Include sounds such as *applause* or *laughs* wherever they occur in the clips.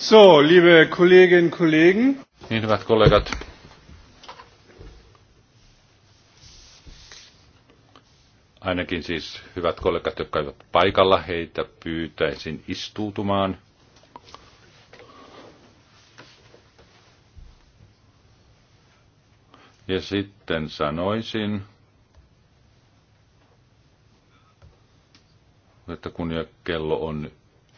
So, liebe Kolleginnen und Kollegen. Niin, hyvät kollegat. Ainakin siis hyvät kollegat, jotka eivät paikalla, heitä pyytäisin istuutumaan. Ja sitten sanoisin, että kun jo kello on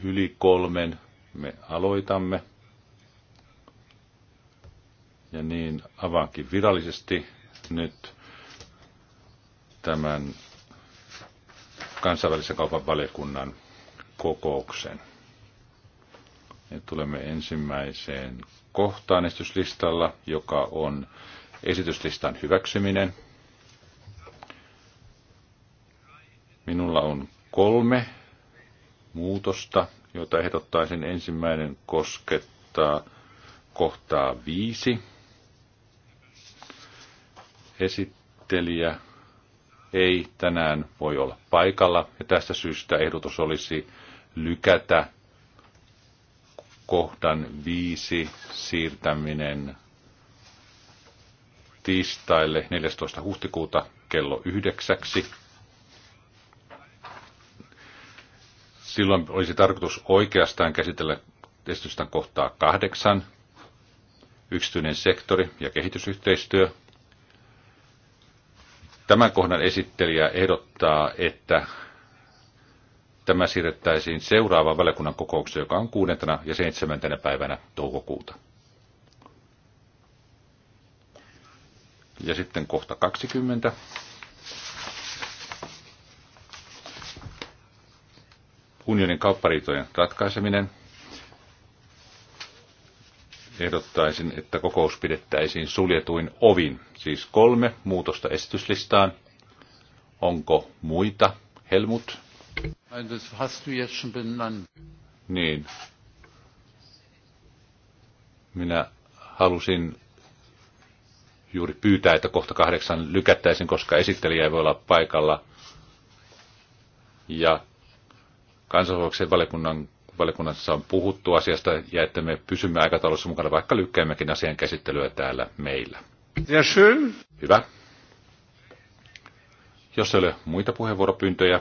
yli kolmen, me aloitamme. Ja niin avaankin virallisesti nyt tämän kansainvälisen kaupan valiokunnan kokouksen. Ja tulemme ensimmäiseen kohtaan esityslistalla, joka on esityslistan hyväksyminen. Minulla on kolme muutosta joita ehdottaisin. Ensimmäinen koskettaa kohtaa viisi. Esittelijä ei tänään voi olla paikalla ja tästä syystä ehdotus olisi lykätä kohdan viisi siirtäminen tiistaille 14. huhtikuuta kello yhdeksäksi. Silloin olisi tarkoitus oikeastaan käsitellä esitystä kohtaa kahdeksan, yksityinen sektori ja kehitysyhteistyö. Tämän kohdan esittelijä ehdottaa, että tämä siirrettäisiin seuraavaan valiokunnan kokoukseen, joka on kuudentena ja seitsemäntenä päivänä toukokuuta. Ja sitten kohta 20. unionin kauppariitojen ratkaiseminen. Ehdottaisin, että kokous pidettäisiin suljetuin ovin, siis kolme muutosta esityslistaan. Onko muita? Helmut? Niin. Minä halusin juuri pyytää, että kohta kahdeksan lykättäisiin, koska esittelijä ei voi olla paikalla. Ja kansanvalvoksen valiokunnan valiokunnassa on puhuttu asiasta ja että me pysymme aikataulussa mukana, vaikka lykkäämmekin asian käsittelyä täällä meillä. Ja schön. Hyvä. Jos ei ole muita puheenvuoropyyntöjä,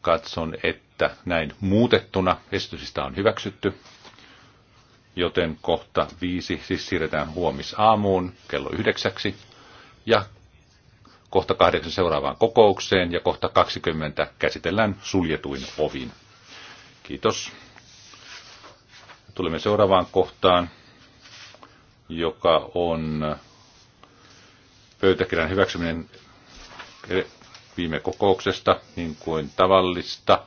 katson, että näin muutettuna esitysistä on hyväksytty, joten kohta viisi siis siirretään huomisaamuun kello yhdeksäksi ja kohta kahdeksan seuraavaan kokoukseen ja kohta 20 käsitellään suljetuin ovin. Kiitos. Tulemme seuraavaan kohtaan, joka on pöytäkirjan hyväksyminen viime kokouksesta, niin kuin tavallista.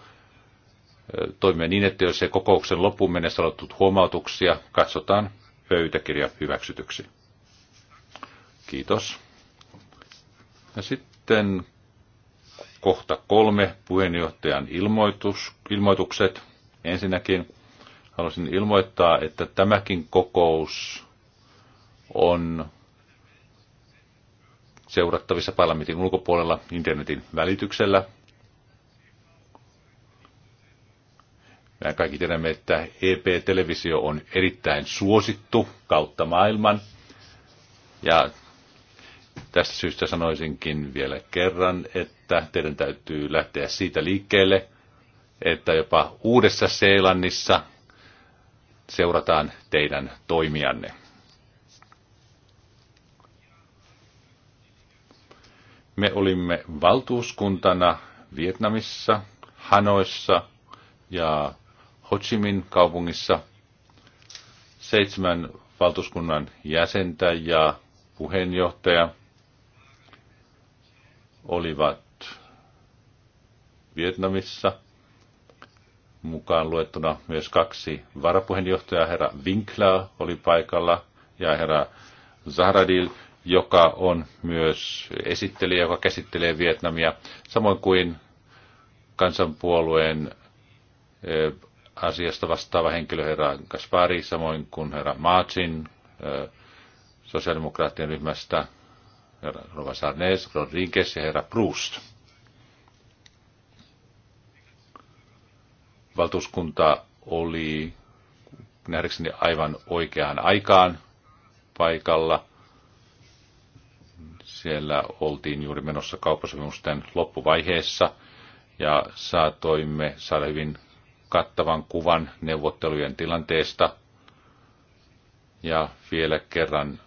Toimme niin, että jos ei kokouksen loppuun mennessä ole huomautuksia, katsotaan pöytäkirja hyväksytyksi. Kiitos. Ja sitten kohta kolme, puheenjohtajan ilmoitus, ilmoitukset. Ensinnäkin haluaisin ilmoittaa, että tämäkin kokous on seurattavissa parlamentin ulkopuolella internetin välityksellä. Me kaikki tiedämme, että EP-televisio on erittäin suosittu kautta maailman. Ja Tästä syystä sanoisinkin vielä kerran, että teidän täytyy lähteä siitä liikkeelle, että jopa Uudessa Seelannissa seurataan teidän toimianne. Me olimme valtuuskuntana Vietnamissa, Hanoissa ja Ho Chi Minh kaupungissa seitsemän valtuuskunnan jäsentä ja puheenjohtaja – olivat Vietnamissa, mukaan luettuna myös kaksi varapuheenjohtajaa, herra Winkler oli paikalla ja herra Zahradil, joka on myös esittelijä, joka käsittelee Vietnamia, samoin kuin kansanpuolueen eh, asiasta vastaava henkilö herra Kaspari, samoin kuin herra Maatsin eh, sosiaalidemokraattien ryhmästä herra Rova Sarnes, Rodriguez ja herra Proust. Valtuuskunta oli nähdäkseni aivan oikeaan aikaan paikalla. Siellä oltiin juuri menossa kauppasopimusten loppuvaiheessa ja saatoimme saada hyvin kattavan kuvan neuvottelujen tilanteesta ja vielä kerran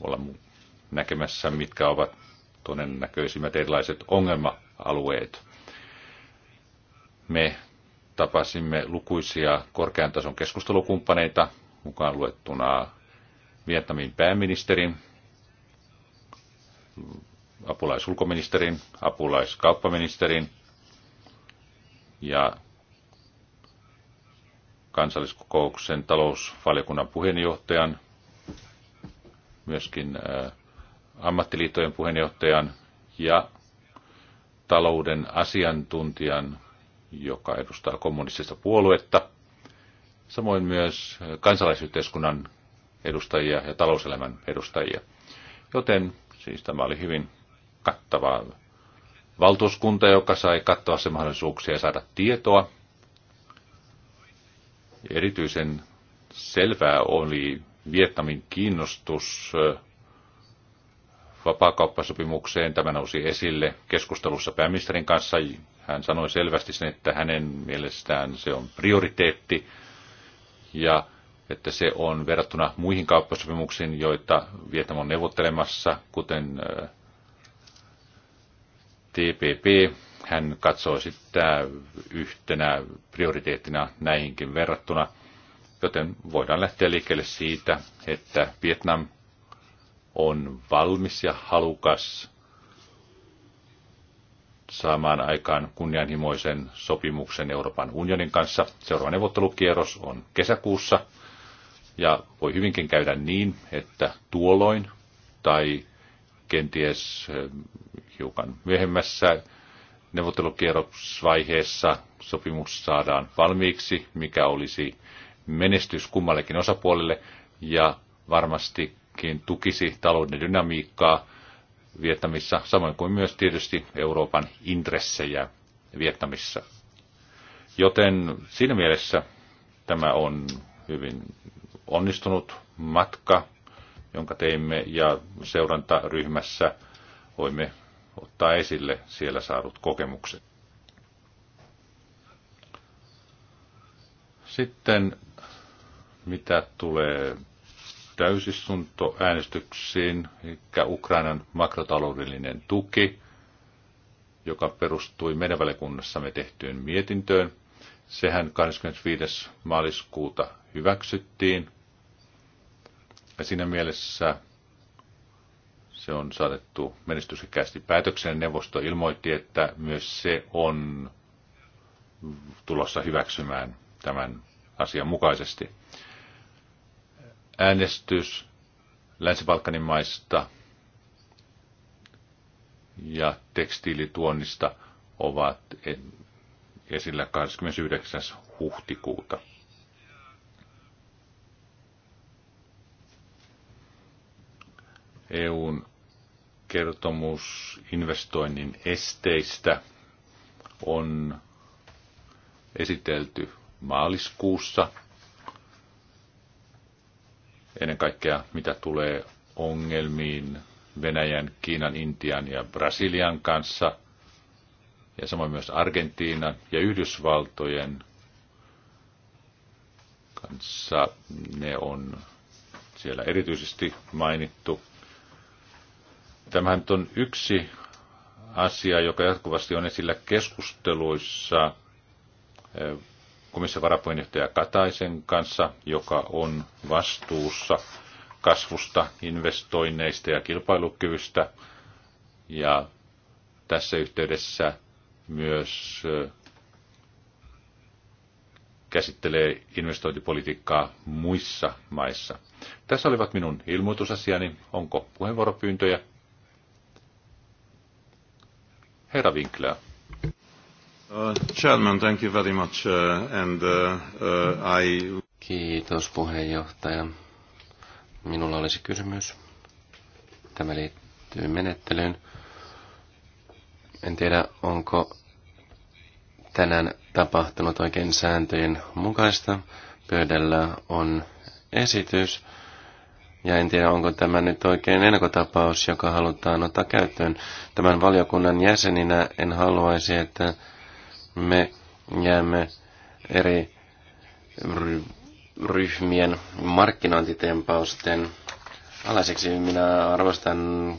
olla näkemässä, mitkä ovat todennäköisimmät erilaiset ongelma-alueet. Me tapasimme lukuisia korkean tason keskustelukumppaneita, mukaan luettuna Vietnamin pääministerin, apulaisulkoministerin, apulaiskauppaministerin ja kansalliskokouksen talousvaliokunnan puheenjohtajan, myöskin äh, ammattiliittojen puheenjohtajan ja talouden asiantuntijan, joka edustaa kommunistista puoluetta, samoin myös kansalaisyhteiskunnan edustajia ja talouselämän edustajia. Joten siis tämä oli hyvin kattava valtuuskunta, joka sai se mahdollisuuksia saada tietoa. Erityisen selvää oli Vietnamin kiinnostus vapaakauppasopimukseen. Tämä nousi esille keskustelussa pääministerin kanssa. Hän sanoi selvästi sen, että hänen mielestään se on prioriteetti ja että se on verrattuna muihin kauppasopimuksiin, joita Vietnam on neuvottelemassa, kuten äh, TPP. Hän katsoo sitä yhtenä prioriteettina näihinkin verrattuna, joten voidaan lähteä liikkeelle siitä, että Vietnam on valmis ja halukas saamaan aikaan kunnianhimoisen sopimuksen Euroopan unionin kanssa. Seuraava neuvottelukierros on kesäkuussa ja voi hyvinkin käydä niin, että tuolloin tai kenties ähm, hiukan myöhemmässä neuvottelukierrosvaiheessa sopimus saadaan valmiiksi, mikä olisi menestys kummallekin osapuolelle ja varmasti todellakin tukisi talouden dynamiikkaa Vietnamissa, samoin kuin myös tietysti Euroopan intressejä Vietnamissa. Joten siinä mielessä tämä on hyvin onnistunut matka, jonka teimme ja seurantaryhmässä voimme ottaa esille siellä saadut kokemukset. Sitten mitä tulee täysistuntoäänestyksiin, eli Ukrainan makrotaloudellinen tuki, joka perustui meidän valiokunnassamme tehtyyn mietintöön. Sehän 25. maaliskuuta hyväksyttiin. Ja siinä mielessä se on saatettu menestyksekkäästi päätökseen. Neuvosto ilmoitti, että myös se on tulossa hyväksymään tämän asian mukaisesti äänestys Länsi-Balkanin maista ja tekstiilituonnista ovat esillä 29. huhtikuuta. EUn kertomus investoinnin esteistä on esitelty maaliskuussa – ennen kaikkea mitä tulee ongelmiin Venäjän, Kiinan, Intian ja Brasilian kanssa, ja samoin myös Argentiinan ja Yhdysvaltojen kanssa. Ne on siellä erityisesti mainittu. Tämähän on yksi asia, joka jatkuvasti on esillä keskusteluissa komission varapuheenjohtaja Kataisen kanssa, joka on vastuussa kasvusta, investoinneista ja kilpailukyvystä. Ja tässä yhteydessä myös käsittelee investointipolitiikkaa muissa maissa. Tässä olivat minun ilmoitusasiani. Onko puheenvuoropyyntöjä? Herra Winkler. Uh, chairman, thank you very much. Uh, and, uh, uh, I... Kiitos puheenjohtaja. Minulla olisi kysymys. Tämä liittyy menettelyyn. En tiedä, onko tänään tapahtunut oikein sääntöjen mukaista. Pöydällä on esitys. Ja en tiedä, onko tämä nyt oikein ennakotapaus, joka halutaan ottaa käyttöön. Tämän valiokunnan jäseninä en haluaisi, että me jäämme eri ryhmien markkinointitempausten alaiseksi. Minä arvostan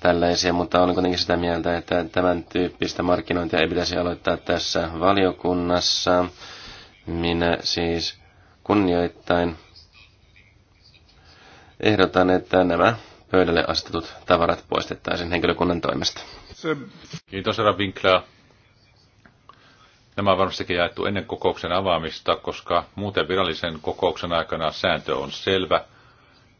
tällaisia, mutta olen kuitenkin sitä mieltä, että tämän tyyppistä markkinointia ei pitäisi aloittaa tässä valiokunnassa. Minä siis kunnioittain ehdotan, että nämä pöydälle asetetut tavarat poistettaisiin henkilökunnan toimesta. Kiitos, herra Winkler. Nämä on varmastikin jaettu ennen kokouksen avaamista, koska muuten virallisen kokouksen aikana sääntö on selvä.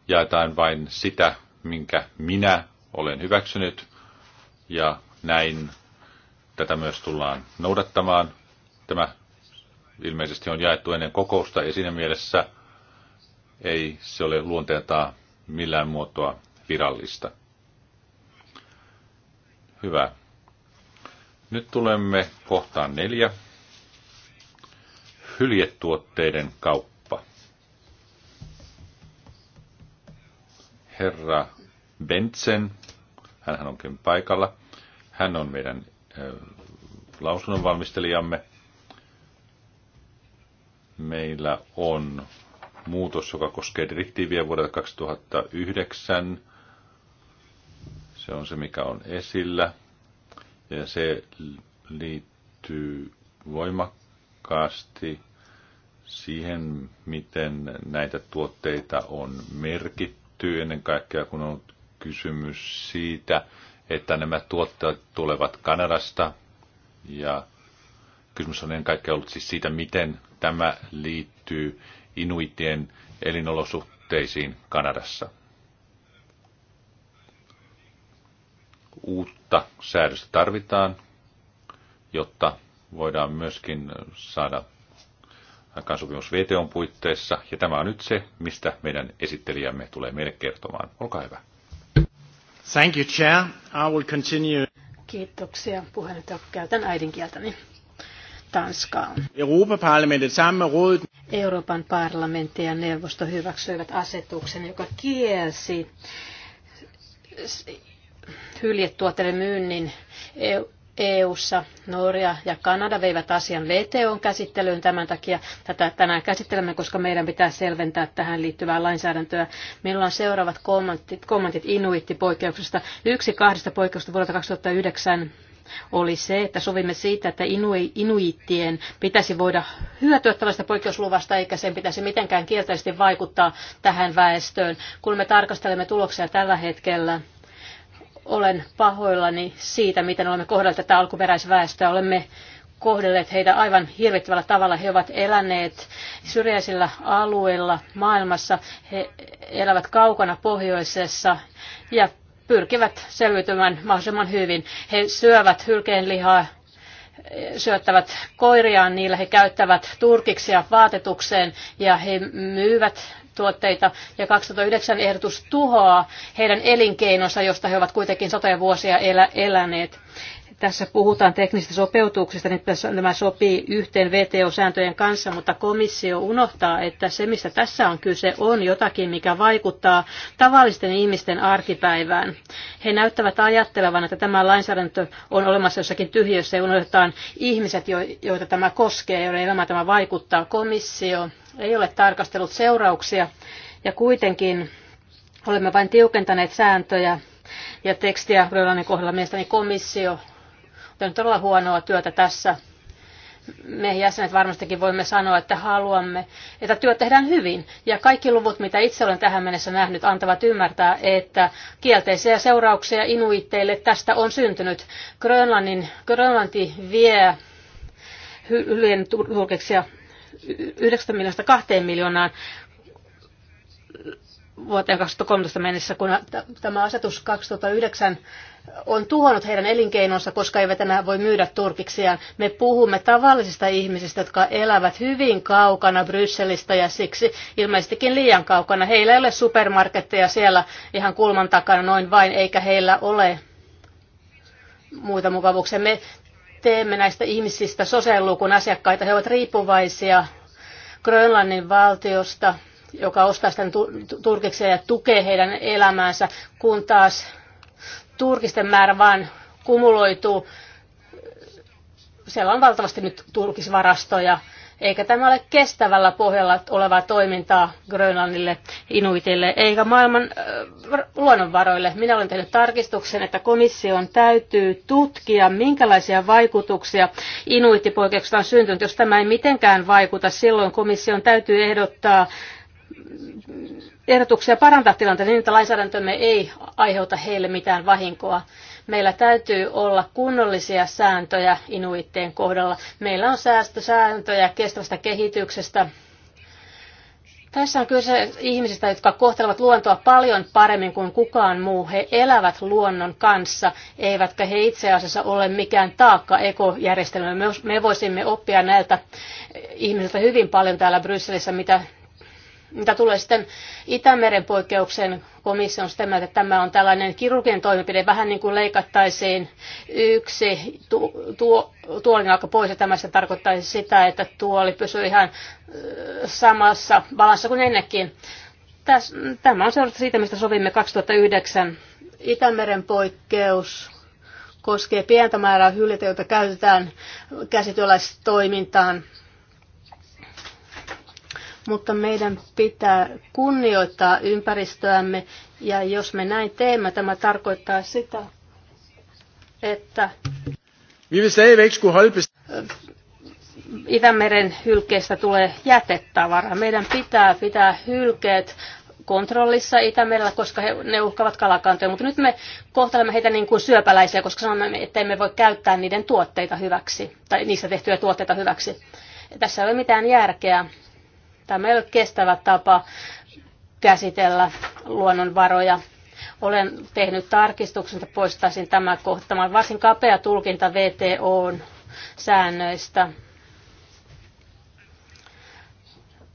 Jaetaan vain sitä, minkä minä olen hyväksynyt, ja näin tätä myös tullaan noudattamaan. Tämä ilmeisesti on jaettu ennen kokousta, ja siinä mielessä ei se ole luonteeltaan millään muotoa virallista. Hyvä. Nyt tulemme kohtaan neljä hyljetuotteiden kauppa. Herra Bentsen, hän onkin paikalla. Hän on meidän lausunnonvalmistelijamme. Meillä on muutos, joka koskee direktiiviä vuodelta 2009. Se on se, mikä on esillä. Ja se liittyy voimakkaasti siihen, miten näitä tuotteita on merkitty, ennen kaikkea kun on kysymys siitä, että nämä tuotteet tulevat Kanadasta. Ja kysymys on ennen kaikkea ollut siis siitä, miten tämä liittyy inuitien elinolosuhteisiin Kanadassa. Uutta säädöstä tarvitaan, jotta voidaan myöskin saada aikaan sopimus VTOn puitteissa, ja tämä on nyt se, mistä meidän esittelijämme tulee meille kertomaan. Olkaa hyvä. Thank you, Chair. I will continue. Kiitoksia puheenjohtaja. Käytän äidinkieltäni. Tanskaa. Euroopan parlamentti ja neuvosto hyväksyivät asetuksen, joka kielsi hyljetuotteiden myynnin e- EU-ssa Norja ja Kanada veivät asian VTOn käsittelyyn tämän takia. Tätä tänään käsittelemme, koska meidän pitää selventää tähän liittyvää lainsäädäntöä. Meillä on seuraavat kommentit, kommentit Inuitti-poikkeuksesta. Yksi kahdesta poikkeuksesta vuodelta 2009 oli se, että sovimme siitä, että inuittien pitäisi voida hyötyä tällaista poikkeusluvasta, eikä sen pitäisi mitenkään kielteisesti vaikuttaa tähän väestöön. Kun me tarkastelemme tuloksia tällä hetkellä, olen pahoillani siitä, miten olemme kohdelleet tätä alkuperäisväestöä. Olemme kohdelleet heitä aivan hirvittävällä tavalla. He ovat eläneet syrjäisillä alueilla maailmassa. He elävät kaukana pohjoisessa ja pyrkivät selviytymään mahdollisimman hyvin. He syövät hylkeenlihaa, syöttävät koiriaan niillä, he käyttävät turkiksia vaatetukseen ja he myyvät tuotteita ja 2009 ehdotus tuhoaa heidän elinkeinonsa, josta he ovat kuitenkin satoja vuosia elä, eläneet. Tässä puhutaan teknisistä sopeutuksista, nyt nämä sopii yhteen VTO-sääntöjen kanssa, mutta komissio unohtaa, että se mistä tässä on kyse on jotakin, mikä vaikuttaa tavallisten ihmisten arkipäivään. He näyttävät ajattelevan, että tämä lainsäädäntö on olemassa jossakin tyhjössä ja unohdetaan ihmiset, joita tämä koskee, joiden elämää tämä vaikuttaa. Komissio ei ole tarkastellut seurauksia ja kuitenkin olemme vain tiukentaneet sääntöjä ja tekstiä Grönlannin kohdalla mielestäni komissio on tehnyt todella huonoa työtä tässä. Me jäsenet varmastikin voimme sanoa, että haluamme, että työ tehdään hyvin. Ja kaikki luvut, mitä itse olen tähän mennessä nähnyt, antavat ymmärtää, että kielteisiä seurauksia inuitteille tästä on syntynyt. Grönlannin, Grönlanti vie hyvien turkeksia. 9 miljoonasta 2 miljoonaan vuoteen 2013 mennessä, kun tämä asetus 2009 on tuhonnut heidän elinkeinonsa, koska eivät enää voi myydä turkiksiaan. Me puhumme tavallisista ihmisistä, jotka elävät hyvin kaukana Brysselistä ja siksi ilmeisestikin liian kaukana. Heillä ei ole supermarketteja siellä ihan kulman takana noin vain, eikä heillä ole muita mukavuuksia. Me teemme näistä ihmisistä sosiaalilukun asiakkaita. He ovat riippuvaisia Grönlannin valtiosta, joka ostaa sitä turkikseen ja tukee heidän elämäänsä, kun taas turkisten määrä vaan kumuloituu. Siellä on valtavasti nyt turkisvarastoja eikä tämä ole kestävällä pohjalla olevaa toimintaa Grönlannille, Inuitille, eikä maailman äh, luonnonvaroille. Minä olen tehnyt tarkistuksen, että komission täytyy tutkia, minkälaisia vaikutuksia Inuittipoikeuksesta on syntynyt. Jos tämä ei mitenkään vaikuta, silloin komission täytyy ehdottaa ehdotuksia parantaa tilanteen, niin, että lainsäädäntömme ei aiheuta heille mitään vahinkoa. Meillä täytyy olla kunnollisia sääntöjä inuittien kohdalla. Meillä on säästösääntöjä kestävästä kehityksestä. Tässä on kyse ihmisistä, jotka kohtelevat luontoa paljon paremmin kuin kukaan muu. He elävät luonnon kanssa, eivätkä he itse asiassa ole mikään taakka ekojärjestelmä. Me voisimme oppia näiltä ihmisiltä hyvin paljon täällä Brysselissä, mitä mitä tulee sitten Itämeren poikkeuksen on sitä mieltä, että tämä on tällainen kirurginen toimenpide, vähän niin kuin leikattaisiin yksi tu, tu, tuolin alka pois, ja tämä se tarkoittaisi sitä, että tuoli pysyy ihan samassa valassa kuin ennenkin. Tämä on seurausta siitä, mistä sovimme 2009. Itämeren poikkeus koskee pientä määrää hyljettä, jota käytetään käsityöläistoimintaan. toimintaan mutta meidän pitää kunnioittaa ympäristöämme ja jos me näin teemme, tämä tarkoittaa sitä, että Itämeren hylkeestä tulee jätetavara. Meidän pitää pitää hylkeet kontrollissa Itämerellä, koska he, ne uhkaavat kalakantoja. Mutta nyt me kohtelemme heitä niin kuin syöpäläisiä, koska sanomme, että emme voi käyttää niiden tuotteita hyväksi, tai niissä tehtyjä tuotteita hyväksi. Tässä ei ole mitään järkeä. Tämä ei ole kestävä tapa käsitellä luonnonvaroja. Olen tehnyt tarkistuksen, että poistaisin tämä kohta. Tämä on varsin kapea tulkinta VTOn säännöistä.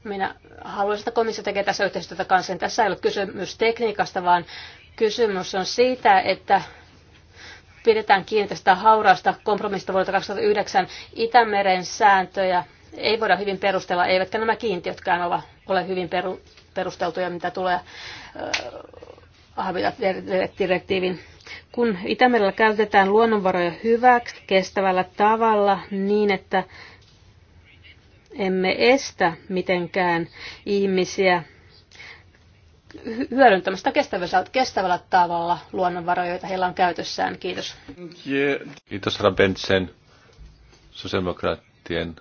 Minä haluaisin, että komissio tekee tässä yhteistyötä kanssa. Niin tässä ei ole kysymys tekniikasta, vaan kysymys on siitä, että pidetään kiinni tästä hauraasta kompromissista vuodelta 2009 Itämeren sääntöjä ei voida hyvin perustella, eivätkä nämä kiintiötkään ole, ole hyvin peru, perusteltuja, mitä tulee Habitat-direktiivin. Kun Itämerellä käytetään luonnonvaroja hyväksi kestävällä tavalla niin, että emme estä mitenkään ihmisiä hyödyntämästä kestävällä, kestävällä tavalla luonnonvaroja, joita heillä on käytössään. Kiitos. Kiitos, Rabentsen, sosiaalidemokraattien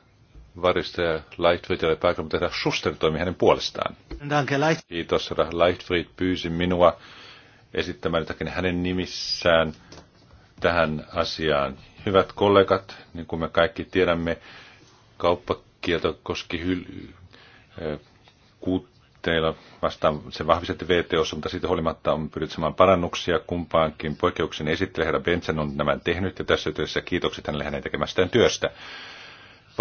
varista ja Lightfried paikalla, mutta herra Schuster toimi hänen puolestaan. Kiitos, herra Lightfried pyysi minua esittämään jotakin hänen nimissään tähän asiaan. Hyvät kollegat, niin kuin me kaikki tiedämme, kauppakielto koski hyl- kuutteilla vastaan se vahvistettiin VTOssa, mutta siitä huolimatta on pyritty saamaan parannuksia kumpaankin. Poikkeuksen esittelijä herra Benson on nämä tehnyt ja tässä yhteydessä kiitokset hänelle hänen tekemästään työstä.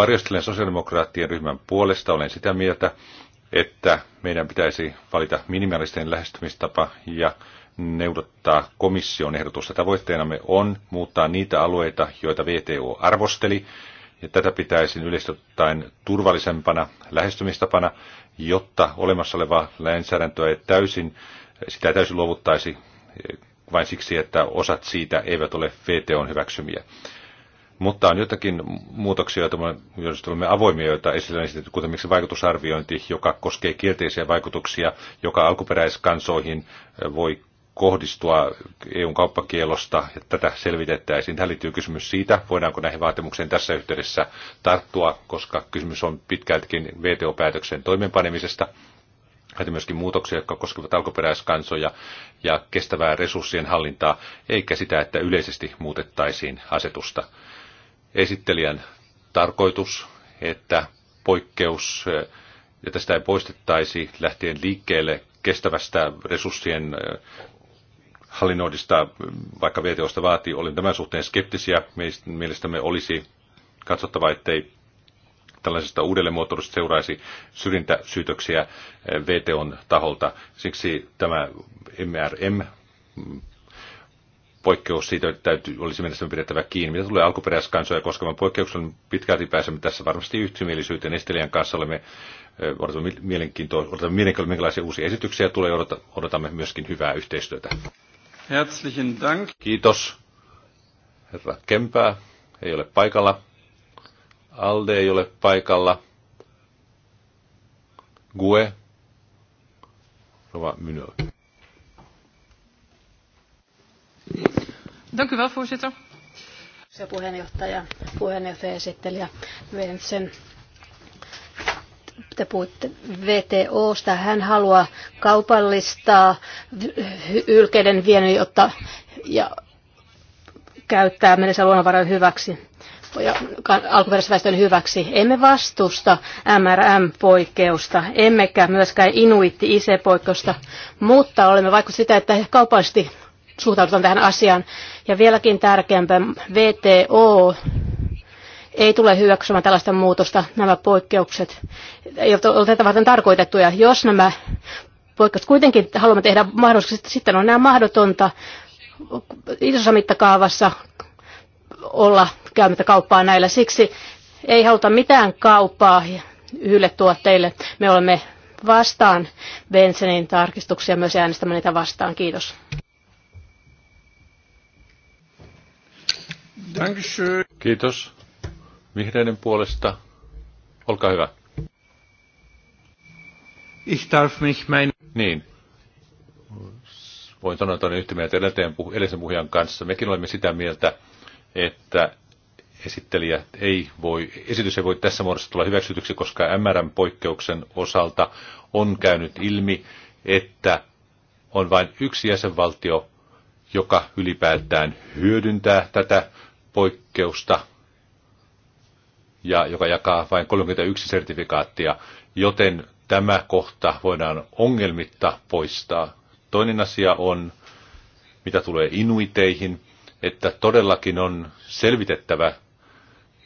Varjostelen sosiaalidemokraattien ryhmän puolesta. Olen sitä mieltä, että meidän pitäisi valita minimaalisten lähestymistapa ja neudottaa komission ehdotusta. Tavoitteenamme on muuttaa niitä alueita, joita VTO arvosteli, ja tätä pitäisi yleistottaen turvallisempana lähestymistapana, jotta olemassa olevaa lainsäädäntöä ei täysin, sitä ei täysin luovuttaisi eh, vain siksi, että osat siitä eivät ole VTOn hyväksymiä. Mutta on jotakin muutoksia, joista olemme avoimia, joita esillä esitetty, kuten miksi vaikutusarviointi, joka koskee kielteisiä vaikutuksia, joka alkuperäiskansoihin voi kohdistua EUn kauppakielosta, ja tätä selvitettäisiin. Tähän liittyy kysymys siitä, voidaanko näihin vaatimuksiin tässä yhteydessä tarttua, koska kysymys on pitkältikin VTO-päätöksen toimeenpanemisesta. Heti myöskin muutoksia, jotka koskevat alkuperäiskansoja ja kestävää resurssien hallintaa, eikä sitä, että yleisesti muutettaisiin asetusta esittelijän tarkoitus, että poikkeus, ja eh, tästä ei poistettaisi lähtien liikkeelle kestävästä resurssien eh, hallinnoidista, vaikka VTOsta vaatii, olin tämän suhteen skeptisiä. Mielestämme olisi katsottava, ettei tällaisesta uudelleenmuotoilusta seuraisi syrjintäsyytöksiä eh, VTOn taholta. Siksi tämä MRM poikkeus siitä täytyy, olisi mennessä pidettävä kiinni. Mitä tulee alkuperäiskansoja koskevan poikkeuksen, pitkälti pääsemme tässä varmasti yhtymielisyyteen Estelijän kanssa olemme odotamme mielenkiintoa, odotamme mielenkiintoa, minkälaisia uusia esityksiä tulee, odotamme myöskin hyvää yhteistyötä. Herzlichen Dank. Kiitos. Herra Kempää ei ole paikalla. Alde ei ole paikalla. Gue. Rova Mynö. Dank u wel, voorzitter. Se puheenjohtaja, puheenjohtaja esittelijä te puhutte VTOsta, hän haluaa kaupallistaa ylkeiden viennin, jotta ja käyttää mennessä luonnonvarojen hyväksi ja alkuperäisväestön hyväksi. Emme vastusta MRM-poikkeusta, emmekä myöskään inuitti poikkeusta mutta olemme vaikka sitä, että kaupallisesti suhtaudutaan tähän asiaan. Ja vieläkin tärkeämpää, VTO ei tule hyväksymään tällaista muutosta, nämä poikkeukset joita ole tätä varten tarkoitettuja. Jos nämä poikkeukset kuitenkin haluamme tehdä mahdollisesti, sitten on nämä mahdotonta isossa mittakaavassa olla käymättä kauppaa näillä. Siksi ei haluta mitään kauppaa yhdelle tuotteille. Me olemme vastaan Bensenin tarkistuksia myös äänestämme niitä vastaan. Kiitos. Kiitos. Vihreiden puolesta. Olkaa hyvä. Ich darf mich mein... Niin. Voin sanoa, että olen yhtä mieltä edellisen puhujan kanssa. Mekin olemme sitä mieltä, että esittelijä ei voi, esitys ei voi tässä muodossa tulla hyväksytyksi, koska MRM poikkeuksen osalta on käynyt ilmi, että on vain yksi jäsenvaltio, joka ylipäätään hyödyntää tätä poikkeusta, ja joka jakaa vain 31 sertifikaattia, joten tämä kohta voidaan ongelmitta poistaa. Toinen asia on, mitä tulee inuiteihin, että todellakin on selvitettävä,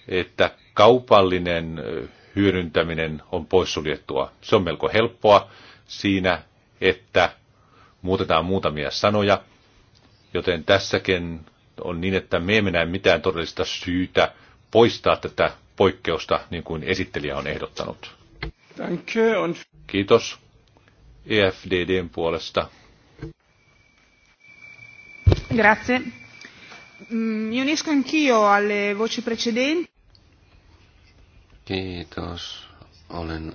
että kaupallinen hyödyntäminen on poissuljettua. Se on melko helppoa siinä, että muutetaan muutamia sanoja, joten tässäkin on niin, että me emme näe mitään todellista syytä poistaa tätä poikkeusta, niin kuin esittelijä on ehdottanut. Kiitos EFDDn puolesta. Grazie. Mm, mi unisco anch'io alle voci precedenti. Kiitos. Olen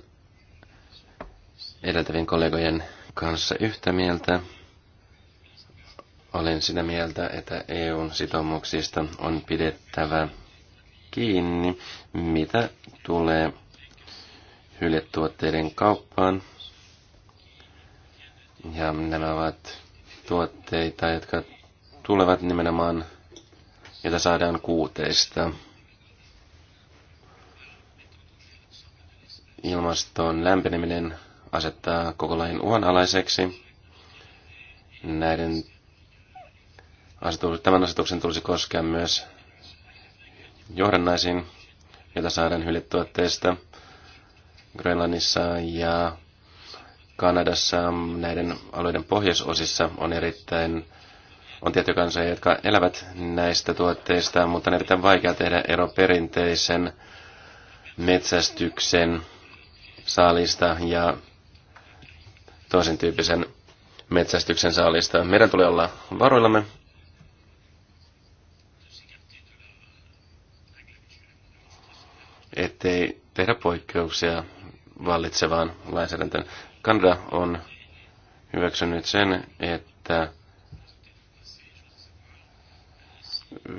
edeltävien kollegojen kanssa yhtä mieltä. Olen sitä mieltä, että EUn sitoumuksista on pidettävä kiinni, mitä tulee hyljetuotteiden kauppaan. Ja nämä ovat tuotteita, jotka tulevat nimenomaan, joita saadaan kuuteista. Ilmaston lämpeneminen asettaa koko lain uhanalaiseksi. Näiden asetu, tämän asetuksen tulisi koskea myös johdannaisiin, joita saadaan hyljetuotteista Grönlannissa ja Kanadassa näiden alueiden pohjoisosissa on erittäin on tiettyjä kansoja, jotka elävät näistä tuotteista, mutta on erittäin vaikea tehdä ero perinteisen metsästyksen saalista ja toisen tyyppisen metsästyksen saalista. Meidän tulee olla varoillamme ettei tehdä poikkeuksia vallitsevaan lainsäädäntöön. Kanada on hyväksynyt sen, että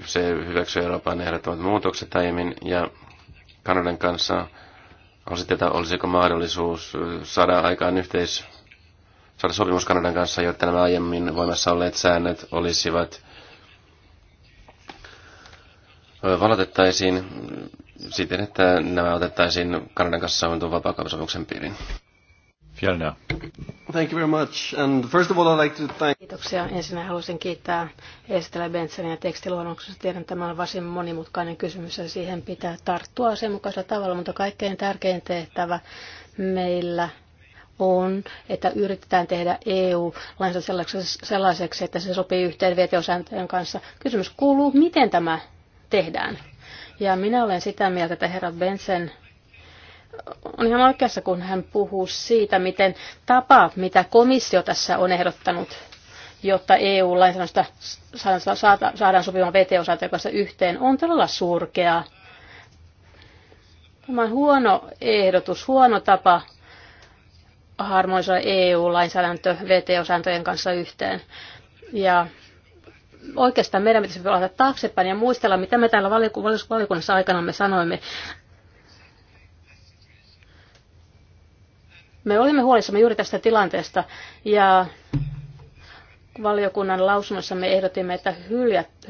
se hyväksyy Euroopan ehdottomat muutokset aiemmin ja Kanadan kanssa on sitten, että olisiko mahdollisuus saada aikaan yhteis, saada sopimus Kanadan kanssa, jotta nämä aiemmin voimassa olleet säännöt olisivat valotettaisiin siten, että nämä otettaisiin Kanadan kanssa sovitun vapaakaupasopimuksen piiriin. Thank you very much. And first of all, I'd like to thank... Kiitoksia. Ensin haluaisin kiittää Estelle Bensenia tekstiluonnoksesta. Tiedän, että tämä on varsin monimutkainen kysymys ja siihen pitää tarttua asianmukaisella tavalla, mutta kaikkein tärkein tehtävä meillä on, että yritetään tehdä EU-lainsäädäntö sellaiseksi, että se sopii yhteen vto kanssa. Kysymys kuuluu, miten tämä tehdään? Ja minä olen sitä mieltä, että herra Benson on ihan oikeassa, kun hän puhuu siitä, miten tapa, mitä komissio tässä on ehdottanut, jotta EU-lainsäädännöstä saadaan sopivan VTO-säätöjen kanssa yhteen, on todella surkea. Tämä on huono ehdotus, huono tapa harmonisoida EU-lainsäädäntö VTO-sääntöjen kanssa yhteen. Ja oikeastaan meidän pitäisi palata taaksepäin ja muistella, mitä me täällä valiokunnassa aikana me sanoimme. Me olimme huolissamme juuri tästä tilanteesta ja valiokunnan lausunnossa me ehdotimme, että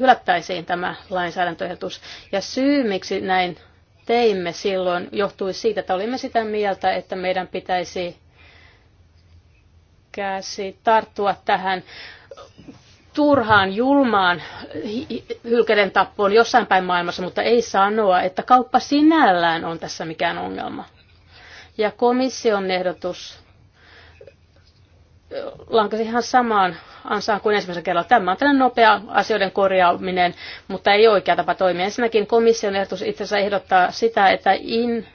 hylättäisiin tämä lainsäädäntöehdotus. Ja syy, miksi näin teimme silloin, johtui siitä, että olimme sitä mieltä, että meidän pitäisi käsi tarttua tähän turhaan julmaan hylkeiden tappoon jossain päin maailmassa, mutta ei sanoa, että kauppa sinällään on tässä mikään ongelma. Ja komission ehdotus lankasi ihan samaan ansaan kuin ensimmäisellä kerralla. Tämä on tällainen nopea asioiden korjaaminen, mutta ei oikea tapa toimia. Ensinnäkin komission ehdotus itse asiassa ehdottaa sitä, että in,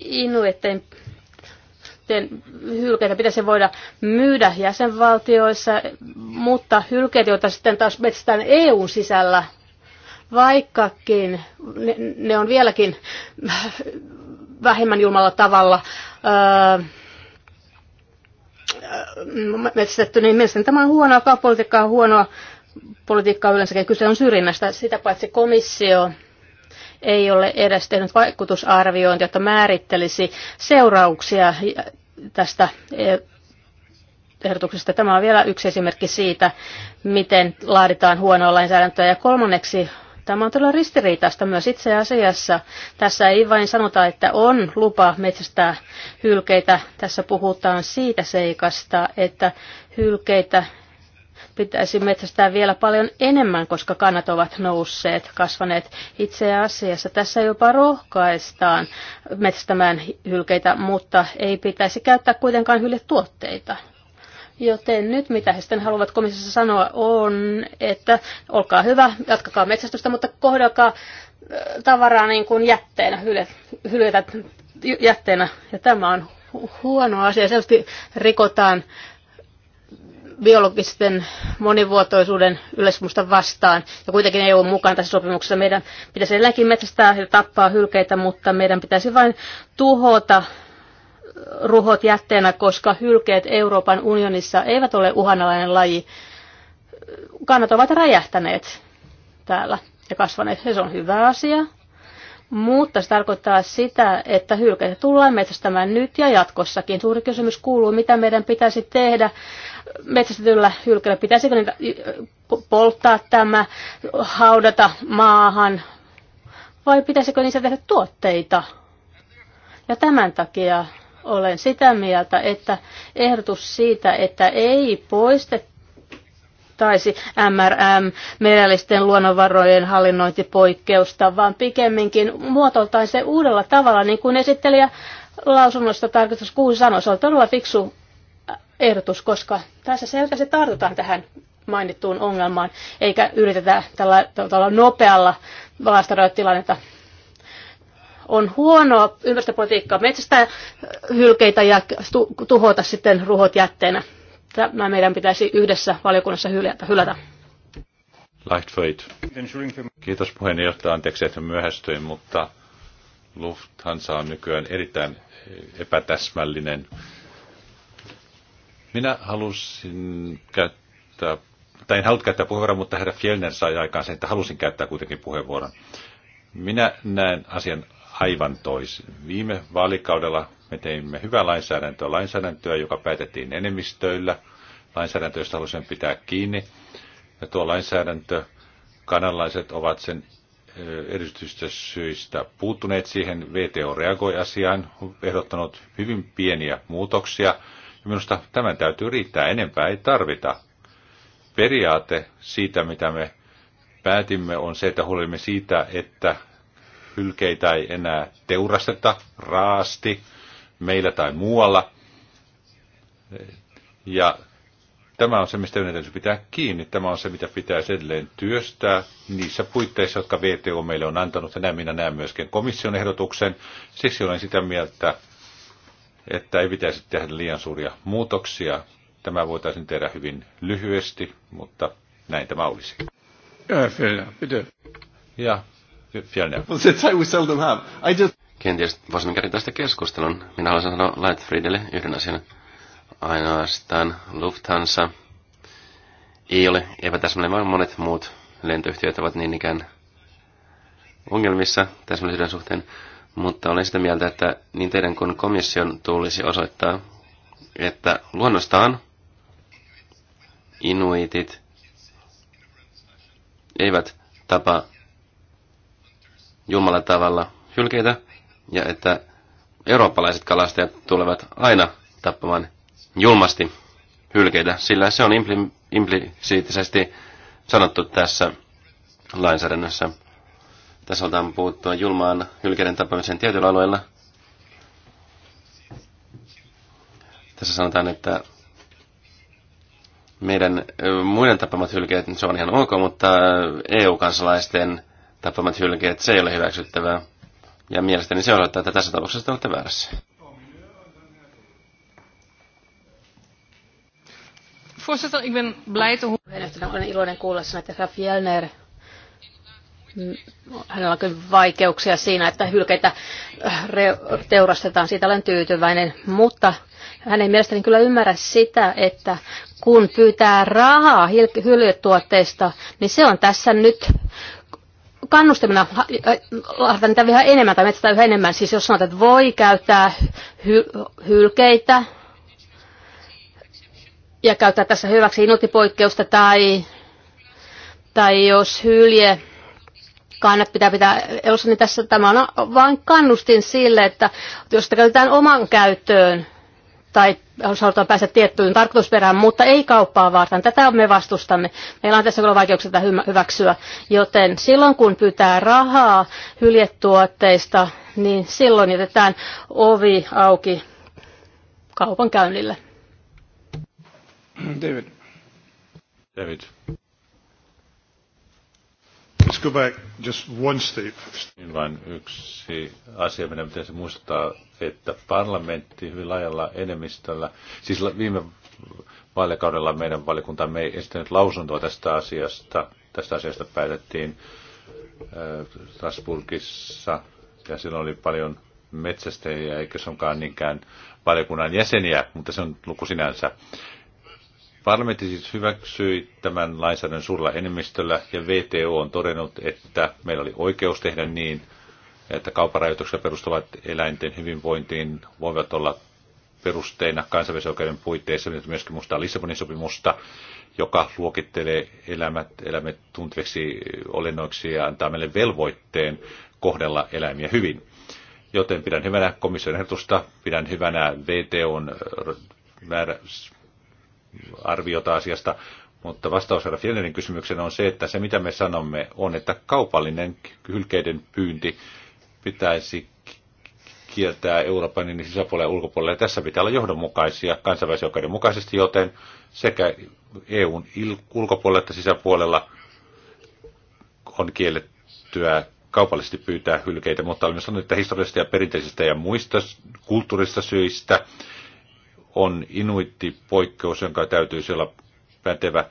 inuitten sitten hylkeitä pitäisi voida myydä jäsenvaltioissa, mutta hylkeitä, joita sitten taas metsästään EUn sisällä, vaikkakin ne, ne on vieläkin *laughs* vähemmän julmalla tavalla öö, öö, metsästetty, niin mielestäni tämä on huonoa kauppapolitiikkaa, huonoa politiikkaa yleensäkin. Kyse on syrjinnästä. Sitä paitsi komissio ei ole edes tehnyt vaikutusarviointia, jotta määrittelisi seurauksia tästä e, ehdotuksesta. Tämä on vielä yksi esimerkki siitä, miten laaditaan huonoa lainsäädäntöä. Ja kolmanneksi Tämä on todella ristiriitaista myös itse asiassa. Tässä ei vain sanota, että on lupa metsästää hylkeitä. Tässä puhutaan siitä seikasta, että hylkeitä pitäisi metsästää vielä paljon enemmän, koska kannat ovat nousseet, kasvaneet. Itse asiassa tässä jopa rohkaistaan metsästämään hylkeitä, mutta ei pitäisi käyttää kuitenkaan hyljetuotteita. Joten nyt mitä he sitten haluavat komissiossa sanoa on, että olkaa hyvä, jatkakaa metsästystä, mutta kohdelkaa äh, tavaraa niin kuin jätteenä, hyljetä jätteenä. Ja tämä on huono asia. Selvästi rikotaan biologisten monivuotoisuuden yleismusta vastaan. Ja kuitenkin EU on mukana tässä sopimuksessa. Meidän pitäisi edelläkin metsästää ja tappaa hylkeitä, mutta meidän pitäisi vain tuhota ruhot jätteenä, koska hylkeet Euroopan unionissa eivät ole uhanalainen laji. Kannat ovat räjähtäneet täällä ja kasvaneet. se on hyvä asia. Mutta se tarkoittaa sitä, että hylkeitä tullaan metsästämään nyt ja jatkossakin. Suuri kysymys kuuluu, mitä meidän pitäisi tehdä metsästetyllä hylkeellä. Pitäisikö niitä polttaa tämä, haudata maahan vai pitäisikö niistä tehdä tuotteita? Ja tämän takia olen sitä mieltä, että ehdotus siitä, että ei poisteta koskettaisi MRM, merellisten luonnonvarojen hallinnointipoikkeusta, vaan pikemminkin muotoiltaan se uudella tavalla, niin kuin esittelijä lausunnosta tarkoitus kuusi sanoi. Se on todella fiksu ehdotus, koska tässä selkeästi tartutaan tähän mainittuun ongelmaan, eikä yritetä tällä, tällä nopealla valastaroida tilannetta on huonoa ympäristöpolitiikkaa metsästä hylkeitä ja tuhota sitten ruhot jätteenä tämä meidän pitäisi yhdessä valiokunnassa hylätä. hylätä. Kiitos puheenjohtaja. Anteeksi, että myöhästyin, mutta Lufthansa on nykyään erittäin epätäsmällinen. Minä halusin käyttää, tai en halunnut käyttää puheenvuoron, mutta herra Fjellner sai aikaan sen, että halusin käyttää kuitenkin puheenvuoron. Minä näen asian aivan toisin. Viime vaalikaudella me teimme hyvää lainsäädäntöä, lainsäädäntöä, joka päätettiin enemmistöillä, lainsäädäntö, josta halusin pitää kiinni. Ja tuo lainsäädäntö, kanalaiset ovat sen erityisistä syistä puuttuneet siihen. VTO reagoi asiaan, ehdottanut hyvin pieniä muutoksia. Ja minusta tämän täytyy riittää, enempää ei tarvita. Periaate siitä, mitä me päätimme, on se, että huolimme siitä, että hylkeitä ei enää teurasteta raasti meillä tai muualla. Ja tämä on se, mistä meidän pitää kiinni. Tämä on se, mitä pitää edelleen työstää niissä puitteissa, jotka VTO meille on antanut. Ja näin minä näen myöskin komission ehdotuksen. Siksi olen sitä mieltä, että ei pitäisi tehdä liian suuria muutoksia. Tämä voitaisiin tehdä hyvin lyhyesti, mutta näin tämä olisi. ja Fjellner. Kenties voisimme käydä tästä keskustelun. Minä haluaisin sanoa Lightfriedelle yhden asian. Ainoastaan Lufthansa ei ole epätäsmälleen, vaan monet muut lentoyhtiöt ovat niin ikään ongelmissa täsmällisyyden suhteen. Mutta olen sitä mieltä, että niin teidän kuin komission tulisi osoittaa, että luonnostaan inuitit eivät tapa Jumalan tavalla hylkeitä ja että eurooppalaiset kalastajat tulevat aina tappamaan julmasti hylkeitä, sillä se on impli- implisiittisesti sanottu tässä lainsäädännössä. Tässä on puuttua julmaan hylkeiden tappamiseen tietyillä alueilla. Tässä sanotaan, että meidän muiden tapamat hylkeet, se on ihan ok, mutta EU-kansalaisten tapamat hylkeet, se ei ole hyväksyttävää. Ja mielestäni se osoittaa, että tässä tapauksessa olette väärässä. Voorzitter, ik ben blij te horen. Olen iloinen sen, että Graf Jelner, mm, hänellä on kyllä vaikeuksia siinä, että hylkeitä äh, teurastetaan. Siitä olen tyytyväinen, mutta hän ei mielestäni kyllä ymmärrä sitä, että kun pyytää rahaa hyljetuotteista, niin se on tässä nyt kannustamina äh, lahdata niitä yhä enemmän tai metsätä yhä enemmän. Siis jos sanotaan, että voi käyttää hy- hylkeitä ja käyttää tässä hyväksi inutipoikkeusta tai, tai jos hylje kannat pitää pitää elossa, niin tässä tämä on vain kannustin sille, että jos sitä käytetään oman käyttöön, tai jos halutaan päästä tiettyyn tarkoitusperään, mutta ei kauppaa varten. Tätä me vastustamme. Meillä on tässä kyllä vaikeuksia tätä hyväksyä. Joten silloin kun pyytää rahaa hyljetuotteista, niin silloin jätetään ovi auki kaupan käynnille. David. David. Let's go back just one step. Niin vain yksi asia, mitä pitäisi muistaa että parlamentti hyvin laajalla enemmistöllä, siis viime vaalikaudella meidän me ei esittänyt lausuntoa tästä asiasta. Tästä asiasta päätettiin äh, Strasbourgissa ja silloin oli paljon metsästäjiä, eikä onkaan niinkään valiokunnan jäseniä, mutta se on luku sinänsä. Parlamentti siis hyväksyi tämän lainsäädännön suurella enemmistöllä ja VTO on todennut, että meillä oli oikeus tehdä niin – että kauparajoitukset perustuvat eläinten hyvinvointiin voivat olla perusteina kansainvälisen oikeuden puitteissa, mutta myöskin muista Lissabonin sopimusta, joka luokittelee elämät, elämät tunteviksi olennoiksi ja antaa meille velvoitteen kohdella eläimiä hyvin. Joten pidän hyvänä komission ehdotusta, pidän hyvänä VTOn äh, määrä, arviota asiasta, mutta vastaus herra Fjellnerin kysymykseen on se, että se mitä me sanomme on, että kaupallinen hylkeiden pyynti pitäisi kieltää Euroopan niin sisäpuolella ja ulkopuolella. Ja tässä pitää olla johdonmukaisia kansainvälisen oikeuden mukaisesti, joten sekä EUn ulkopuolella että sisäpuolella on kiellettyä kaupallisesti pyytää hylkeitä, mutta olemme sanoneet, että historiallisista ja perinteisistä ja muista kulttuurista syistä on Inuitti poikkeus, jonka täytyisi olla pätevä.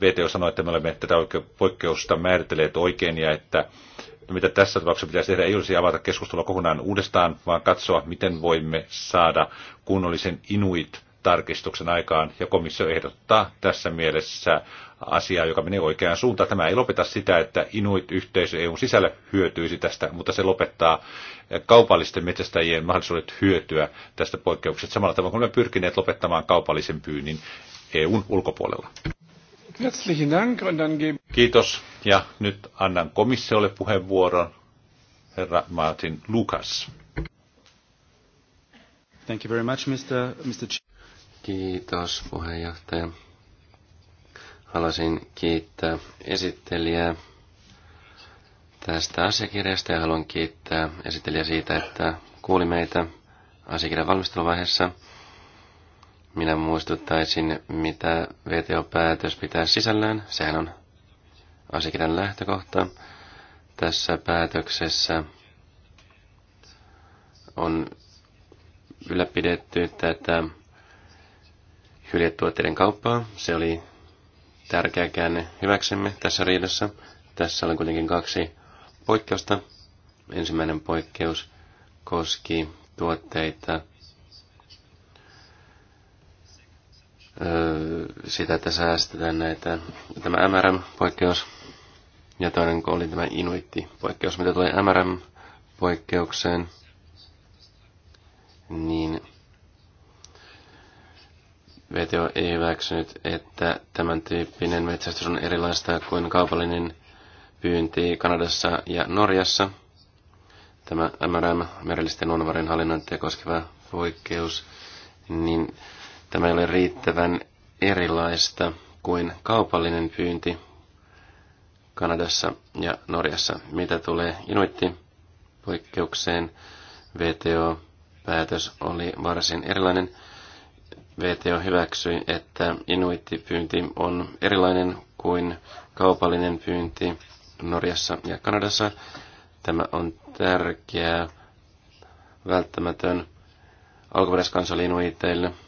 VTO sanoi, että me olemme tätä poikkeusta määritelleet oikein ja että mitä tässä tapauksessa pitäisi tehdä, ei olisi avata keskustelua kokonaan uudestaan, vaan katsoa, miten voimme saada kunnollisen Inuit-tarkistuksen aikaan. Ja komissio ehdottaa tässä mielessä asiaa, joka menee oikeaan suuntaan. Tämä ei lopeta sitä, että Inuit-yhteisö EUn sisällä hyötyisi tästä, mutta se lopettaa kaupallisten metsästäjien mahdollisuudet hyötyä tästä poikkeuksesta samalla tavalla kuin me pyrkineet lopettamaan kaupallisen pyynnin EUn ulkopuolella. Kiitos. Ja nyt annan komissiolle puheenvuoron. Herra Martin Lukas. Thank you very much, Mr. Mr. Kiitos puheenjohtaja. Haluaisin kiittää esittelijää tästä asiakirjasta ja haluan kiittää esittelijää siitä, että kuuli meitä asiakirjan valmisteluvaiheessa. Minä muistuttaisin, mitä VTO-päätös pitää sisällään. Sehän on asiakirjan lähtökohta. Tässä päätöksessä on ylläpidetty tätä hyljetuotteiden kauppaa. Se oli tärkeä käänne hyväksemme tässä riidassa. Tässä oli kuitenkin kaksi poikkeusta. Ensimmäinen poikkeus koski tuotteita, sitä, että säästetään näitä, tämä MRM-poikkeus ja toinen oli tämä Inuitti-poikkeus. Mitä tulee MRM-poikkeukseen, niin VTO ei hyväksynyt, että tämän tyyppinen metsästys on erilaista kuin kaupallinen pyynti Kanadassa ja Norjassa. Tämä MRM, merellisten luonnonvarojen hallinnointia koskeva poikkeus, niin Tämä ei ole riittävän erilaista kuin kaupallinen pyynti Kanadassa ja Norjassa. Mitä tulee inuitti poikkeukseen, VTO-päätös oli varsin erilainen. VTO hyväksyi, että inuittipyynti on erilainen kuin kaupallinen pyynti Norjassa ja Kanadassa. Tämä on tärkeää, välttämätön alkuperäiskansallinuiteille –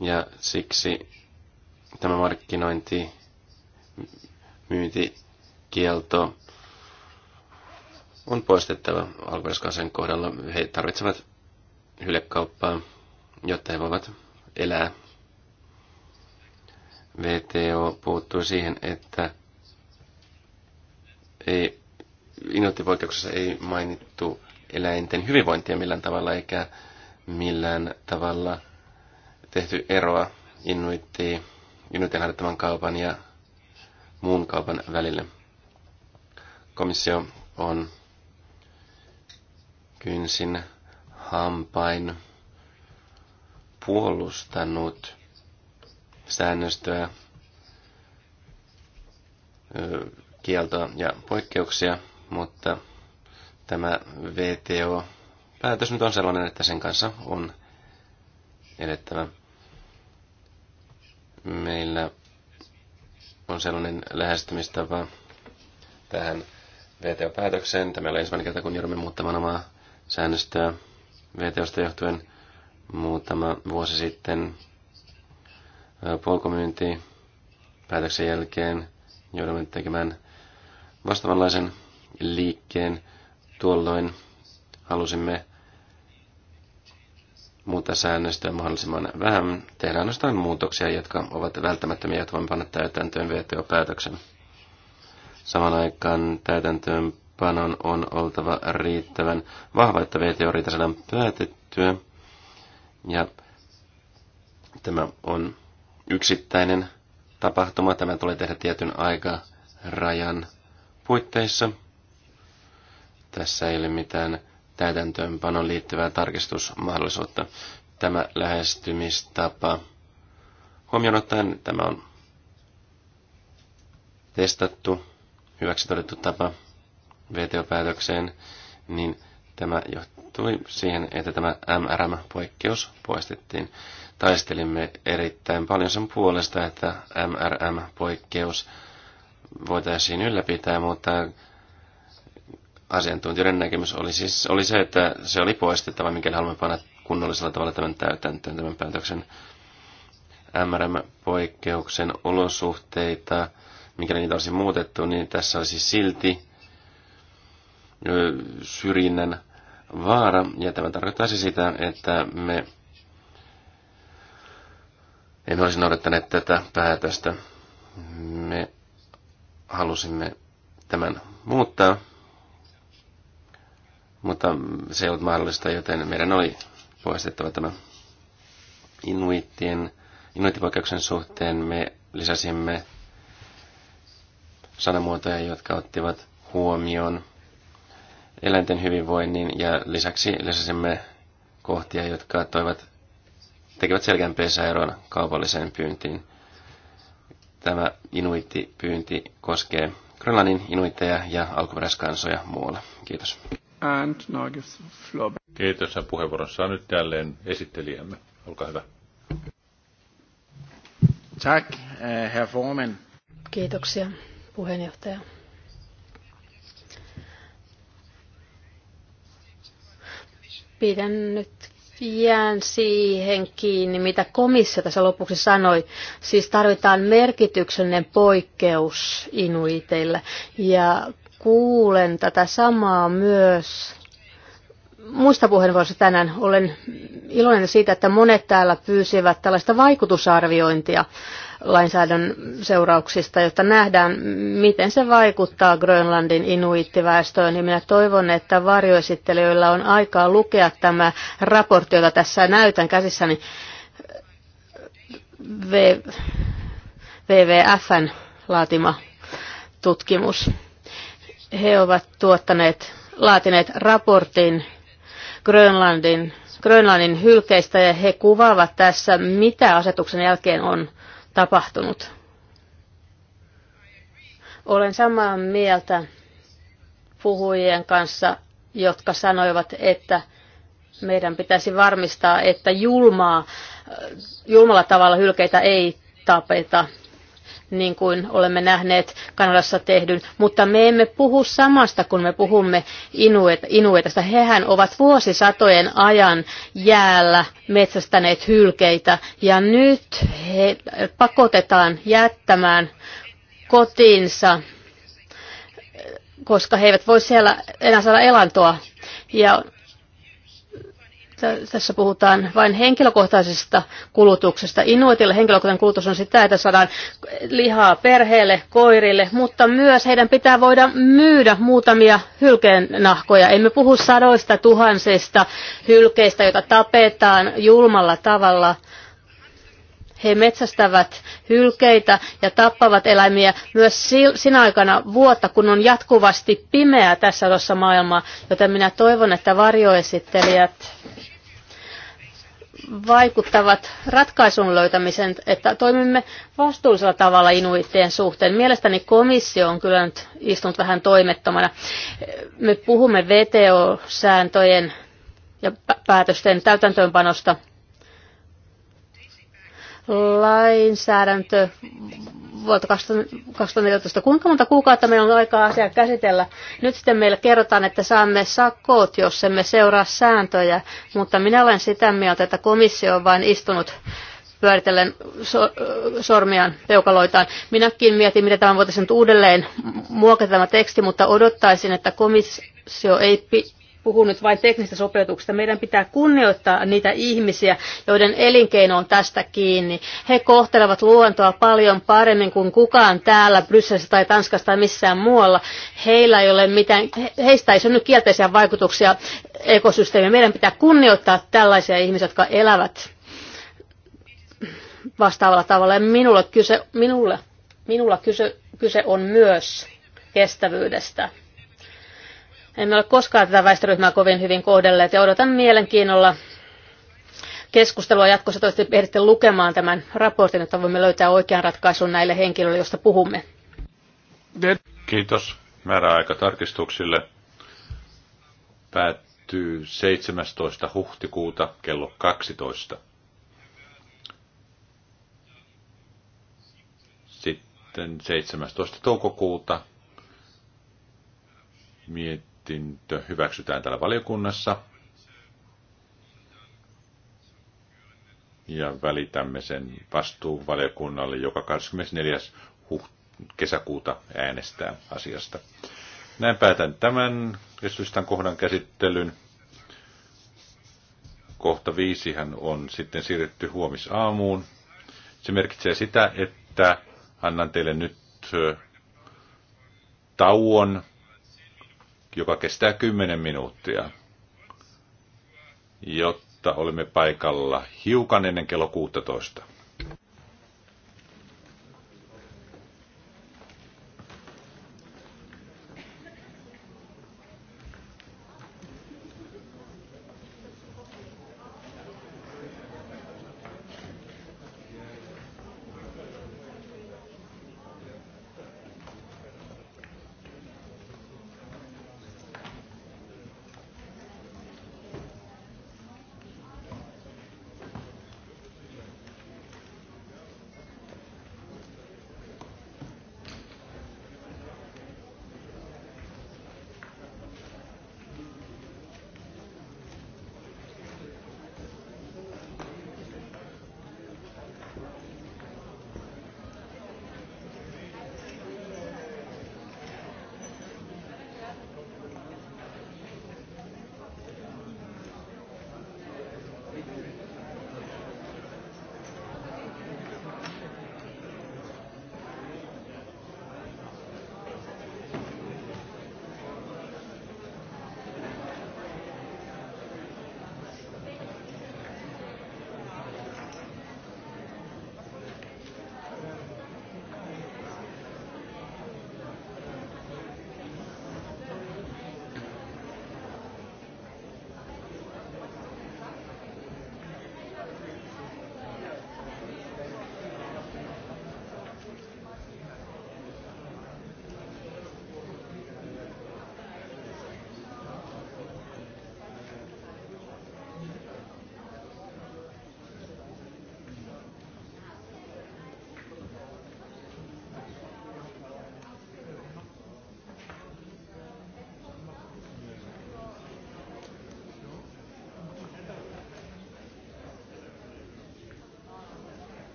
ja siksi tämä markkinointi, myyntikielto on poistettava alkuperäiskansan kohdalla. He tarvitsevat hylekauppaa, jotta he voivat elää. VTO puuttui siihen, että ei, innoittipoikkeuksessa ei mainittu eläinten hyvinvointia millään tavalla, eikä millään tavalla – tehty eroa innuittiin, innuitien harjoittaman kaupan ja muun kaupan välille. Komissio on kynsin hampain puolustanut säännöstöä, kieltoa ja poikkeuksia, mutta tämä VTO-päätös nyt on sellainen, että sen kanssa on elettävä meillä on sellainen lähestymistapa tähän VTO-päätökseen. Tämä on ensimmäinen kerta, kun joudumme muuttamaan omaa säännöstöä VTOsta johtuen muutama vuosi sitten polkomyynti päätöksen jälkeen joudumme tekemään vastaavanlaisen liikkeen. Tuolloin halusimme muuta säännöstöä mahdollisimman vähän. Tehdään ainoastaan muutoksia, jotka ovat välttämättömiä, jotta voimme panna täytäntöön VTO-päätöksen. Saman aikaan täytäntöönpanon on oltava riittävän vahva, että vto riitä saadaan päätettyä. Ja tämä on yksittäinen tapahtuma. Tämä tulee tehdä tietyn aikarajan puitteissa. Tässä ei ole mitään täytäntöönpanon liittyvää tarkistusmahdollisuutta. Tämä lähestymistapa. Huomioon ottaen tämä on testattu, hyväksi todettu tapa VTO-päätökseen, niin tämä johtui siihen, että tämä MRM-poikkeus poistettiin. Taistelimme erittäin paljon sen puolesta, että MRM-poikkeus voitaisiin ylläpitää, mutta asiantuntijoiden näkemys oli, siis, oli se, että se oli poistettava, mikäli haluamme panna kunnollisella tavalla tämän täytäntöön tämän päätöksen MRM-poikkeuksen olosuhteita, mikäli niitä olisi muutettu, niin tässä olisi silti syrjinnän vaara, ja tämä tarkoittaisi sitä, että me emme olisi noudattaneet tätä päätöstä. Me halusimme tämän muuttaa, mutta se ei ollut mahdollista, joten meidän oli poistettava tämä inuittien, inuittipoikkeuksen suhteen. Me lisäsimme sanamuotoja, jotka ottivat huomioon eläinten hyvinvoinnin ja lisäksi lisäsimme kohtia, jotka toivat, tekevät selkeän pesäeron kaupalliseen pyyntiin. Tämä inuittipyynti koskee Grönlannin inuitteja ja alkuperäiskansoja muualla. Kiitos. And now Kiitos. Ja puheenvuorossa on nyt jälleen esittelijämme. Olkaa hyvä. Tack, eh, herr Forman. Kiitoksia, puheenjohtaja. Pidän nyt jään siihen kiinni, mitä komissio tässä lopuksi sanoi. Siis tarvitaan merkityksellinen poikkeus inuiteille. Ja kuulen tätä samaa myös muista puheenvuorossa tänään. Olen iloinen siitä, että monet täällä pyysivät tällaista vaikutusarviointia lainsäädännön seurauksista, jotta nähdään, miten se vaikuttaa Grönlandin inuittiväestöön. Ja minä toivon, että varjoesittelijöillä on aikaa lukea tämä raportti, jota tässä näytän käsissäni VVFn laatima tutkimus. He ovat tuottaneet, laatineet raportin Grönlandin, Grönlannin hylkeistä ja he kuvaavat tässä, mitä asetuksen jälkeen on tapahtunut. Olen samaa mieltä puhujien kanssa, jotka sanoivat, että meidän pitäisi varmistaa, että julmaa, julmalla tavalla hylkeitä ei tapeta niin kuin olemme nähneet Kanadassa tehdyn, mutta me emme puhu samasta, kun me puhumme inuetasta. Hehän ovat vuosisatojen ajan jäällä metsästäneet hylkeitä ja nyt he pakotetaan jättämään kotiinsa koska he eivät voi siellä enää saada elantoa. Ja tässä puhutaan vain henkilökohtaisesta kulutuksesta. Inuitilla henkilökohtainen kulutus on sitä, että saadaan lihaa perheelle, koirille, mutta myös heidän pitää voida myydä muutamia hylkeennahkoja. Emme puhu sadoista tuhansista hylkeistä, joita tapetaan julmalla tavalla. He metsästävät hylkeitä ja tappavat eläimiä myös sinä aikana vuotta, kun on jatkuvasti pimeää tässä osassa maailmaa, joten minä toivon, että varjoesittelijät vaikuttavat ratkaisun löytämisen, että toimimme vastuullisella tavalla inuittien suhteen. Mielestäni komissio on kyllä nyt istunut vähän toimettomana. Me puhumme VTO-sääntöjen ja päätösten täytäntöönpanosta. Lainsäädäntö vuotta 2014. Kuinka monta kuukautta meillä on aikaa asiaa käsitellä? Nyt sitten meillä kerrotaan, että saamme sakot, jos emme seuraa sääntöjä, mutta minä olen sitä mieltä, että komissio on vain istunut pyöritellen so- sormiaan, peukaloitaan. Minäkin mietin, miten tämä voitaisiin nyt uudelleen muokata tämä teksti, mutta odottaisin, että komissio ei pi- puhun nyt vain teknisistä sopeutuksista. Meidän pitää kunnioittaa niitä ihmisiä, joiden elinkeino on tästä kiinni. He kohtelevat luontoa paljon paremmin kuin kukaan täällä Brysselissä tai Tanskassa tai missään muualla. Heillä ei ole mitään, heistä ei synny kielteisiä vaikutuksia ekosysteemiin. Meidän pitää kunnioittaa tällaisia ihmisiä, jotka elävät vastaavalla tavalla. Ja minulle kyse, minulle, minulla kyse, kyse on myös kestävyydestä emme ole koskaan tätä väestöryhmää kovin hyvin kohdelleet ja odotan mielenkiinnolla keskustelua jatkossa. Toivottavasti ehditte lukemaan tämän raportin, että voimme löytää oikean ratkaisun näille henkilöille, joista puhumme. Kiitos. Määräaika tarkistuksille päättyy 17. huhtikuuta kello 12. Sitten 17. toukokuuta miet, mietintö hyväksytään täällä valiokunnassa. Ja välitämme sen vastuuvaliokunnalle, joka 24. Huht- kesäkuuta äänestää asiasta. Näin päätän tämän keskustan kohdan käsittelyn. Kohta viisihän on sitten siirretty huomisaamuun. Se merkitsee sitä, että annan teille nyt tauon joka kestää 10 minuuttia, jotta olemme paikalla hiukan ennen kello 16.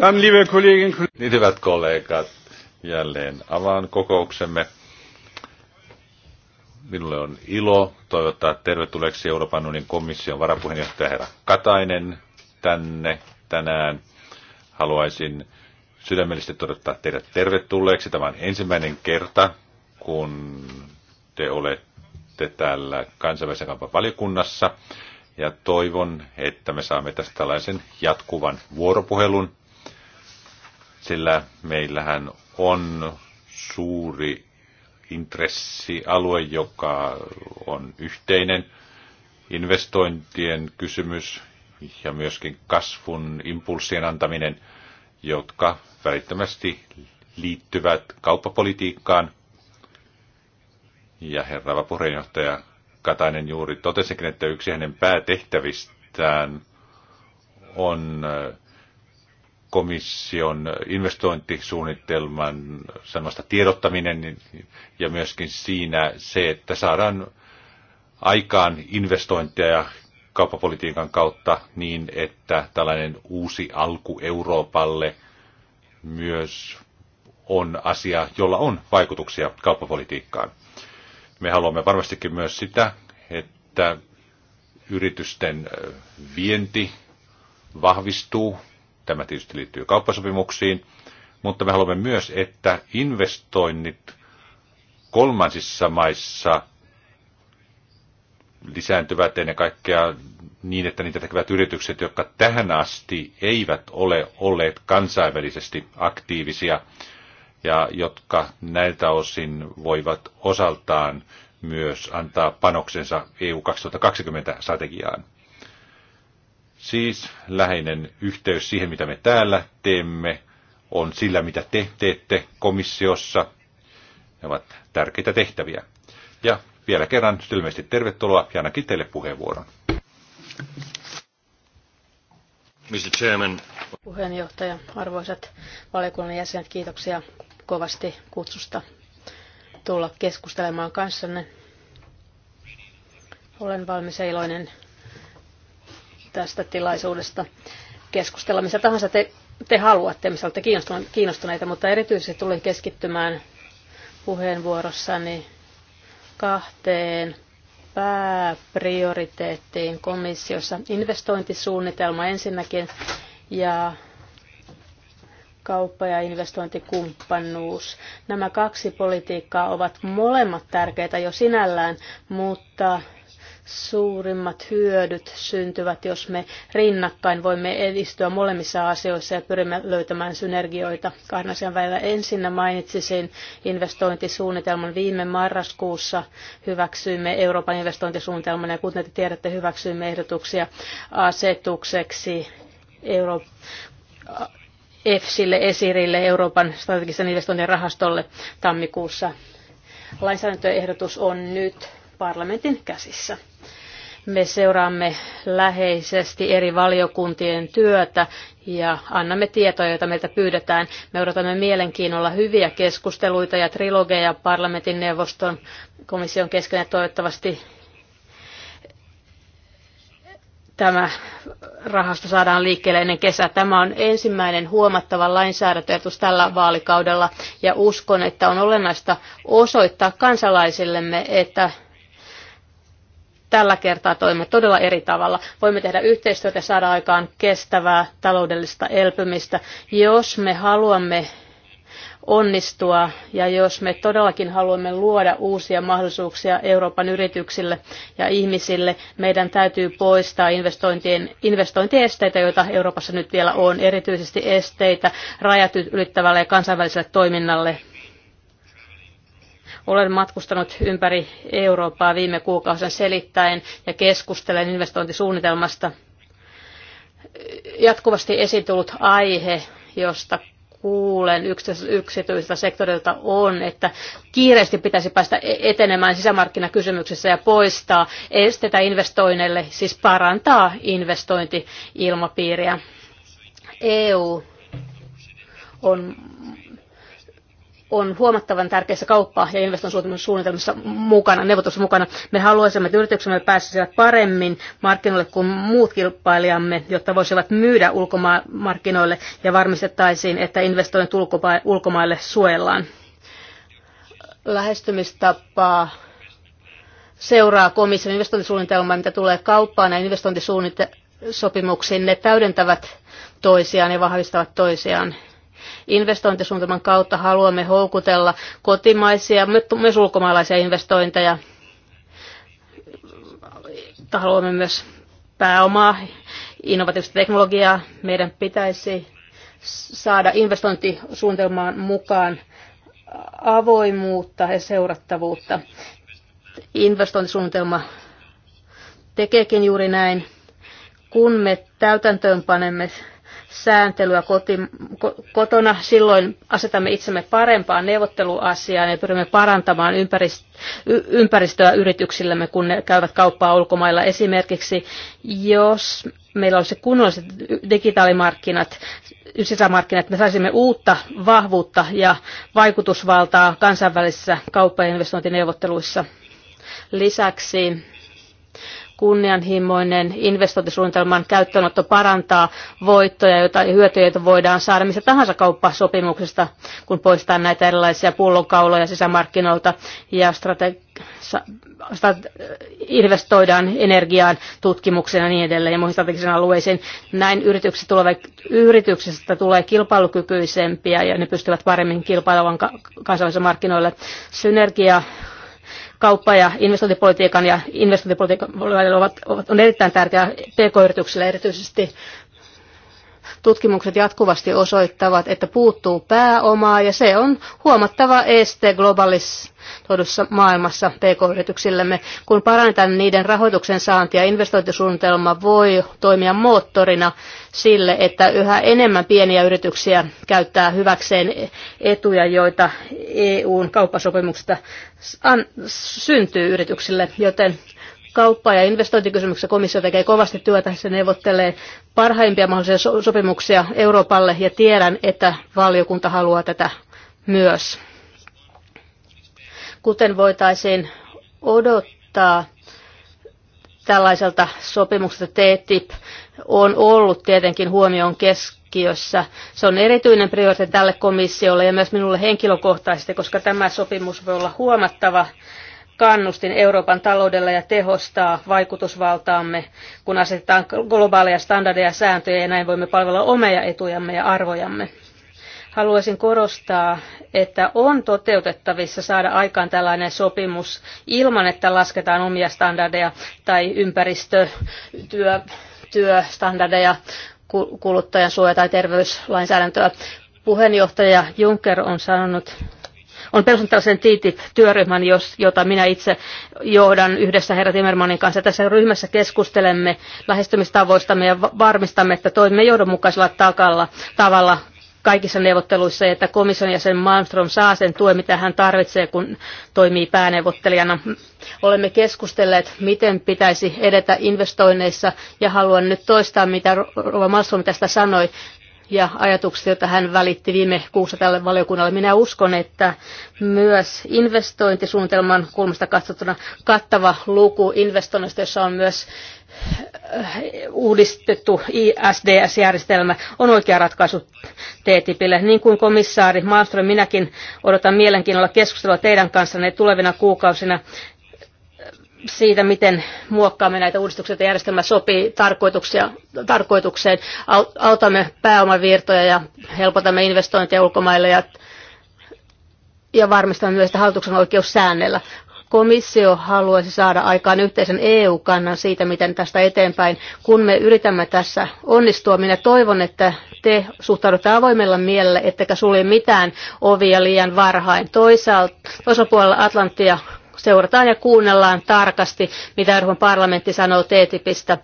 Dann, liebe Kollegen, niin, hyvät kollegat, jälleen avaan kokouksemme. Minulle on ilo toivottaa tervetulleeksi Euroopan unionin komission varapuheenjohtaja herra Katainen tänne tänään. Haluaisin sydämellisesti todottaa teidät tervetulleeksi. Tämä on ensimmäinen kerta, kun te olette täällä kansainvälisen kaupan valiokunnassa ja toivon, että me saamme tästä tällaisen jatkuvan vuoropuhelun sillä meillähän on suuri intressialue, joka on yhteinen investointien kysymys ja myöskin kasvun impulssien antaminen, jotka välittömästi liittyvät kauppapolitiikkaan. Ja herra puheenjohtaja Katainen juuri totesikin, että yksi hänen päätehtävistään on komission investointisuunnitelman sanasta tiedottaminen ja myöskin siinä se, että saadaan aikaan investointeja ja kauppapolitiikan kautta niin, että tällainen uusi alku Euroopalle myös on asia, jolla on vaikutuksia kauppapolitiikkaan. Me haluamme varmastikin myös sitä, että yritysten vienti vahvistuu Tämä tietysti liittyy kauppasopimuksiin, mutta me haluamme myös, että investoinnit kolmansissa maissa lisääntyvät ennen kaikkea niin, että niitä tekevät yritykset, jotka tähän asti eivät ole olleet kansainvälisesti aktiivisia ja jotka näiltä osin voivat osaltaan myös antaa panoksensa EU 2020 strategiaan. Siis läheinen yhteys siihen, mitä me täällä teemme, on sillä, mitä te teette komissiossa. Ne ovat tärkeitä tehtäviä. Ja vielä kerran sylmästi tervetuloa ja ainakin teille puheenvuoron. Mr. Chairman. Puheenjohtaja, arvoisat valiokunnan jäsenet, kiitoksia kovasti kutsusta tulla keskustelemaan kanssanne. Olen valmis ja iloinen tästä tilaisuudesta keskustella missä tahansa te, te haluatte, missä olette kiinnostuneita, mutta erityisesti tulin keskittymään puheenvuorossani kahteen pääprioriteettiin komissiossa. Investointisuunnitelma ensinnäkin ja kauppa- ja investointikumppanuus. Nämä kaksi politiikkaa ovat molemmat tärkeitä jo sinällään, mutta suurimmat hyödyt syntyvät, jos me rinnakkain voimme edistyä molemmissa asioissa ja pyrimme löytämään synergioita kahden asian välillä. Ensinnä mainitsisin investointisuunnitelman. Viime marraskuussa hyväksyimme Euroopan investointisuunnitelman ja kuten te tiedätte, hyväksyimme ehdotuksia asetukseksi Euro- EFSille, ESIRille, Euroopan strategisen investointien rahastolle tammikuussa. Lainsäädäntöehdotus on nyt parlamentin käsissä. Me seuraamme läheisesti eri valiokuntien työtä ja annamme tietoja, joita meiltä pyydetään. Me odotamme mielenkiinnolla hyviä keskusteluita ja trilogeja parlamentin neuvoston komission kesken ja toivottavasti tämä rahasto saadaan liikkeelle ennen kesää. Tämä on ensimmäinen huomattava lainsäädäntöehdotus tällä vaalikaudella ja uskon, että on olennaista osoittaa kansalaisillemme, että tällä kertaa toimimme todella eri tavalla. Voimme tehdä yhteistyötä ja saada aikaan kestävää taloudellista elpymistä, jos me haluamme onnistua ja jos me todellakin haluamme luoda uusia mahdollisuuksia Euroopan yrityksille ja ihmisille, meidän täytyy poistaa investointien, investointiesteitä, joita Euroopassa nyt vielä on, erityisesti esteitä rajat ylittävälle ja kansainväliselle toiminnalle olen matkustanut ympäri Eurooppaa viime kuukausien selittäen ja keskustelen investointisuunnitelmasta. Jatkuvasti esitullut aihe, josta kuulen yksityisiltä sektorilta on, että kiireesti pitäisi päästä e- etenemään sisämarkkinakysymyksessä ja poistaa estetä investoinneille, siis parantaa investointiilmapiiriä. EU on on huomattavan tärkeässä kauppa- ja investointisuunnitelmissa mukana, neuvottelussa mukana. Me haluaisimme, että yrityksemme pääsisivät paremmin markkinoille kuin muut kilpailijamme, jotta voisivat myydä ulkomarkkinoille ja varmistettaisiin, että investoinnit ulkomaille suojellaan. Lähestymistapaa seuraa komission investointisuunnitelmaa, mitä tulee kauppaan ja investointisuunnitelmaan sopimuksiin, ne täydentävät toisiaan ja vahvistavat toisiaan investointisuunnitelman kautta haluamme houkutella kotimaisia, myös ulkomaalaisia investointeja. Haluamme myös pääomaa, innovatiivista teknologiaa. Meidän pitäisi saada investointisuunnitelmaan mukaan avoimuutta ja seurattavuutta. Investointisuunnitelma tekeekin juuri näin. Kun me täytäntöönpanemme sääntelyä koti, kotona. Silloin asetamme itsemme parempaan neuvotteluasiaan ja pyrimme parantamaan ympäristöä yrityksillemme, kun ne käyvät kauppaa ulkomailla. Esimerkiksi jos meillä olisi kunnolliset digitaalimarkkinat, sisämarkkinat, me saisimme uutta vahvuutta ja vaikutusvaltaa kansainvälisissä kauppa- ja investointineuvotteluissa. Lisäksi kunnianhimoinen investointisuunnitelman käyttöönotto parantaa voittoja joita, ja hyötyjä, joita voidaan saada missä tahansa kauppasopimuksesta, kun poistetaan näitä erilaisia pullonkauloja sisämarkkinoilta ja strate- investoidaan energiaan, tutkimukseen ja niin edelleen ja muihin strategisiin alueisiin. Näin yritykset tulee, yrityksistä tulee kilpailukykyisempiä ja ne pystyvät paremmin kilpailemaan kansainvälisillä markkinoilla. Synergia kauppa- ja investointipolitiikan ja investointipolitiikan välillä ovat, ovat, on erittäin tärkeää pk-yrityksille erityisesti tutkimukset jatkuvasti osoittavat, että puuttuu pääomaa ja se on huomattava este globaalisoidussa maailmassa pk-yrityksillemme. Kun parannetaan niiden rahoituksen saantia, investointisuunnitelma voi toimia moottorina sille, että yhä enemmän pieniä yrityksiä käyttää hyväkseen etuja, joita EUn kauppasopimuksesta syntyy yrityksille, joten Kauppa- ja investointikysymyksessä komissio tekee kovasti työtä, se neuvottelee parhaimpia mahdollisia so- sopimuksia Euroopalle ja tiedän, että valiokunta haluaa tätä myös. Kuten voitaisiin odottaa, tällaiselta sopimukselta TTIP on ollut tietenkin huomion keskiössä. Se on erityinen prioriteetti tälle komissiolle ja myös minulle henkilökohtaisesti, koska tämä sopimus voi olla huomattava kannustin Euroopan taloudella ja tehostaa vaikutusvaltaamme, kun asetetaan globaaleja standardeja ja sääntöjä ja näin voimme palvella omia etujamme ja arvojamme. Haluaisin korostaa, että on toteutettavissa saada aikaan tällainen sopimus ilman, että lasketaan omia standardeja tai ympäristö, työstandardeja, kuluttajan suoja tai terveyslainsäädäntöä. Puheenjohtaja Juncker on sanonut on perustunut tällaisen TTIP-työryhmän, jota minä itse johdan yhdessä herra Timmermanin kanssa. Tässä ryhmässä keskustelemme lähestymistavoistamme ja varmistamme, että toimimme johdonmukaisella takalla, tavalla kaikissa neuvotteluissa, että komission jäsen Malmström saa sen tuen, mitä hän tarvitsee, kun toimii pääneuvottelijana. Olemme keskustelleet, miten pitäisi edetä investoinneissa, ja haluan nyt toistaa, mitä Rova Malmström tästä sanoi ja ajatuksia joita hän välitti viime kuussa tälle valiokunnalle. Minä uskon, että myös investointisuunnitelman kulmasta katsottuna kattava luku investoinnista, jossa on myös eh, uudistettu ISDS-järjestelmä on oikea ratkaisu TTIPille. Niin kuin komissaari Maastro, minäkin odotan mielenkiinnolla keskustelua teidän kanssanne tulevina kuukausina siitä, miten muokkaamme näitä uudistuksia, että järjestelmä sopii tarkoituksia, tarkoitukseen. Autamme pääomavirtoja ja helpotamme investointeja ulkomaille ja, ja varmistamme myös, että hallituksen oikeus säännellä. Komissio haluaisi saada aikaan yhteisen EU-kannan siitä, miten tästä eteenpäin. Kun me yritämme tässä onnistua, minä toivon, että te suhtaudutte avoimella mielellä, ettekä sulje mitään ovia liian varhain. Toisaalta, toisella puolella Atlanttia seurataan ja kuunnellaan tarkasti, mitä Euroopan parlamentti sanoo TTIPistä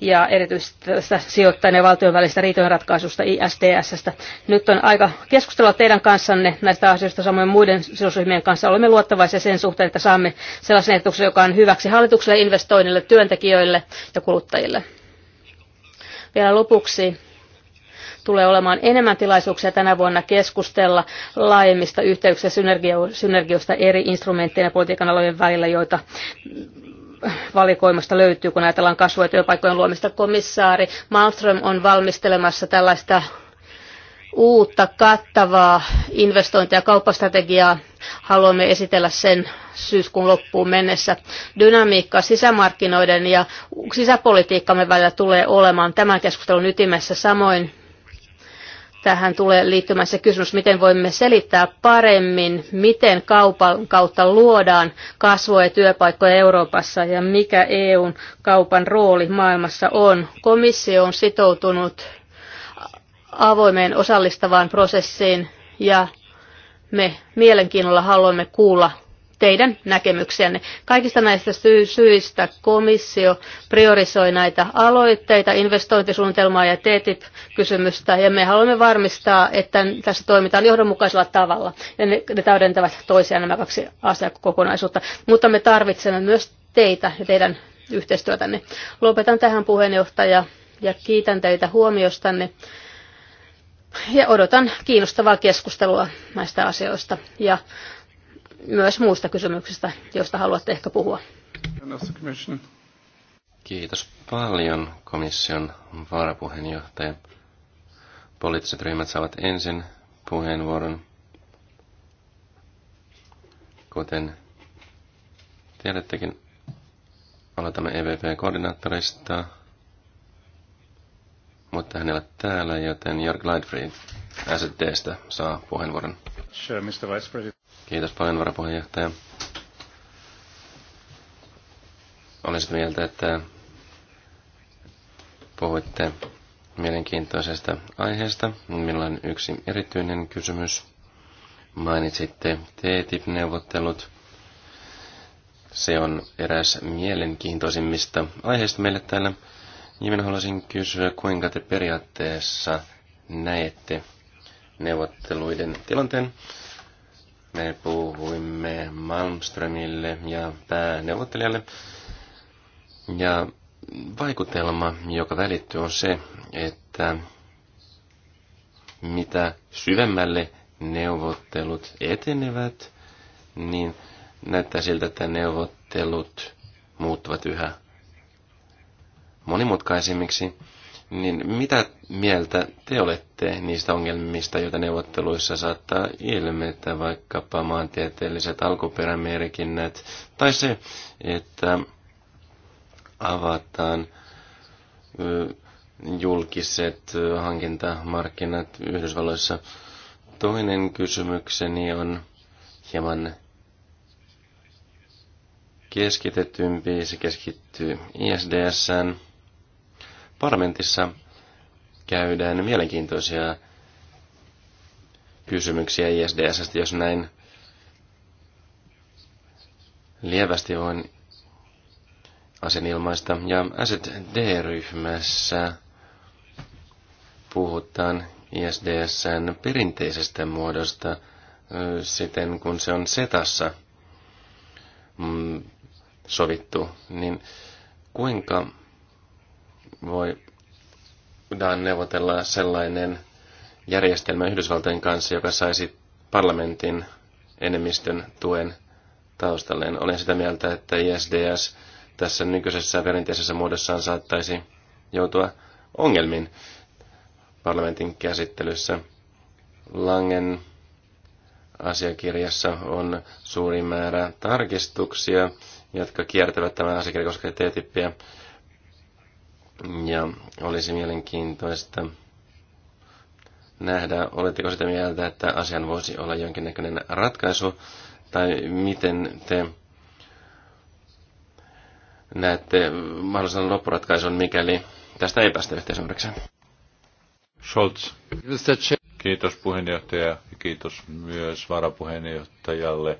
ja erityisesti tästä sijoittajien ja valtion välistä riitojenratkaisusta ISDSstä. Nyt on aika keskustella teidän kanssanne näistä asioista samoin muiden sidosryhmien kanssa. Olemme luottavaisia sen suhteen, että saamme sellaisen ehdotuksen, joka on hyväksi hallitukselle, investoinnille, työntekijöille ja kuluttajille. Vielä lopuksi tulee olemaan enemmän tilaisuuksia tänä vuonna keskustella laajemmista yhteyksistä synergioista eri instrumenttien ja politiikan alojen välillä, joita valikoimasta löytyy, kun ajatellaan kasvua ja työpaikkojen luomista. Komissaari Malmström on valmistelemassa tällaista uutta kattavaa investointi- ja kauppastrategiaa. Haluamme esitellä sen syyskuun loppuun mennessä. Dynamiikka sisämarkkinoiden ja sisäpolitiikkamme välillä tulee olemaan tämän keskustelun ytimessä samoin Tähän tulee liittymään se kysymys, miten voimme selittää paremmin, miten kaupan kautta luodaan kasvua ja työpaikkoja Euroopassa ja mikä EUn kaupan rooli maailmassa on. Komissio on sitoutunut avoimeen osallistavaan prosessiin ja me mielenkiinnolla haluamme kuulla teidän näkemyksenne. Kaikista näistä sy- syistä komissio priorisoi näitä aloitteita, investointisuunnitelmaa ja TTIP-kysymystä, ja me haluamme varmistaa, että tässä toimitaan johdonmukaisella tavalla, ja ne, ne täydentävät toisiaan nämä kaksi asiakokonaisuutta. Mutta me tarvitsemme myös teitä ja teidän yhteistyötänne. Lopetan tähän puheenjohtaja ja kiitän teitä huomiostanne ja odotan kiinnostavaa keskustelua näistä asioista. Ja myös muusta kysymyksestä, josta haluatte ehkä puhua. Kiitos paljon komission varapuheenjohtaja. Poliittiset ryhmät saavat ensin puheenvuoron. Kuten tiedättekin, aloitamme EVP-koordinaattorista, mutta hänellä täällä, joten Jörg Leidfried SDstä saa puheenvuoron. Sure, Mr. Vice President. Kiitos paljon, varapuheenjohtaja. Olen sitä mieltä, että puhuitte mielenkiintoisesta aiheesta. Minulla on yksi erityinen kysymys. Mainitsitte TTIP-neuvottelut. Se on eräs mielenkiintoisimmista aiheista meille täällä. Ja minä haluaisin kysyä, kuinka te periaatteessa näette neuvotteluiden tilanteen. Me puhuimme Malmströmille ja pääneuvottelijalle. Ja vaikutelma, joka välittyy, on se, että mitä syvemmälle neuvottelut etenevät, niin näyttää siltä, että neuvottelut muuttuvat yhä monimutkaisemmiksi niin mitä mieltä te olette niistä ongelmista, joita neuvotteluissa saattaa ilmetä, vaikkapa maantieteelliset alkuperämerkinnät, tai se, että avataan julkiset hankintamarkkinat Yhdysvalloissa. Toinen kysymykseni on hieman keskitetympi, se keskittyy ISDSään Parlamentissa käydään mielenkiintoisia kysymyksiä ISDS, jos näin lievästi voin asian ilmaista. Ja SD-ryhmässä puhutaan ISDSn perinteisestä muodosta siten, kun se on setassa mm, sovittu, niin kuinka voidaan neuvotella sellainen järjestelmä Yhdysvaltojen kanssa, joka saisi parlamentin enemmistön tuen taustalleen. Olen sitä mieltä, että ISDS tässä nykyisessä perinteisessä muodossaan saattaisi joutua ongelmiin parlamentin käsittelyssä. Langen asiakirjassa on suuri määrä tarkistuksia, jotka kiertävät tämän asiakirjan koskien TTIPiä. Ja olisi mielenkiintoista nähdä, oletteko sitä mieltä, että asian voisi olla jonkinnäköinen ratkaisu, tai miten te näette mahdollisen loppuratkaisun, mikäli tästä ei päästä yhteisymmärrykseen. Scholz. Kiitos puheenjohtaja ja kiitos myös varapuheenjohtajalle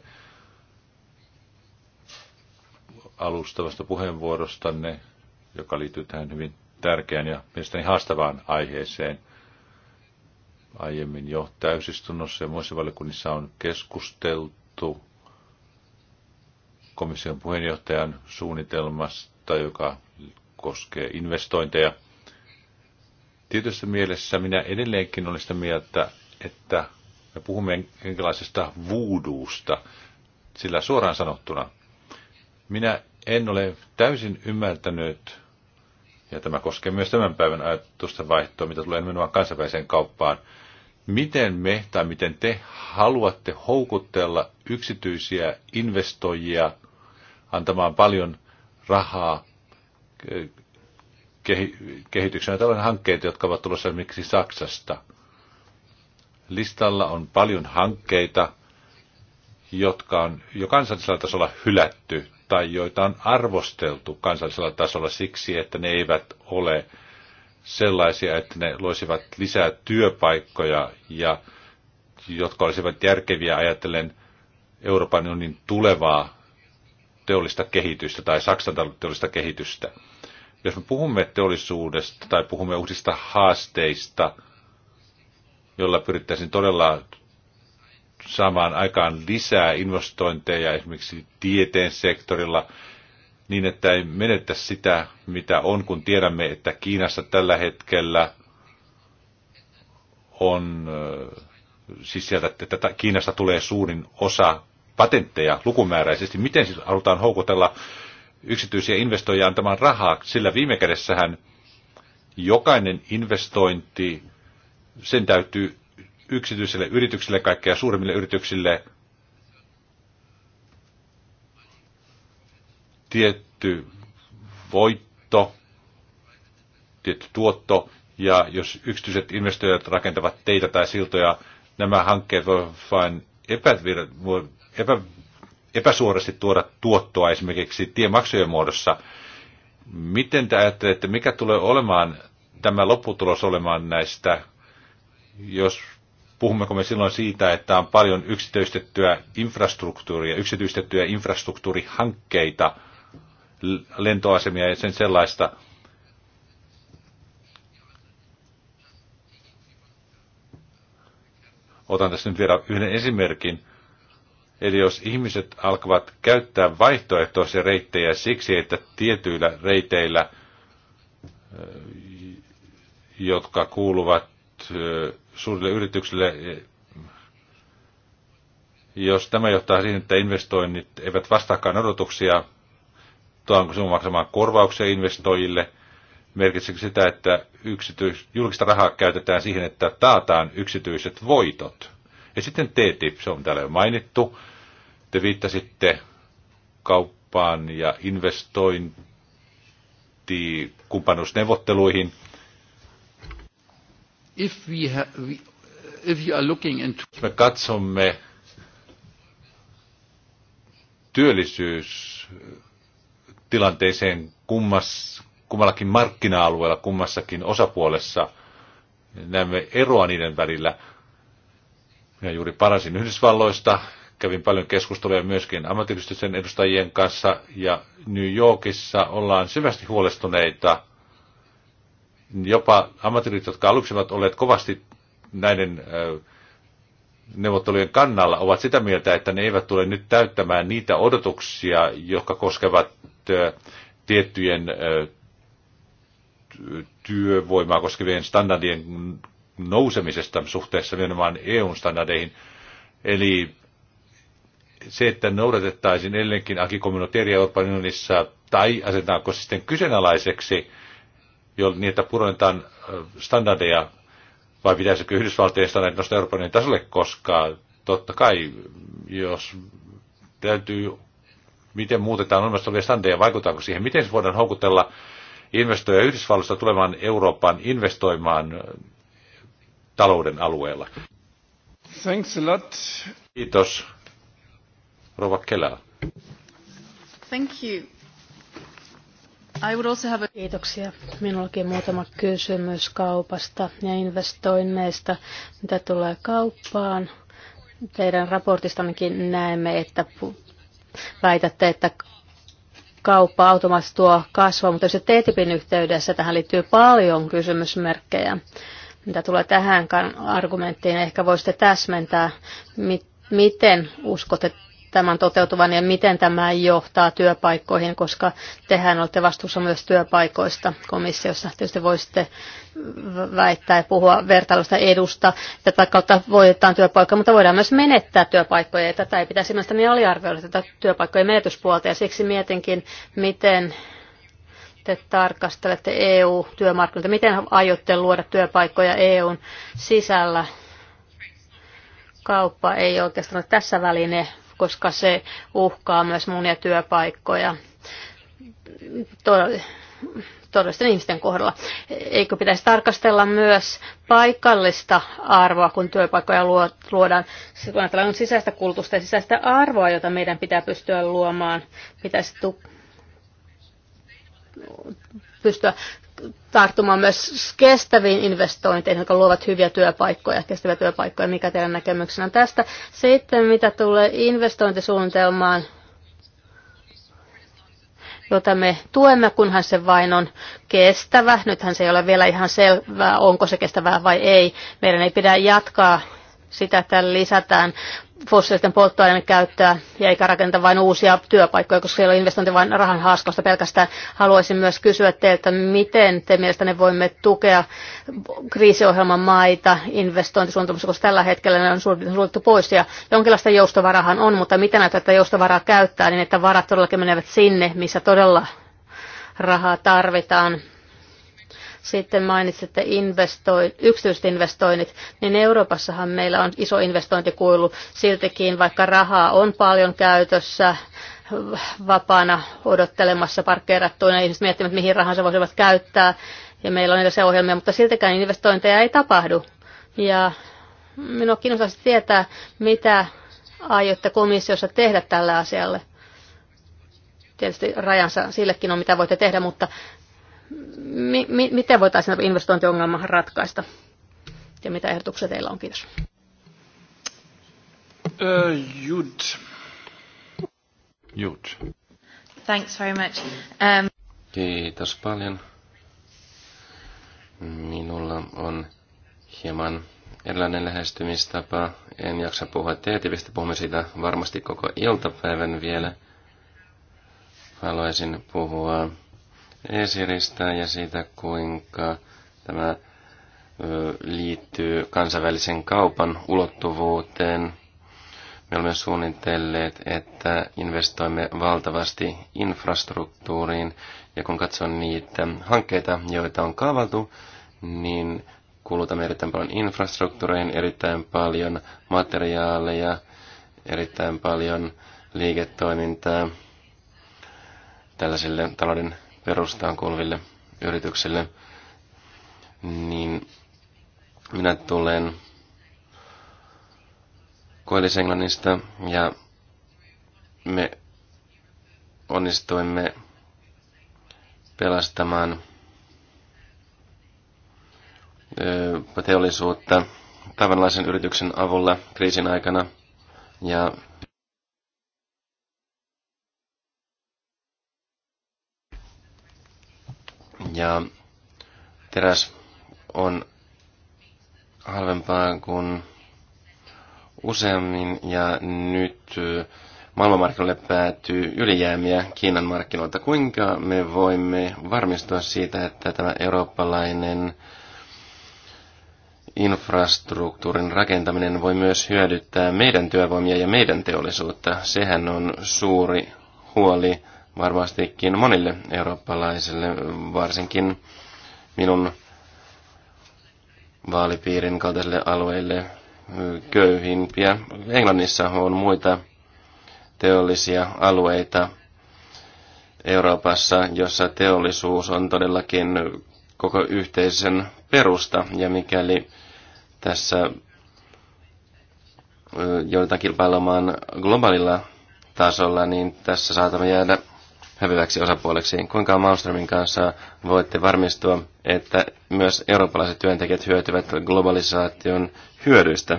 alustavasta puheenvuorostanne joka liittyy tähän hyvin tärkeään ja mielestäni haastavaan aiheeseen. Aiemmin jo täysistunnossa ja muissa valiokunnissa on keskusteltu komission puheenjohtajan suunnitelmasta, joka koskee investointeja. Tietyssä mielessä minä edelleenkin olen sitä mieltä, että me puhumme jonkinlaisesta vuuduusta, sillä suoraan sanottuna minä en ole täysin ymmärtänyt, ja tämä koskee myös tämän päivän ajatusta vaihtoa, mitä tulee nimenomaan kansainväliseen kauppaan, miten me tai miten te haluatte houkutella yksityisiä investoijia antamaan paljon rahaa kehityksenä tällainen hankkeita, jotka ovat tulossa esimerkiksi Saksasta. Listalla on paljon hankkeita, jotka on jo kansallisella tasolla hylätty tai joita on arvosteltu kansallisella tasolla siksi, että ne eivät ole sellaisia, että ne loisivat lisää työpaikkoja ja jotka olisivat järkeviä ajatellen Euroopan unionin tulevaa teollista kehitystä tai Saksan teollista kehitystä. Jos me puhumme teollisuudesta tai puhumme uusista haasteista, joilla pyrittäisiin todella saamaan aikaan lisää investointeja esimerkiksi tieteen sektorilla, niin että ei menetä sitä, mitä on, kun tiedämme, että Kiinassa tällä hetkellä on, siis sieltä, että Kiinasta tulee suurin osa patentteja lukumääräisesti. Miten siis halutaan houkutella yksityisiä investoijia antamaan rahaa, sillä viime kädessähän jokainen investointi, sen täytyy yksityisille yrityksille, kaikkea suurimmille yrityksille tietty voitto, tietty tuotto, ja jos yksityiset investoijat rakentavat teitä tai siltoja, nämä hankkeet voivat vain epä, epäsuorasti tuoda tuottoa esimerkiksi tiemaksujen muodossa. Miten te ajattelette, mikä tulee olemaan tämä lopputulos olemaan näistä, jos Puhummeko me silloin siitä, että on paljon yksityistettyä infrastruktuuria, yksityistettyjä infrastruktuurihankkeita, lentoasemia ja sen sellaista, otan tässä nyt vielä yhden esimerkin. Eli jos ihmiset alkavat käyttää vaihtoehtoisia reittejä siksi, että tietyillä reiteillä, jotka kuuluvat suurille yrityksille. E, jos tämä johtaa siihen, että investoinnit eivät vastaakaan odotuksia, tuonko sinun maksamaan korvauksia investoijille? Merkitsekö sitä, että yksityis- julkista rahaa käytetään siihen, että taataan yksityiset voitot? Ja sitten TTIP, se on täällä jo mainittu. Te viittasitte kauppaan ja investointiin kumppanuusneuvotteluihin. If we have, if you are looking into... Me katsomme työllisyystilanteeseen kummas, kummallakin markkina-alueella, kummassakin osapuolessa. Niin näemme eroa niiden välillä. Minä juuri parasin Yhdysvalloista, kävin paljon keskusteluja myöskin ammattiyhdistysten edustajien kanssa ja New Yorkissa ollaan syvästi huolestuneita jopa ammattiliitot, jotka aluksi ovat olleet kovasti näiden neuvottelujen kannalla, ovat sitä mieltä, että ne eivät tule nyt täyttämään niitä odotuksia, jotka koskevat tiettyjen työvoimaa koskevien standardien nousemisesta suhteessa nimenomaan EU-standardeihin. Eli se, että noudatettaisiin edelleenkin akikommuniteeria Euroopan unionissa, tai asetetaanko sitten kyseenalaiseksi – niin, että pudotetaan standardeja, vai pitäisikö Yhdysvaltojen standardit nostaa Euroopan tasolle, koska totta kai, jos täytyy, miten muutetaan olemassa olevia standardeja, vaikuttaako siihen, miten se voidaan houkutella investoja Yhdysvalloista tulemaan Eurooppaan investoimaan talouden alueella. Thanks a lot. Kiitos. Rova Kela. Thank you. Kiitoksia. Minullakin muutama kysymys kaupasta ja investoinneista. Mitä tulee kauppaan? Teidän raportistammekin näemme, että väitätte, että kauppa automaattisesti tuo kasvua, mutta se TTIPin yhteydessä tähän liittyy paljon kysymysmerkkejä. Mitä tulee tähän argumenttiin, ehkä voisitte täsmentää, miten uskotte tämän toteutuvan ja miten tämä johtaa työpaikkoihin, koska tehän olette vastuussa myös työpaikoista komissiossa. Tietysti voisitte väittää ja puhua vertailusta edusta. Tätä kautta voitetaan työpaikkoja, mutta voidaan myös menettää työpaikkoja. Ja tätä ei pitäisi mielestäni aliarvioida tätä työpaikkojen menetyspuolta. Ja siksi mietinkin, miten te tarkastelette EU-työmarkkinoita. Miten aiotte luoda työpaikkoja EUn sisällä? Kauppa ei oikeastaan ole tässä väline, koska se uhkaa myös monia työpaikkoja todellisten ihmisten kohdalla. Eikö pitäisi tarkastella myös paikallista arvoa, kun työpaikkoja luodaan? Kun ajatellaan sisäistä kulutusta ja sisäistä arvoa, jota meidän pitää pystyä luomaan, pitäisi pystyä tarttumaan myös kestäviin investointeihin, jotka luovat hyviä työpaikkoja, kestäviä työpaikkoja, mikä teidän näkemyksenä tästä. Sitten mitä tulee investointisuunnitelmaan, jota me tuemme, kunhan se vain on kestävä. Nythän se ei ole vielä ihan selvää, onko se kestävää vai ei. Meidän ei pidä jatkaa sitä, että lisätään fossiilisten polttoaineiden käyttöä ja eikä rakenneta vain uusia työpaikkoja, koska siellä on investointi vain rahan haaskosta pelkästään. Haluaisin myös kysyä teiltä, miten te mielestänne voimme tukea kriisiohjelman maita investointisuunnitelmassa, koska tällä hetkellä ne on suljettu pois ja jonkinlaista joustovarahan on, mutta miten näitä tätä joustovaraa käyttää niin, että varat todellakin menevät sinne, missä todella rahaa tarvitaan sitten mainitsitte investoin, yksityiset investoinnit, niin Euroopassahan meillä on iso investointikuilu. Siltikin, vaikka rahaa on paljon käytössä, vapaana odottelemassa parkkeerattuina, ihmiset miettivät, mihin rahansa voisivat käyttää, ja meillä on niitä se ohjelmia, mutta siltikään investointeja ei tapahdu. Ja minua kiinnostaisi tietää, mitä aiotte komissiossa tehdä tällä asialle. Tietysti rajansa sillekin on, mitä voitte tehdä, mutta mi- mi- miten voitaisiin investointiongelma ratkaista? Ja mitä ehdotuksia teillä on? Kiitos. Uh, Jut. Thanks very much. Um... Kiitos paljon. Minulla on hieman erilainen lähestymistapa. En jaksa puhua teetivistä, puhumme siitä varmasti koko iltapäivän vielä. Haluaisin puhua Esiristä ja siitä, kuinka tämä liittyy kansainvälisen kaupan ulottuvuuteen. Me olemme suunnitelleet, että investoimme valtavasti infrastruktuuriin, ja kun katson niitä hankkeita, joita on kaavaltu, niin kulutamme erittäin paljon infrastruktuuriin, erittäin paljon materiaaleja, erittäin paljon liiketoimintaa tällaisille talouden perustaan kuuluville yrityksille, niin minä tulen Koillis-Englannista ja me onnistuimme pelastamaan teollisuutta tavanlaisen yrityksen avulla kriisin aikana ja ja teräs on halvempaa kuin useammin ja nyt maailmanmarkkinoille päätyy ylijäämiä Kiinan markkinoilta. Kuinka me voimme varmistua siitä, että tämä eurooppalainen infrastruktuurin rakentaminen voi myös hyödyttää meidän työvoimia ja meidän teollisuutta? Sehän on suuri huoli varmastikin monille eurooppalaisille, varsinkin minun vaalipiirin kaltaisille alueille köyhimpiä. Englannissa on muita teollisia alueita Euroopassa, jossa teollisuus on todellakin koko yhteisen perusta, ja mikäli tässä joudutaan kilpailemaan globaalilla tasolla, niin tässä saatamme jäädä häviväksi osapuoleksi. Kuinka Malmströmin kanssa voitte varmistua, että myös eurooppalaiset työntekijät hyötyvät globalisaation hyödyistä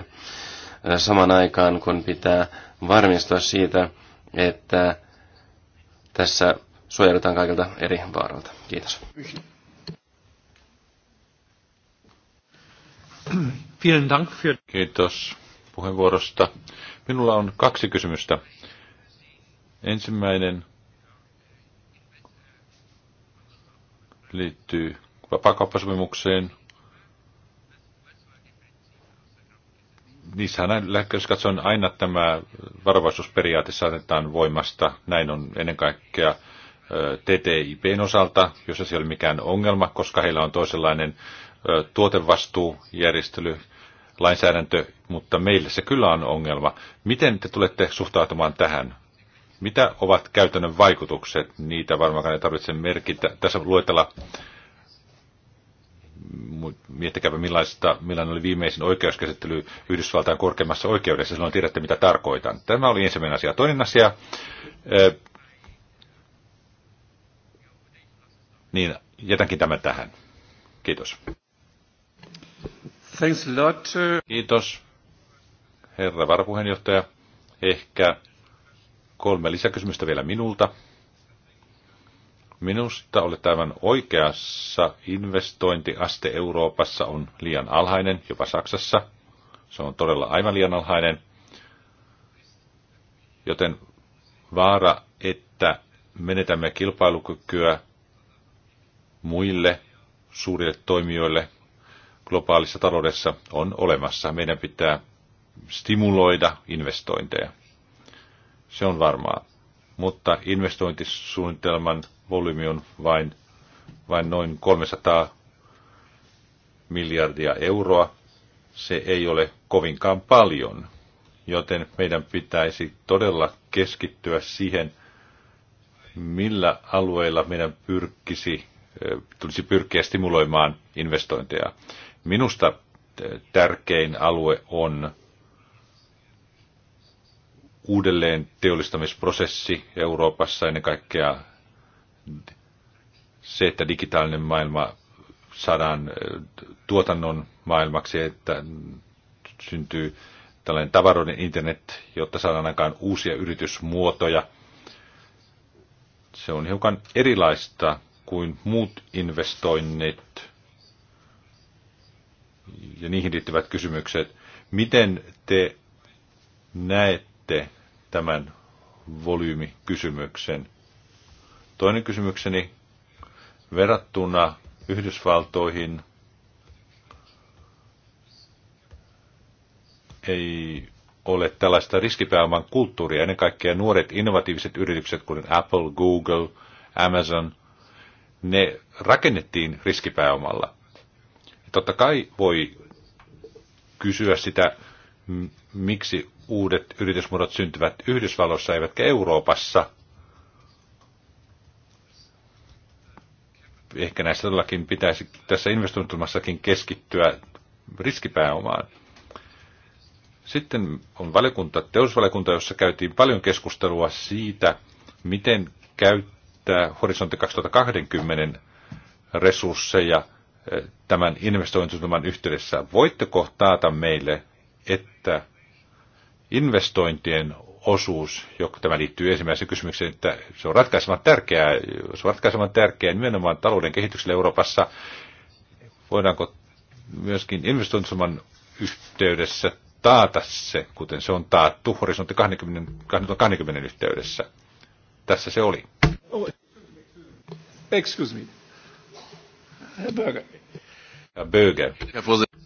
saman aikaan, kun pitää varmistua siitä, että tässä suojelutaan kaikilta eri vaaralta. Kiitos. Kiitos puheenvuorosta. Minulla on kaksi kysymystä. Ensimmäinen liittyy vapakauppasopimukseen. Niissähän jos katsoen aina tämä varovaisuusperiaate saatetaan voimasta. Näin on ennen kaikkea TTIPn osalta, jossa se ei ole mikään ongelma, koska heillä on toisenlainen tuotevastuujärjestely, lainsäädäntö, mutta meille se kyllä on ongelma. Miten te tulette suhtautumaan tähän? Mitä ovat käytännön vaikutukset? Niitä varmaan ei tarvitse merkitä. Tässä luetella, miettikääpä millaista, millainen oli viimeisin oikeuskäsittely Yhdysvaltain korkeimmassa oikeudessa, silloin tiedätte mitä tarkoitan. Tämä oli ensimmäinen asia. Toinen asia, niin jätänkin tämän tähän. Kiitos. Thanks a lot. Kiitos, herra varapuheenjohtaja. Ehkä Kolme lisäkysymystä vielä minulta. Minusta olet aivan oikeassa. Investointiaste Euroopassa on liian alhainen, jopa Saksassa. Se on todella aivan liian alhainen. Joten vaara, että menetämme kilpailukykyä muille suurille toimijoille globaalissa taloudessa on olemassa. Meidän pitää stimuloida investointeja se on varmaa. Mutta investointisuunnitelman volyymi on vain, vain noin 300 miljardia euroa. Se ei ole kovinkaan paljon, joten meidän pitäisi todella keskittyä siihen, millä alueilla meidän pyrkisi, tulisi pyrkiä stimuloimaan investointeja. Minusta tärkein alue on uudelleen teollistamisprosessi Euroopassa, ennen kaikkea se, että digitaalinen maailma saadaan äh, tuotannon maailmaksi, että syntyy tällainen tavaroiden internet, jotta saadaan aikaan uusia yritysmuotoja. Se on hiukan erilaista kuin muut investoinnit ja niihin liittyvät kysymykset. Miten te näette tämän volyymikysymyksen. Toinen kysymykseni verrattuna Yhdysvaltoihin ei ole tällaista riskipääoman kulttuuria. Ennen kaikkea nuoret innovatiiviset yritykset, kuten Apple, Google, Amazon, ne rakennettiin riskipääomalla. totta kai voi kysyä sitä, miksi uudet yritysmuodot syntyvät Yhdysvalloissa eivätkä Euroopassa. Ehkä näissä todellakin pitäisi tässä investointumassakin keskittyä riskipääomaan. Sitten on valiokunta, teollisuusvaliokunta, jossa käytiin paljon keskustelua siitä, miten käyttää horisontti 2020 resursseja eh, tämän investointisuunnitelman yhteydessä. Voitteko taata meille, että investointien osuus, joka tämä liittyy ensimmäiseen kysymykseen, että se on ratkaisevan tärkeää, se on ratkaisevan tärkeää niin nimenomaan talouden kehitykselle Euroopassa. Voidaanko myöskin investointisuman yhteydessä taata se, kuten se on taattu horisontti 20, 2020 yhteydessä. Tässä se oli. excuse me. Böger.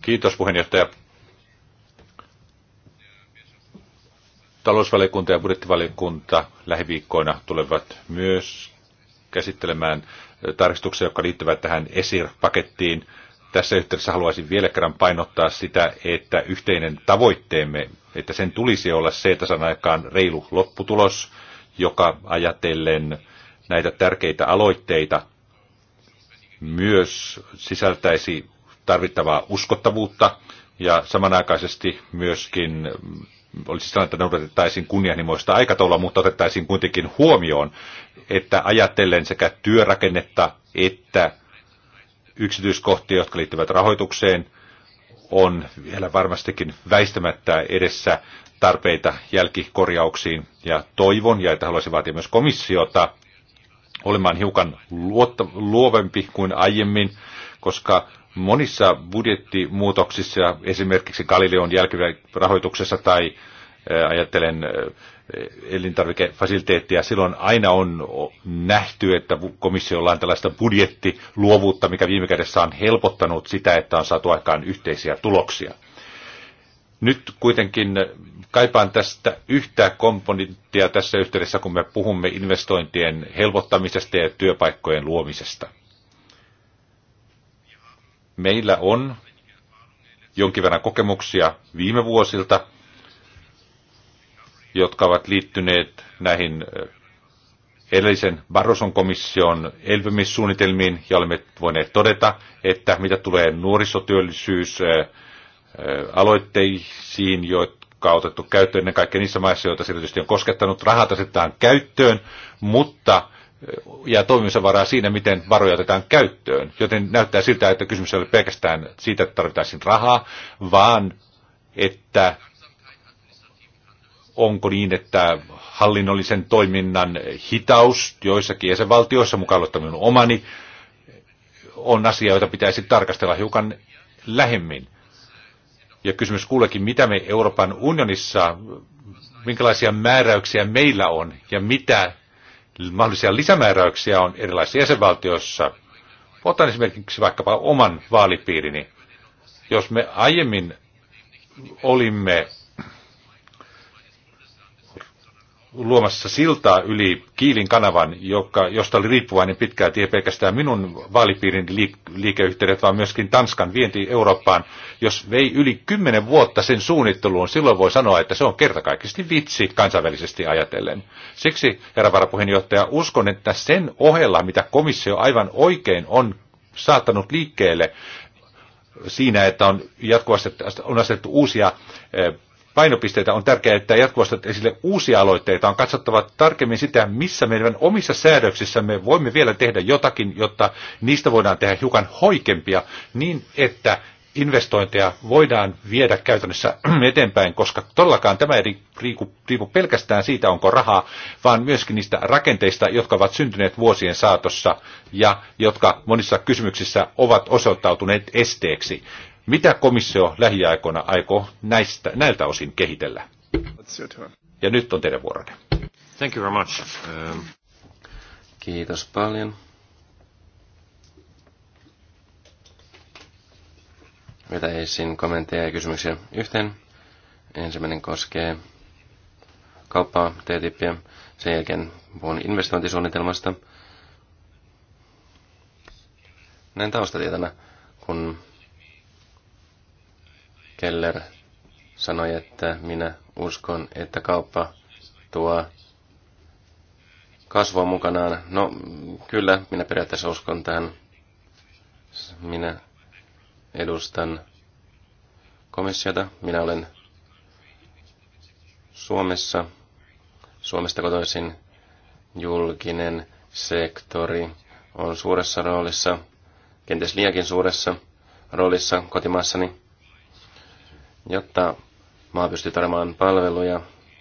Kiitos puheenjohtaja. Talousvaliokunta ja budjettivaliokunta lähiviikkoina tulevat myös käsittelemään tarkistuksia, jotka liittyvät tähän ESIR-pakettiin. Tässä yhteydessä haluaisin vielä kerran painottaa sitä, että yhteinen tavoitteemme, että sen tulisi olla se, että saadaan aikaan reilu lopputulos, joka ajatellen näitä tärkeitä aloitteita myös sisältäisi tarvittavaa uskottavuutta ja samanaikaisesti myöskin olisi sanonut, että noudatettaisiin kunnianhimoista aikataulua, mutta otettaisiin kuitenkin huomioon, että ajatellen sekä työrakennetta että yksityiskohtia, jotka liittyvät rahoitukseen, on vielä varmastikin väistämättä edessä tarpeita jälkikorjauksiin ja toivon, ja että haluaisin vaatia myös komissiota olemaan hiukan luovempi kuin aiemmin, koska monissa budjettimuutoksissa, esimerkiksi Galileon jälkirahoituksessa tai ajattelen elintarvikefasiliteettia, silloin aina on nähty, että komissiolla on tällaista budjettiluovuutta, mikä viime kädessä on helpottanut sitä, että on saatu aikaan yhteisiä tuloksia. Nyt kuitenkin kaipaan tästä yhtä komponenttia tässä yhteydessä, kun me puhumme investointien helpottamisesta ja työpaikkojen luomisesta. Meillä on jonkin verran kokemuksia viime vuosilta, jotka ovat liittyneet näihin edellisen Barroson komission elvymissuunnitelmiin, ja olemme voineet todeta, että mitä tulee nuorisotyöllisyysaloitteisiin, jotka on otettu käyttöön ennen kaikkea niissä maissa, joita se erityisesti on koskettanut, rahat asetetaan käyttöön, mutta ja toimimisen varaa siinä, miten varoja otetaan käyttöön. Joten näyttää siltä, että kysymys ei ole pelkästään siitä, että tarvitaan rahaa, vaan että onko niin, että hallinnollisen toiminnan hitaus joissakin jäsenvaltioissa, mukaan ottaminen omani, on asia, jota pitäisi tarkastella hiukan lähemmin. Ja kysymys kuulekin, mitä me Euroopan unionissa, minkälaisia määräyksiä meillä on ja mitä mahdollisia lisämääräyksiä on erilaisissa jäsenvaltioissa. Otan esimerkiksi vaikkapa oman vaalipiirini. Jos me aiemmin olimme luomassa siltaa yli Kiilin kanavan, joka, josta oli riippuvainen pitkää tie pelkästään minun vaalipiirin liikeyhteydet, vaan myöskin Tanskan vienti Eurooppaan. Jos vei yli kymmenen vuotta sen suunnitteluun, silloin voi sanoa, että se on kertakaikkisesti vitsi kansainvälisesti ajatellen. Siksi, herra varapuheenjohtaja, uskon, että sen ohella, mitä komissio aivan oikein on saattanut liikkeelle, siinä, että on jatkuvasti on asetettu uusia eh, painopisteitä, on tärkeää, että jatkuvasti esille uusia aloitteita. On katsottava tarkemmin sitä, missä meidän omissa säädöksissämme voimme vielä tehdä jotakin, jotta niistä voidaan tehdä hiukan hoikempia niin, että investointeja voidaan viedä käytännössä *clears throat* eteenpäin, koska todellakaan tämä ei riipu, riipu pelkästään siitä, onko rahaa, vaan myöskin niistä rakenteista, jotka ovat syntyneet vuosien saatossa ja jotka monissa kysymyksissä ovat osoittautuneet esteeksi. Mitä komissio lähiaikoina aikoo näistä, näiltä osin kehitellä? Ja nyt on teidän vuoronne. Thank you very much. Um... Kiitos paljon. Vetä esiin kommentteja ja kysymyksiä yhteen. Ensimmäinen koskee kauppaa, TTIPiä. Sen jälkeen puhun investointisuunnitelmasta. Näin taustatietona, kun Keller sanoi, että minä uskon, että kauppa tuo kasvua mukanaan. No kyllä, minä periaatteessa uskon tähän. Minä edustan komissiota. Minä olen Suomessa, Suomesta kotoisin julkinen sektori on suuressa roolissa, kenties liiankin suuressa roolissa kotimaassani. Jotta maa pystyy tarjoamaan palveluja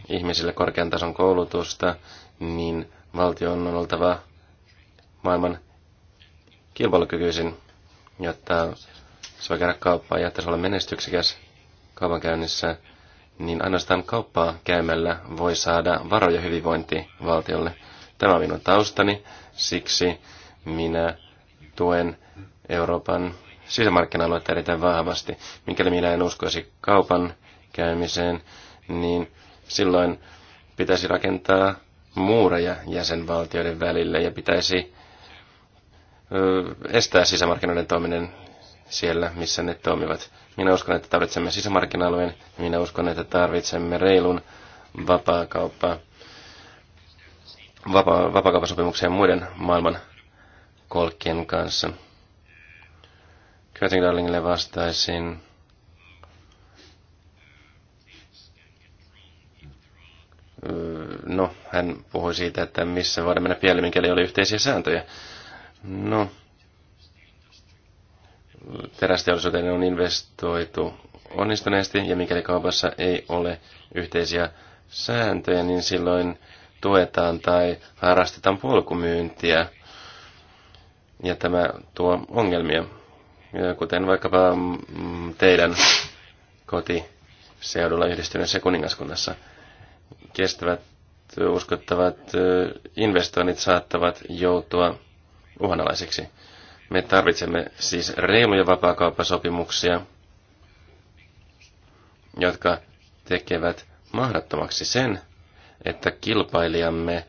ihmisille korkean tason koulutusta, niin valtion on oltava maailman kilpailukykyisin, jotta se voi käydä kauppaa ja että se on menestyksekäs kaupankäynnissä, niin ainoastaan kauppaa käymällä voi saada varoja valtiolle. Tämä on minun taustani, siksi minä tuen Euroopan sisämarkkina-aluetta erittäin vahvasti. Mikäli minä en uskoisi kaupan käymiseen, niin silloin pitäisi rakentaa muureja jäsenvaltioiden välille ja pitäisi estää sisämarkkinoiden toiminen siellä, missä ne toimivat. Minä uskon, että tarvitsemme sisämarkkina-alueen, minä uskon, että tarvitsemme reilun vapaakauppaa, vapaa, vapaakauppasopimuksia muiden maailman kolkkien kanssa. Curtin Darlingille vastaisin. Öö, no, hän puhui siitä, että missä voidaan mennä pieleen, mikäli oli yhteisiä sääntöjä. No, terästeollisuuteen on investoitu onnistuneesti, ja mikäli kaupassa ei ole yhteisiä sääntöjä, niin silloin tuetaan tai harrastetaan polkumyyntiä, ja tämä tuo ongelmia kuten vaikkapa mm, teidän kotiseudulla yhdistyneessä kuningaskunnassa. Kestävät, uskottavat investoinnit saattavat joutua uhanalaisiksi. Me tarvitsemme siis reiluja vapaakauppasopimuksia, jotka tekevät mahdottomaksi sen, että kilpailijamme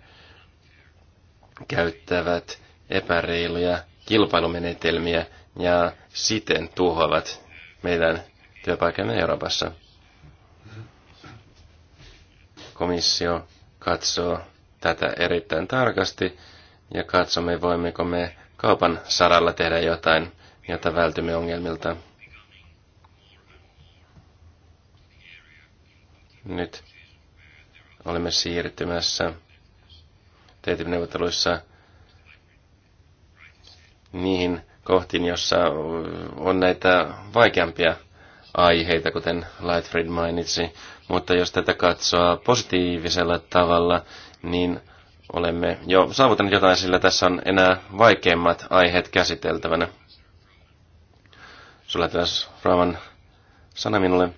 käyttävät epäreiluja kilpailumenetelmiä – ja siten tuhoavat meidän työpaikamme Euroopassa. Komissio katsoo tätä erittäin tarkasti ja katsomme, voimmeko me kaupan saralla tehdä jotain, jotta vältymme ongelmilta. Nyt olemme siirtymässä TTIP-neuvotteluissa niihin kohtiin, jossa on näitä vaikeampia aiheita, kuten Lightfried mainitsi. Mutta jos tätä katsoo positiivisella tavalla, niin olemme jo saavuttaneet jotain, sillä tässä on enää vaikeimmat aiheet käsiteltävänä. Sulla taas Raaman sana minulle,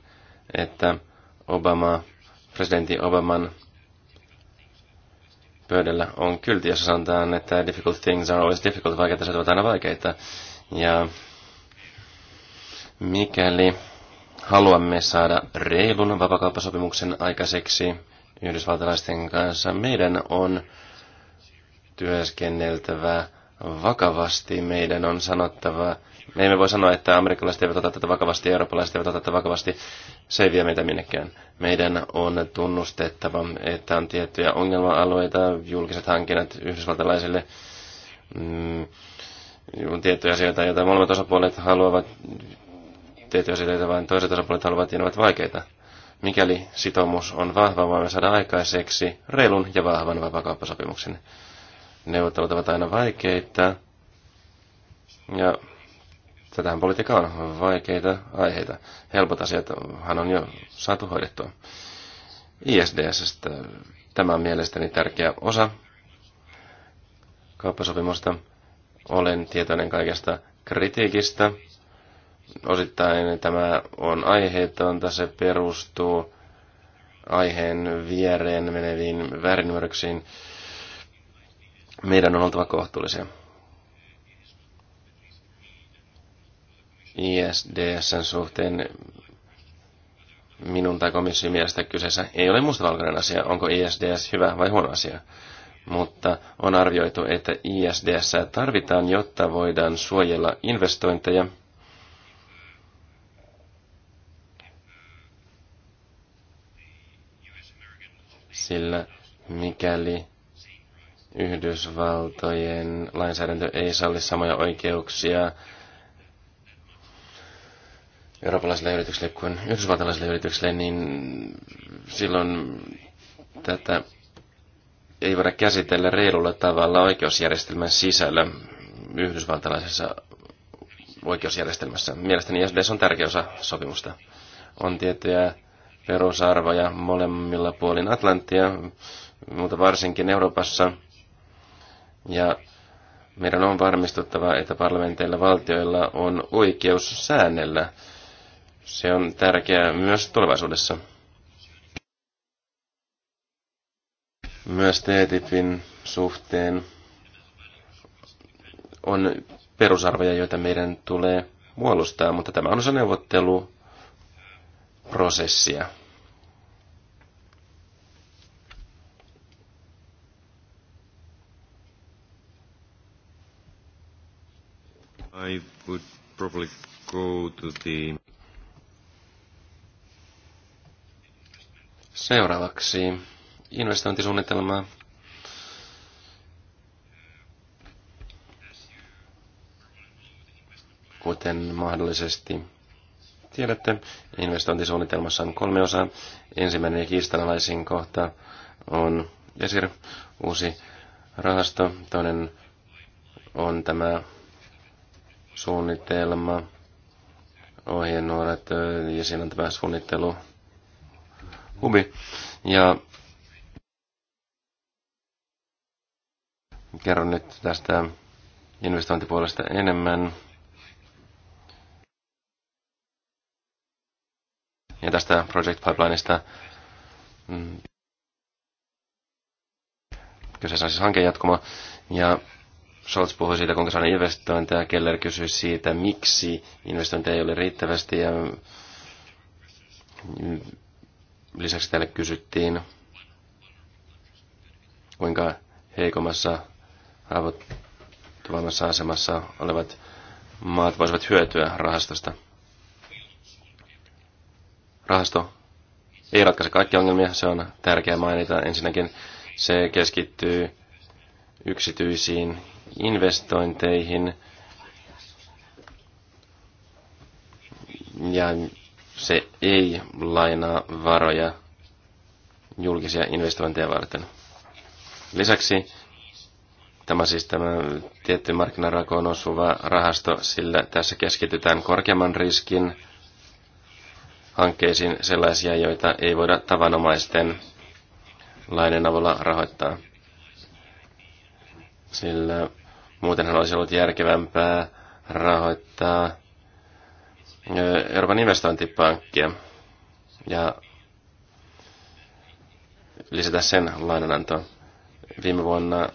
että Obama, presidentti Obaman pöydällä on kylti, jossa sanotaan, että difficult things are always difficult, vaikeita asioita ovat aina vaikeita. Ja mikäli haluamme saada reilun vapakauppasopimuksen aikaiseksi yhdysvaltalaisten kanssa, meidän on työskenneltävä vakavasti, meidän on sanottava me emme voi sanoa, että amerikkalaiset eivät ota tätä vakavasti ja eurooppalaiset eivät ota tätä vakavasti. Se ei vie meitä minnekään. Meidän on tunnustettava, että on tiettyjä ongelma-alueita, julkiset hankinnat yhdysvaltalaisille, mm, on tiettyjä asioita, joita molemmat osapuolet haluavat, tiettyjä asioita, joita vain toiset osapuolet haluavat, ja ne ovat vaikeita. Mikäli sitoumus on vahva, voimme saada aikaiseksi reilun ja vahvan vapaakauppasopimuksen. Neuvottelut ovat aina vaikeita, ja Tätähän politiikka on vaikeita aiheita. Helpot hän on jo saatu hoidettua. ISDS, tämä on mielestäni tärkeä osa kauppasopimusta. Olen tietoinen kaikesta kritiikistä. Osittain tämä on aiheetonta, se perustuu aiheen viereen meneviin väärinymmärryksiin. Meidän on oltava kohtuullisia. ISDSn suhteen minun tai komission mielestä kyseessä ei ole mustavalkoinen asia, onko ISDS hyvä vai huono asia. Mutta on arvioitu, että ISDS tarvitaan, jotta voidaan suojella investointeja – sillä mikäli Yhdysvaltojen lainsäädäntö ei salli samoja oikeuksia eurooppalaisille yrityksille kuin yhdysvaltalaisille yrityksille, niin silloin tätä ei voida käsitellä reilulla tavalla oikeusjärjestelmän sisällä yhdysvaltalaisessa oikeusjärjestelmässä. Mielestäni SDS on tärkeä osa sopimusta. On tiettyjä perusarvoja molemmilla puolin Atlanttia, mutta varsinkin Euroopassa. Ja meidän on varmistuttava, että parlamenteilla valtioilla on oikeus säännellä se on tärkeää myös tulevaisuudessa. Myös TTIPin suhteen on perusarvoja, joita meidän tulee puolustaa, mutta tämä on osa neuvotteluprosessia. I would probably go to the... Seuraavaksi investointisuunnitelmaa. Kuten mahdollisesti tiedätte, investointisuunnitelmassa on kolme osaa. Ensimmäinen ja kiistanalaisin kohta on Jesir, uusi rahasto. Toinen on tämä suunnitelma, ohjenuoret ja siinä on tämä suunnittelu hubi. Ja kerron nyt tästä investointipuolesta enemmän. Ja tästä Project Pipelineista. Mm, kyseessä on siis jatkuma. Ja Scholz puhui siitä, kuinka saadaan investointeja. Keller kysyi siitä, miksi investointeja ei ole riittävästi. Ja mm, Lisäksi tälle kysyttiin, kuinka heikommassa haavoittuvammassa asemassa olevat maat voisivat hyötyä rahastosta. Rahasto ei ratkaise kaikkia ongelmia, se on tärkeää mainita. Ensinnäkin se keskittyy yksityisiin investointeihin ja ei lainaa varoja julkisia investointeja varten. Lisäksi tämä siis tämä tietty markkinarakoon osuva rahasto, sillä tässä keskitytään korkeamman riskin hankkeisiin sellaisia, joita ei voida tavanomaisten lainen avulla rahoittaa. Sillä muutenhan olisi ollut järkevämpää rahoittaa Euroopan investointipankkia ja lisätä sen lainanantoa. Viime vuonna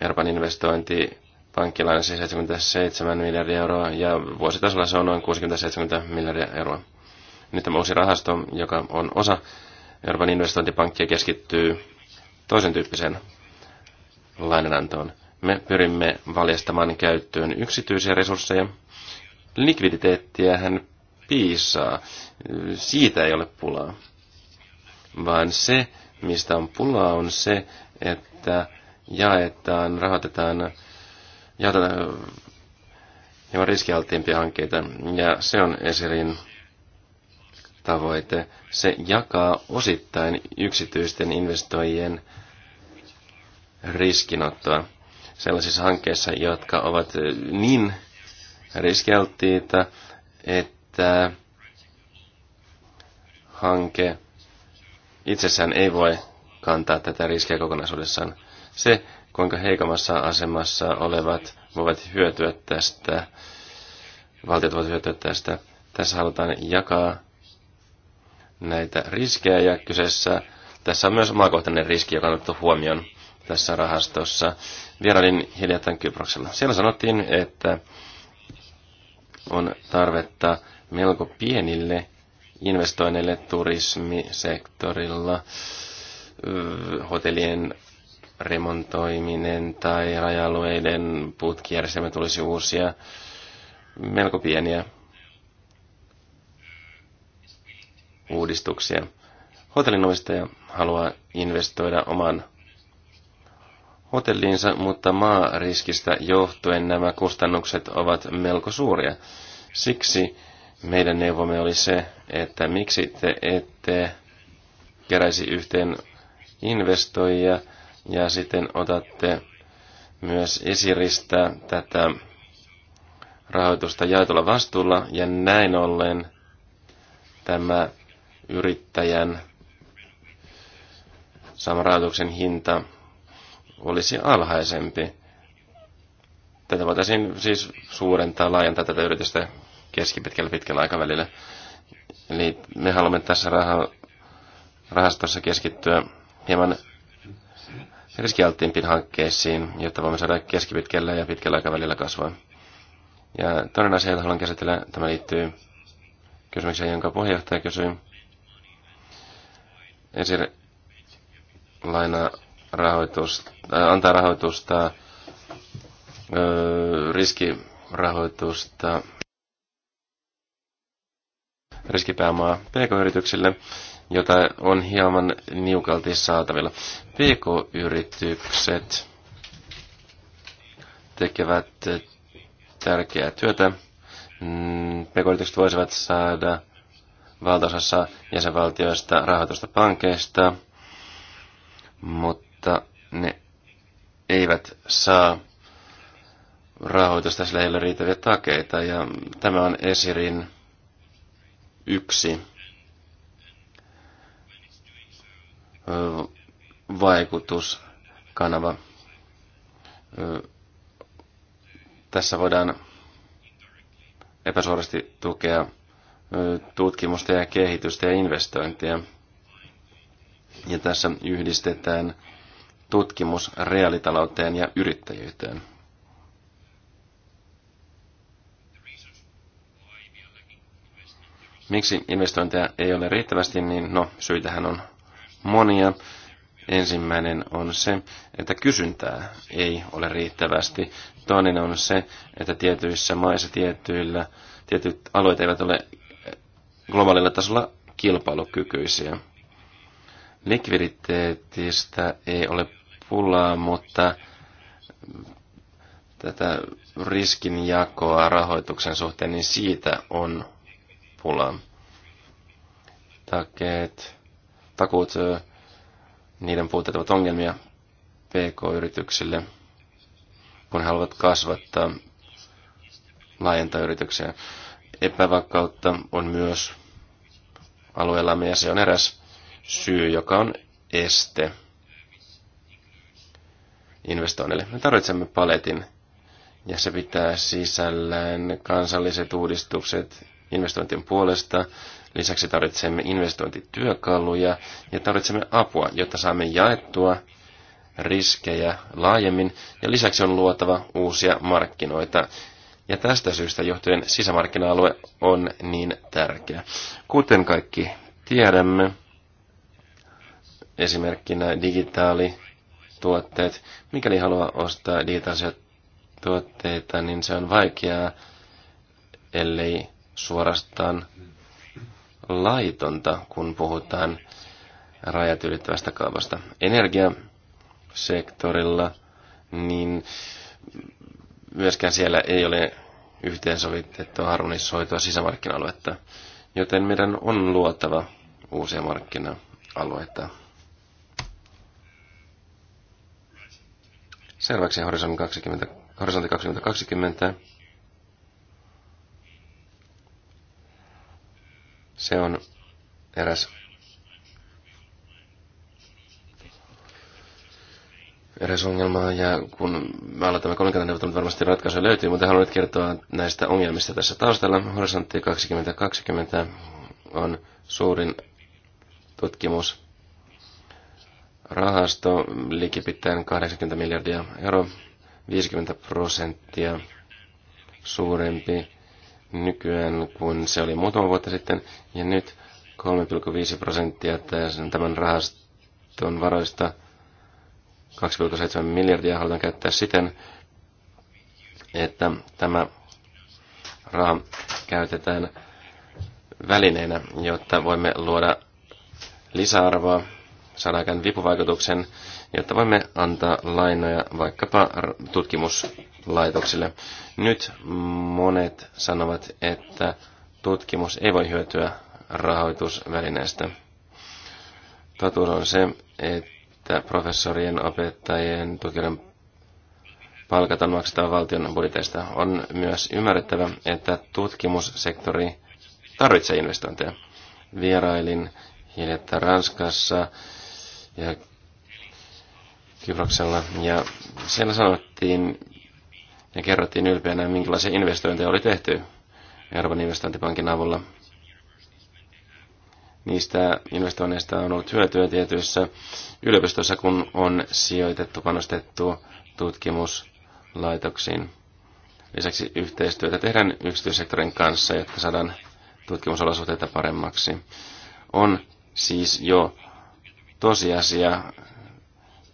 Euroopan investointipankki lainasi siis 77 miljardia euroa ja vuositasolla se on noin 60-70 miljardia euroa. Nyt tämä uusi rahasto, joka on osa Euroopan investointipankkia, keskittyy toisen tyyppiseen lainanantoon. Me pyrimme valjastamaan käyttöön yksityisiä resursseja, likviditeettiä hän piisaa. Siitä ei ole pulaa. Vaan se, mistä on pulaa, on se, että jaetaan, rahoitetaan, hieman riskialtiimpia hankkeita. Ja se on Esirin tavoite. Se jakaa osittain yksityisten investoijien riskinottoa sellaisissa hankkeissa, jotka ovat niin riskialttiita, että hanke itsessään ei voi kantaa tätä riskiä kokonaisuudessaan. Se, kuinka heikommassa asemassa olevat voivat hyötyä tästä, valtiot voivat hyötyä tästä. Tässä halutaan jakaa näitä riskejä ja kyseessä tässä on myös omakohtainen riski, joka on otettu huomioon tässä rahastossa. Vierailin hiljattain Kyproksella. Siellä sanottiin, että on tarvetta melko pienille investoinneille turismisektorilla, hotellien remontoiminen tai raja-alueiden putkijärjestelmä tulisi uusia, melko pieniä uudistuksia. Hotellinomistaja haluaa investoida oman hotelliinsa, mutta maariskistä johtuen nämä kustannukset ovat melko suuria. Siksi meidän neuvomme oli se, että miksi te ette keräisi yhteen investoijia ja sitten otatte myös esiristä tätä rahoitusta jaetulla vastuulla ja näin ollen tämä yrittäjän saman rahoituksen hinta olisi alhaisempi. Tätä voitaisiin siis suurentaa, laajentaa tätä yritystä keskipitkällä pitkällä aikavälillä. Eli me haluamme tässä rahastossa keskittyä hieman riskialttiimpiin hankkeisiin, jotta voimme saada keskipitkällä ja pitkällä aikavälillä kasvaa. Ja toinen asia, jota haluan käsitellä, tämä liittyy kysymykseen, jonka puheenjohtaja kysyi. Ensin lainaa rahoitusta, äh, antaa rahoitusta, äh, riskirahoitusta, riskipääomaa pk-yrityksille, jota on hieman niukalti saatavilla. Pk-yritykset tekevät tärkeää työtä. Mm, pk-yritykset voisivat saada valtaosassa jäsenvaltioista rahoitusta pankeista, mutta mutta ne eivät saa rahoitusta, sillä ei ole riittäviä takeita. Ja tämä on Esirin yksi vaikutuskanava. Tässä voidaan epäsuorasti tukea tutkimusta ja kehitystä ja investointia. Ja tässä yhdistetään tutkimus reaalitalouteen ja yrittäjyyteen. Miksi investointeja ei ole riittävästi, niin no, syitähän on monia. Ensimmäinen on se, että kysyntää ei ole riittävästi. Toinen on se, että tietyissä maissa tietyillä, tietyt alueet eivät ole globaalilla tasolla kilpailukykyisiä. Likviditeetistä ei ole pulaa, mutta tätä riskinjakoa rahoituksen suhteen, niin siitä on pulaa. Takeet, takuut, niiden puutteet ovat ongelmia PK-yrityksille, kun haluavat kasvattaa, laajentaa yrityksiä. Epävakautta on myös alueellamme ja se on eräs syy, joka on este investoinnille. Me tarvitsemme paletin, ja se pitää sisällään kansalliset uudistukset investointien puolesta. Lisäksi tarvitsemme investointityökaluja ja tarvitsemme apua, jotta saamme jaettua riskejä laajemmin ja lisäksi on luotava uusia markkinoita. Ja tästä syystä johtuen sisämarkkina-alue on niin tärkeä. Kuten kaikki tiedämme, esimerkkinä digitaali tuotteet. Mikäli haluaa ostaa digitaalisia tuotteita, niin se on vaikeaa, ellei suorastaan laitonta, kun puhutaan rajat ylittävästä kaupasta. Energiasektorilla, niin myöskään siellä ei ole yhteensovitettua harmonisoitua sisämarkkina-aluetta, joten meidän on luotava uusia markkina-alueita selväksi horisontti 20, Horisontti 2020. Se on eräs eräs ongelma, ja kun me aloitamme kolmikantaneuvottelut, varmasti ratkaisu löytyy, mutta haluan nyt kertoa näistä ongelmista tässä taustalla. Horisontti 2020 on suurin tutkimus rahasto likipitäen 80 miljardia euroa, 50 prosenttia suurempi nykyään kuin se oli muutama vuotta sitten, ja nyt 3,5 prosenttia tämän rahaston varoista 2,7 miljardia halutaan käyttää siten, että tämä raha käytetään välineenä, jotta voimme luoda lisäarvoa saadaan aikaan vipuvaikutuksen, jotta voimme antaa lainoja vaikkapa tutkimuslaitoksille. Nyt monet sanovat, että tutkimus ei voi hyötyä rahoitusvälineestä. Totuus on se, että professorien, opettajien, tukijoiden palkat on maksettava valtion budjeteista. On myös ymmärrettävä, että tutkimussektori tarvitsee investointeja. Vierailin hiljattain Ranskassa ja Kyproksella. Ja siellä sanottiin ja kerrottiin ylpeänä, minkälaisia investointeja oli tehty Euroopan investointipankin avulla. Niistä investoinneista on ollut hyötyä tietyissä yliopistoissa, kun on sijoitettu, panostettu tutkimuslaitoksiin. Lisäksi yhteistyötä tehdään yksityissektorin kanssa, jotta saadaan tutkimusolosuhteita paremmaksi. On siis jo tosiasia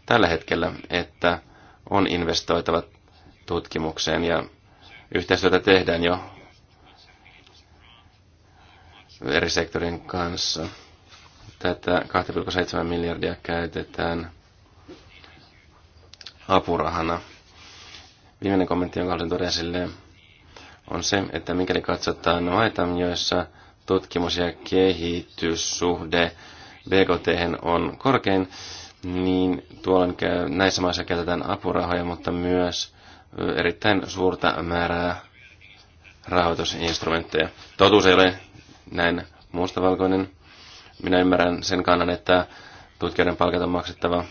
tällä hetkellä, että on investoitava tutkimukseen ja yhteistyötä tehdään jo eri sektorin kanssa. Tätä 2,7 miljardia käytetään apurahana. Viimeinen kommentti, jonka haluan tuoda esille, on se, että mikäli katsotaan maita, joissa tutkimus- ja kehityssuhde BKT on korkein, niin tuolla näissä maissa käytetään apurahoja, mutta myös erittäin suurta määrää rahoitusinstrumentteja. Totuus ei ole näin mustavalkoinen. Minä ymmärrän sen kannan, että tutkijoiden palkat on maksettava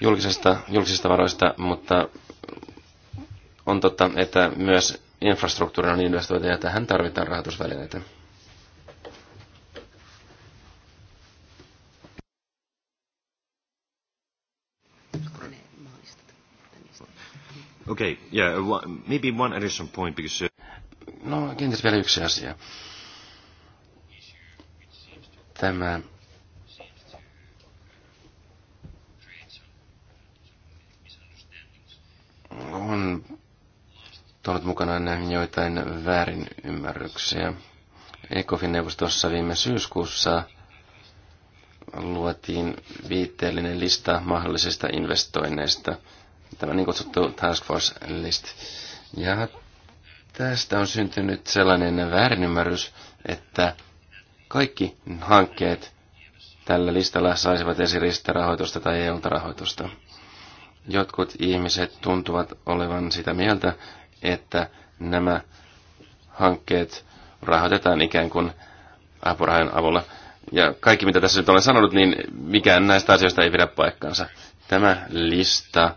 julkisesta, julkisista varoista, mutta on totta, että myös infrastruktuurin on investoitu ja tähän tarvitaan rahoitusvälineitä. Okay, yeah, maybe one additional point because... Uh, no, kenties vielä yksi asia. Tämä on tuonut mukanaan joitain väärinymmärryksiä. ECOFIN-neuvostossa viime syyskuussa luotiin viitteellinen lista mahdollisista investoinneista – tämä niin kutsuttu task force list. Ja tästä on syntynyt sellainen väärinymmärrys, että kaikki hankkeet tällä listalla saisivat esiristä rahoitusta tai EUlta rahoitusta. Jotkut ihmiset tuntuvat olevan sitä mieltä, että nämä hankkeet rahoitetaan ikään kuin apurahojen avulla. Ja kaikki mitä tässä nyt olen sanonut, niin mikään näistä asioista ei pidä paikkansa. Tämä lista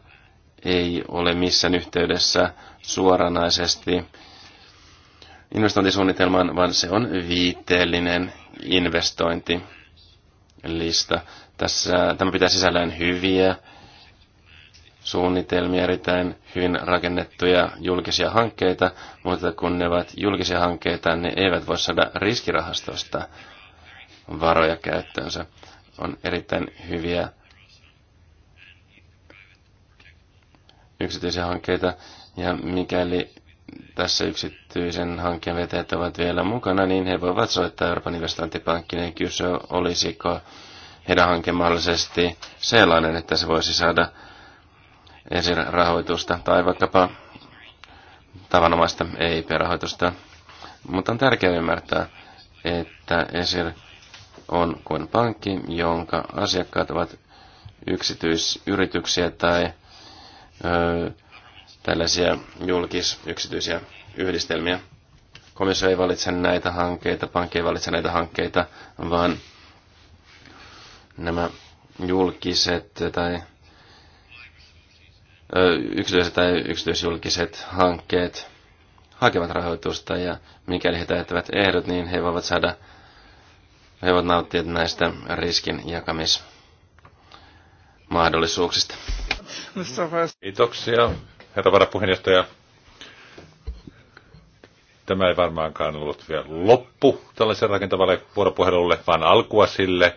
ei ole missään yhteydessä suoranaisesti investointisuunnitelmaan, vaan se on viitteellinen investointilista. Tässä, tämä pitää sisällään hyviä suunnitelmia, erittäin hyvin rakennettuja julkisia hankkeita, mutta kun ne ovat julkisia hankkeita, ne eivät voi saada riskirahastosta varoja käyttöönsä. On erittäin hyviä yksityisiä hankkeita, ja mikäli tässä yksityisen hankkeen vetäjät ovat vielä mukana, niin he voivat soittaa Euroopan investointipankkiin ja kysyä, olisiko heidän hanke mahdollisesti sellainen, että se voisi saada rahoitusta tai vaikkapa tavanomaista EIP-rahoitusta. Mutta on tärkeää ymmärtää, että ESIR on kuin pankki, jonka asiakkaat ovat yksityisyrityksiä tai tällaisia julkis-yksityisiä yhdistelmiä. Komissio ei valitse näitä hankkeita, pankki ei valitse näitä hankkeita, vaan nämä julkiset tai yksityiset tai yksityisjulkiset hankkeet hakevat rahoitusta ja mikäli he täyttävät ehdot, niin he voivat saada, he voivat nauttia näistä riskin jakamismahdollisuuksista. Mr. Vice. Kiitoksia, herra varapuheenjohtaja. Tämä ei varmaankaan ollut vielä loppu tällaisen rakentavalle vuoropuhelulle, vaan alkua sille,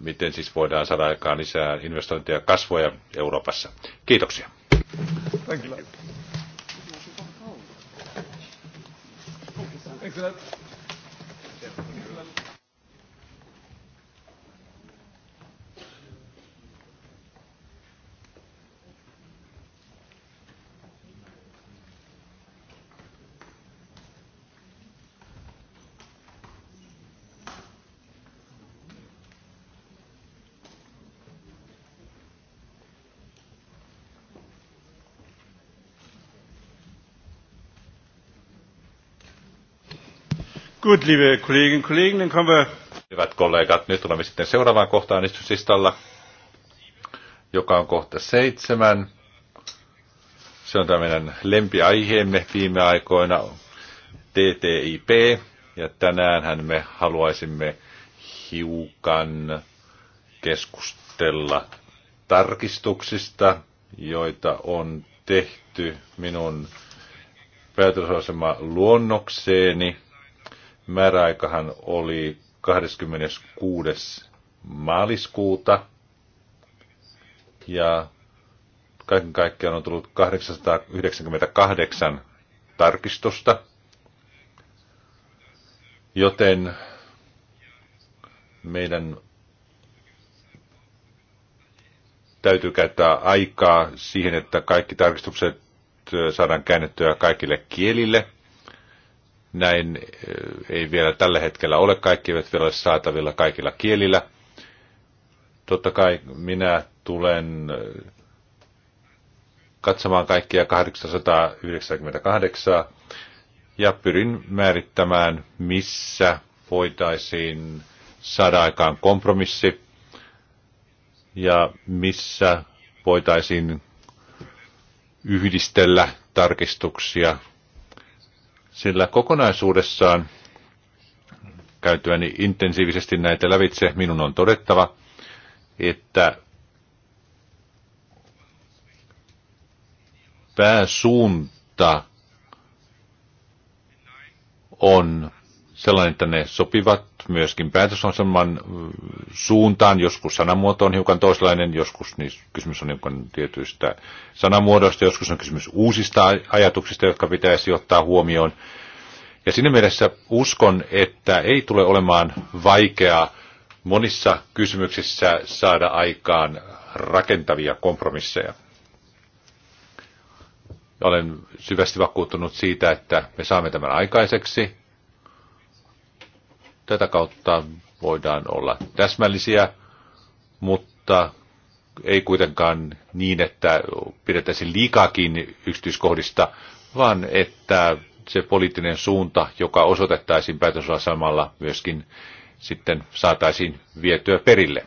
miten siis voidaan saada aikaan lisää investointeja ja kasvoja Euroopassa. Kiitoksia. Thank you. Thanks Good, liebe Kollegen, Kollegen, dann kommen wir... Hyvät kollegat, nyt tulemme sitten seuraavaan kohtaan istusistalla, joka on kohta seitsemän. Se on tämmöinen lempiaiheemme viime aikoina, TTIP, ja tänään me haluaisimme hiukan keskustella tarkistuksista, joita on tehty minun päätösasema luonnokseeni Määräaikahan oli 26. maaliskuuta ja kaiken kaikkiaan on tullut 898 tarkistusta, joten meidän täytyy käyttää aikaa siihen, että kaikki tarkistukset saadaan käännettyä kaikille kielille. Näin ei vielä tällä hetkellä ole. Kaikki eivät vielä ole saatavilla kaikilla kielillä. Totta kai minä tulen katsomaan kaikkia 898 ja pyrin määrittämään, missä voitaisiin saada aikaan kompromissi ja missä voitaisiin yhdistellä tarkistuksia sillä kokonaisuudessaan käytyäni intensiivisesti näitä lävitse minun on todettava, että pääsuunta on sellainen, että ne sopivat myöskin päätösohjelman suuntaan. Joskus sanamuoto on hiukan toislainen, joskus niin kysymys on hiukan tietyistä sanamuodoista, joskus on kysymys uusista ajatuksista, jotka pitäisi ottaa huomioon. Ja siinä mielessä uskon, että ei tule olemaan vaikeaa monissa kysymyksissä saada aikaan rakentavia kompromisseja. Olen syvästi vakuuttunut siitä, että me saamme tämän aikaiseksi Tätä kautta voidaan olla täsmällisiä, mutta ei kuitenkaan niin, että pidettäisiin liikaakin yksityiskohdista, vaan että se poliittinen suunta, joka osoitettaisiin päätösasemalla myöskin sitten saataisiin vietyä perille.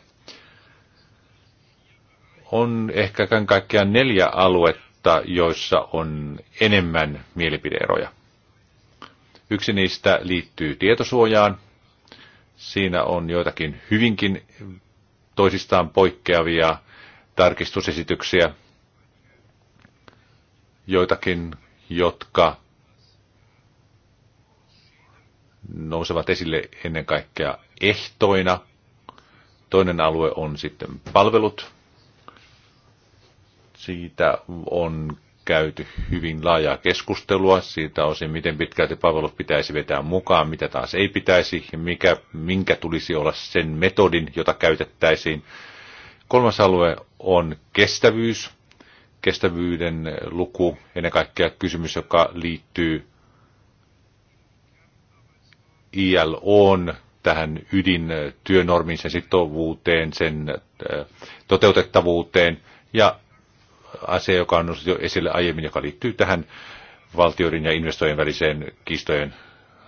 On ehkä kaikkiaan neljä aluetta, joissa on enemmän mielipideeroja. Yksi niistä liittyy tietosuojaan, Siinä on joitakin hyvinkin toisistaan poikkeavia tarkistusesityksiä, joitakin, jotka nousevat esille ennen kaikkea ehtoina. Toinen alue on sitten palvelut. Siitä on käyty hyvin laajaa keskustelua siitä osin, miten pitkälti palvelut pitäisi vetää mukaan, mitä taas ei pitäisi, mikä, minkä tulisi olla sen metodin, jota käytettäisiin. Kolmas alue on kestävyys, kestävyyden luku, ennen kaikkea kysymys, joka liittyy ILOn tähän ydintyönormin, sen sitovuuteen, sen äh, toteutettavuuteen ja asia, joka on noussut jo esille aiemmin, joka liittyy tähän valtioiden ja investoijien väliseen kiistojen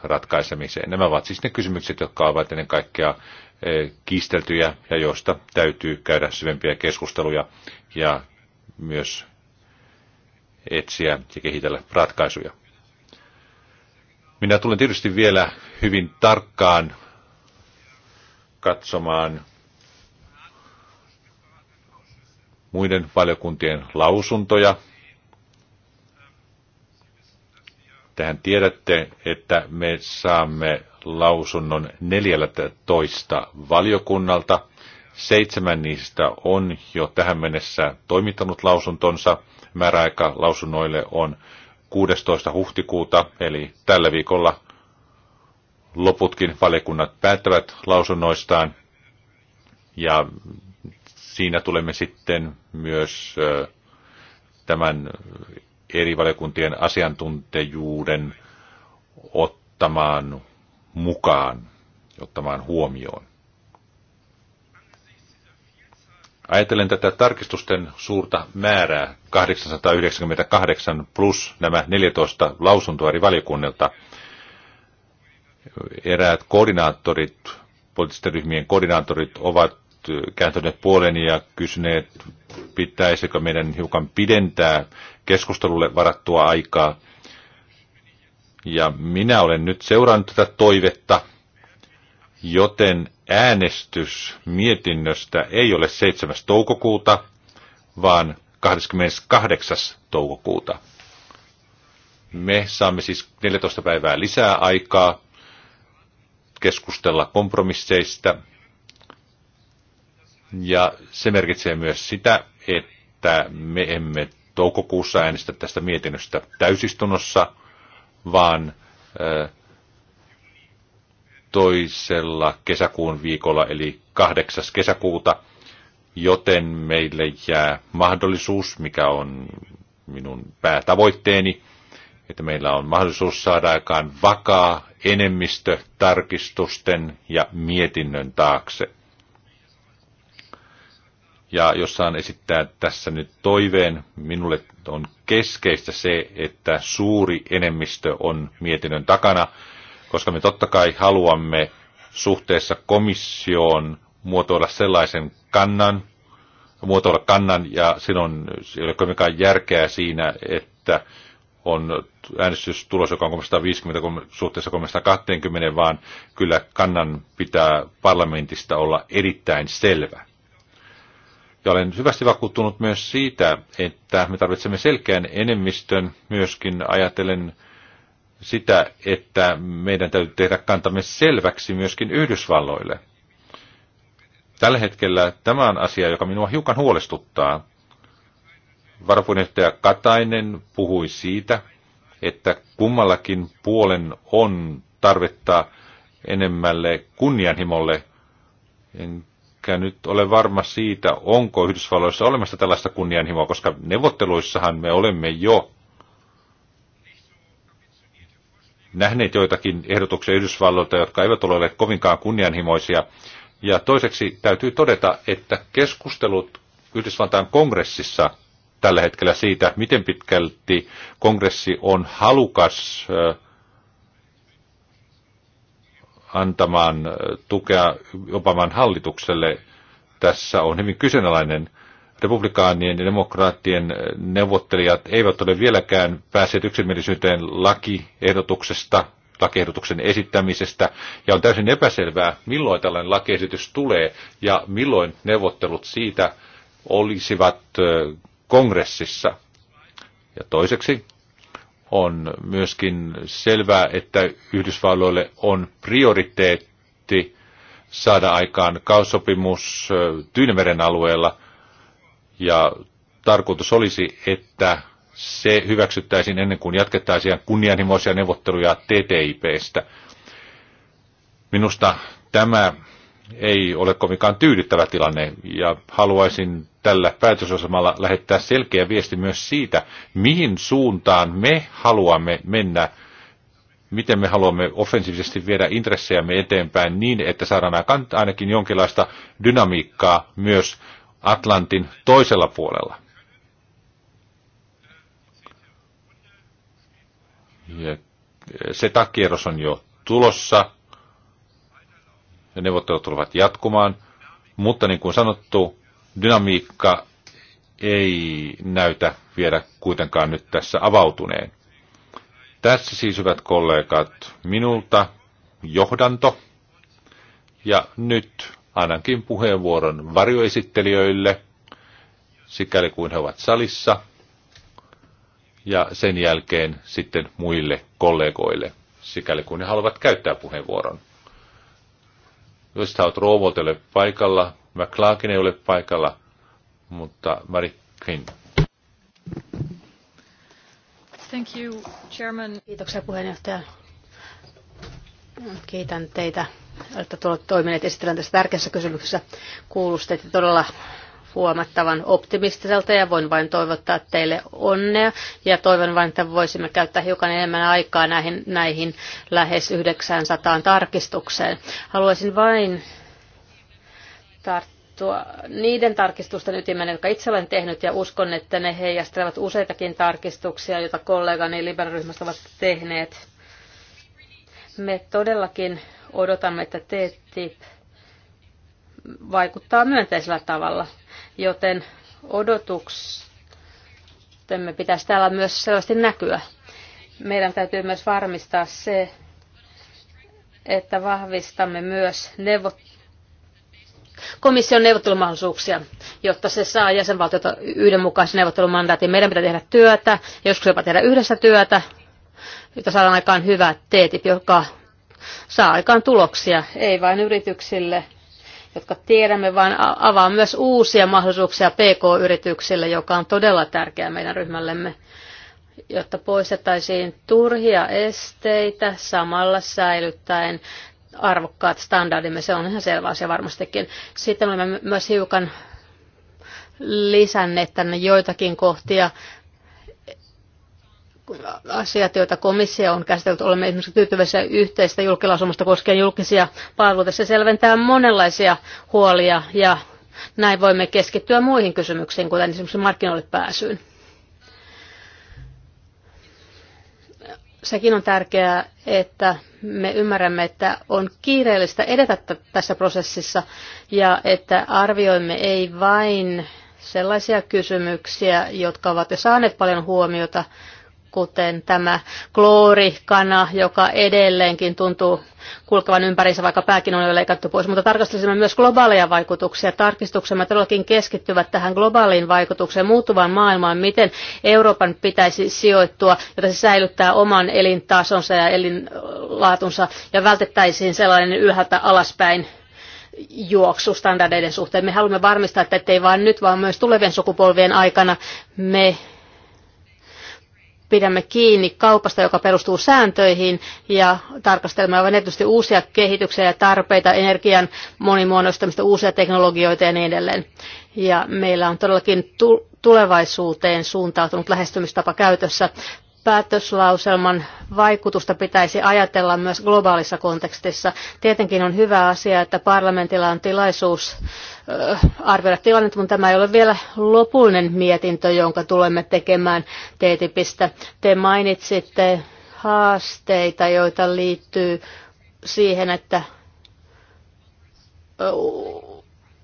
ratkaisemiseen. Nämä ovat siis ne kysymykset, jotka ovat ennen kaikkea eh, kiisteltyjä ja joista täytyy käydä syvempiä keskusteluja ja myös etsiä ja kehitellä ratkaisuja. Minä tulen tietysti vielä hyvin tarkkaan katsomaan muiden valiokuntien lausuntoja. Tähän tiedätte, että me saamme lausunnon 14 valiokunnalta. Seitsemän niistä on jo tähän mennessä toimittanut lausuntonsa. Määräaika lausunnoille on 16. huhtikuuta, eli tällä viikolla loputkin valiokunnat päättävät lausunnoistaan. Ja siinä tulemme sitten myös tämän eri valiokuntien asiantuntejuuden ottamaan mukaan, ottamaan huomioon. Ajatellen tätä tarkistusten suurta määrää, 898 plus nämä 14 lausuntoa eri valiokunnilta, eräät koordinaattorit, poliittisten ryhmien koordinaattorit ovat kääntäneet puolen ja kysyneet, pitäisikö meidän hiukan pidentää keskustelulle varattua aikaa. Ja minä olen nyt seurannut tätä toivetta, joten äänestys mietinnöstä ei ole 7. toukokuuta, vaan 28. toukokuuta. Me saamme siis 14 päivää lisää aikaa keskustella kompromisseista ja se merkitsee myös sitä, että me emme toukokuussa äänestä tästä mietinnöstä täysistunnossa, vaan toisella kesäkuun viikolla, eli 8. kesäkuuta, joten meille jää mahdollisuus, mikä on minun päätavoitteeni, että meillä on mahdollisuus saada aikaan vakaa enemmistö tarkistusten ja mietinnön taakse. Ja jos saan esittää tässä nyt toiveen, minulle on keskeistä se, että suuri enemmistö on mietinnön takana, koska me totta kai haluamme suhteessa komissioon muotoilla sellaisen kannan, muotoilla kannan, ja silloin ei ole järkeä siinä, että on äänestystulos, joka on 350 suhteessa 320, vaan kyllä kannan pitää parlamentista olla erittäin selvä. Ja olen syvästi vakuuttunut myös siitä, että me tarvitsemme selkeän enemmistön myöskin ajatellen sitä, että meidän täytyy tehdä kantamme selväksi myöskin Yhdysvalloille. Tällä hetkellä tämä on asia, joka minua hiukan huolestuttaa. Varapuheenjohtaja Katainen puhui siitä, että kummallakin puolen on tarvetta enemmälle kunnianhimolle. En nyt ole varma siitä, onko Yhdysvalloissa olemassa tällaista kunnianhimoa, koska neuvotteluissahan me olemme jo nähneet joitakin ehdotuksia Yhdysvalloilta, jotka eivät ole olleet kovinkaan kunnianhimoisia. Ja toiseksi täytyy todeta, että keskustelut Yhdysvaltain kongressissa tällä hetkellä siitä, miten pitkälti kongressi on halukas äh, antamaan äh, tukea Obaman hallitukselle tässä on hyvin kyseenalainen. Republikaanien ja demokraattien äh, neuvottelijat eivät ole vieläkään päässeet yksimielisyyteen lakiehdotuksesta, lakiehdotuksen esittämisestä, ja on täysin epäselvää, milloin tällainen lakiesitys tulee ja milloin neuvottelut siitä olisivat äh, kongressissa. Ja toiseksi on myöskin selvää, että Yhdysvalloille on prioriteetti saada aikaan kaussopimus Tyynemeren alueella. Ja tarkoitus olisi, että se hyväksyttäisiin ennen kuin jatkettaisiin kunnianhimoisia neuvotteluja TTIPstä. Minusta tämä ei ole kovinkaan tyydyttävä tilanne ja haluaisin tällä päätösosamalla lähettää selkeä viesti myös siitä, mihin suuntaan me haluamme mennä, miten me haluamme offensiivisesti viedä intressejämme eteenpäin niin, että saadaan ainakin jonkinlaista dynamiikkaa myös Atlantin toisella puolella. Ja se takierros on jo tulossa. Ja neuvottelut tulevat jatkumaan. Mutta niin kuin sanottu, dynamiikka ei näytä vielä kuitenkaan nyt tässä avautuneen. Tässä siis, hyvät kollegat, minulta johdanto. Ja nyt annankin puheenvuoron varjoesittelijöille, sikäli kuin he ovat salissa, ja sen jälkeen sitten muille kollegoille, sikäli kuin he haluavat käyttää puheenvuoron. Jos olet Roovoltelle paikalla, McClarkin ei ole paikalla, mutta Mari Green. Thank you, Chairman. Kiitoksia puheenjohtaja. Kiitän teitä, että tuolla toimineet esittelen tässä tärkeässä kysymyksessä. Kuulustette todella huomattavan optimistiselta ja voin vain toivottaa teille onnea ja toivon vain, että voisimme käyttää hiukan enemmän aikaa näihin, näihin lähes 900 tarkistukseen. Haluaisin vain tarttua niiden tarkistusten ytimen, jotka itse olen tehnyt, ja uskon, että ne heijastelevat useitakin tarkistuksia, joita kollegani liberaryhmästä ovat tehneet. Me todellakin odotamme, että TTIP vaikuttaa myönteisellä tavalla, joten odotuksemme pitäisi täällä myös selvästi näkyä. Meidän täytyy myös varmistaa se, että vahvistamme myös neuvottelua komission neuvottelumahdollisuuksia, jotta se saa jäsenvaltiota yhdenmukaisen neuvottelumandaatin. Meidän pitää tehdä työtä, joskus jopa tehdä yhdessä työtä, jotta saadaan aikaan hyvä TTIP, joka saa aikaan tuloksia, ei vain yrityksille, jotka tiedämme, vaan avaa myös uusia mahdollisuuksia PK-yrityksille, joka on todella tärkeää meidän ryhmällemme, jotta poistettaisiin turhia esteitä samalla säilyttäen arvokkaat standardimme, se on ihan selvä asia varmastikin. Sitten olemme myös hiukan lisänneet tänne joitakin kohtia, asiat, joita komissio on käsitellyt, olemme esimerkiksi tyytyväisiä yhteistä julkilausumasta koskien julkisia palveluita. Se selventää monenlaisia huolia ja näin voimme keskittyä muihin kysymyksiin, kuten esimerkiksi markkinoille pääsyyn. sekin on tärkeää, että me ymmärrämme, että on kiireellistä edetä tässä prosessissa ja että arvioimme ei vain sellaisia kysymyksiä, jotka ovat jo saaneet paljon huomiota, kuten tämä kloorikana, joka edelleenkin tuntuu kulkevan ympärissä, vaikka pääkin on jo leikattu pois. Mutta tarkastelisimme myös globaaleja vaikutuksia. Tarkistuksemme todellakin keskittyvät tähän globaaliin vaikutukseen, muuttuvaan maailmaan, miten Euroopan pitäisi sijoittua, jotta se säilyttää oman elintasonsa ja elinlaatunsa ja vältettäisiin sellainen ylhäältä alaspäin juoksu standardeiden suhteen. Me haluamme varmistaa, että ei vain nyt, vaan myös tulevien sukupolvien aikana me pidämme kiinni kaupasta, joka perustuu sääntöihin ja tarkastelemme aivan erityisesti uusia kehityksiä ja tarpeita, energian monimuodoistamista, uusia teknologioita ja niin edelleen. Ja meillä on todellakin tulevaisuuteen suuntautunut lähestymistapa käytössä päätöslauselman vaikutusta pitäisi ajatella myös globaalissa kontekstissa. Tietenkin on hyvä asia, että parlamentilla on tilaisuus arvioida tilannetta, mutta tämä ei ole vielä lopullinen mietintö, jonka tulemme tekemään TTIPistä. Te mainitsitte haasteita, joita liittyy siihen, että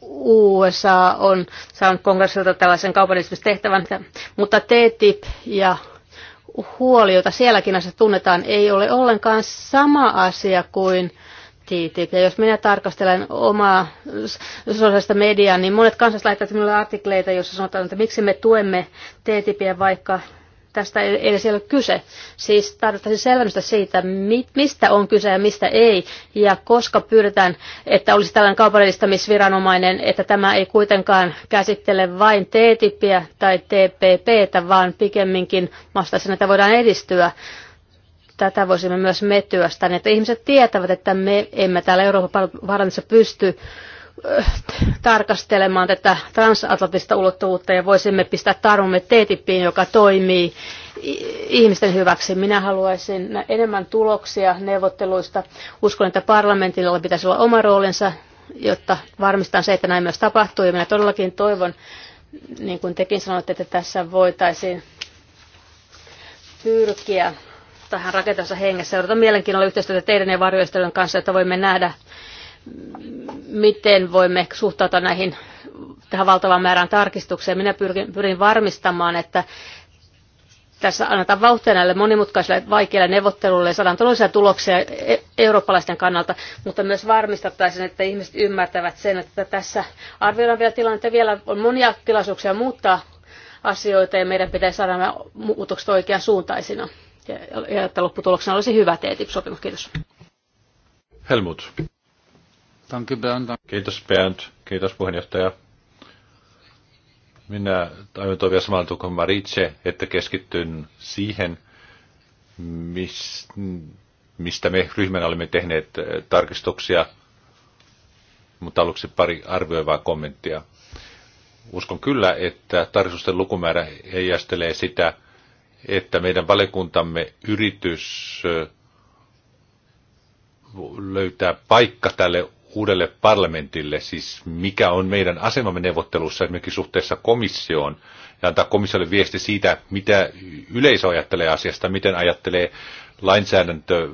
USA on saanut kongressilta tällaisen kaupallistustehtävän, mutta TTIP ja huoli, jota sielläkin asiassa tunnetaan, ei ole ollenkaan sama asia kuin TTIP. Ja jos minä tarkastelen omaa sosiaalista mediaa, niin monet kansalaiset laittavat minulle artikleita, joissa sanotaan, että miksi me tuemme TTIPiä, vaikka tästä edes ei ole kyse. Siis tarvittaisiin selvennystä siitä, mistä on kyse ja mistä ei, ja koska pyydetään, että olisi tällainen kaupallistamisviranomainen, että tämä ei kuitenkaan käsittele vain TTIPiä tai TPPtä, vaan pikemminkin vastaisena, että voidaan edistyä tätä voisimme myös metyästä, että ihmiset tietävät, että me emme täällä Euroopan parlamentissa pysty Äh, tarkastelemaan tätä transatlanttista ulottuvuutta ja voisimme pistää tarvomme TTIPiin, joka toimii ihmisten hyväksi. Minä haluaisin enemmän tuloksia neuvotteluista. Uskon, että parlamentilla pitäisi olla oma roolinsa, jotta varmistan se, että näin myös tapahtuu. Ja minä todellakin toivon, niin kuin tekin sanoitte, että tässä voitaisiin pyrkiä tähän rakentavassa hengessä. Odotan mielenkiinnolla yhteistyötä teidän ja varjoistelujen kanssa, että voimme nähdä, miten voimme suhtautua näihin tähän valtavaan määrään tarkistuksia. Minä pyrin, pyrin varmistamaan, että tässä annetaan vauhtia näille monimutkaisille vaikeille neuvotteluille ja saadaan todellisia tuloksia e- eurooppalaisten kannalta, mutta myös varmistettaisiin, että ihmiset ymmärtävät sen, että tässä arvioidaan vielä että Vielä on monia tilaisuuksia muuttaa asioita ja meidän pitäisi saada nämä muutokset oikean suuntaisina. Ja, ja että lopputuloksena olisi hyvä TTIP-sopimus. Kiitos. Helmut. Kiitos Bernd, kiitos puheenjohtaja. Minä aion toivia samalla kuin Maritse, että keskittyn siihen, mis, mistä me ryhmänä olemme tehneet eh, tarkistuksia, mutta aluksi pari arvioivaa kommenttia. Uskon kyllä, että tarkistusten lukumäärä heijastelee sitä, että meidän valiokuntamme yritys eh, löytää paikka tälle uudelle parlamentille, siis mikä on meidän asemamme neuvottelussa esimerkiksi suhteessa komissioon, ja antaa komissiolle viesti siitä, mitä yleisö ajattelee asiasta, miten ajattelee lainsäädäntö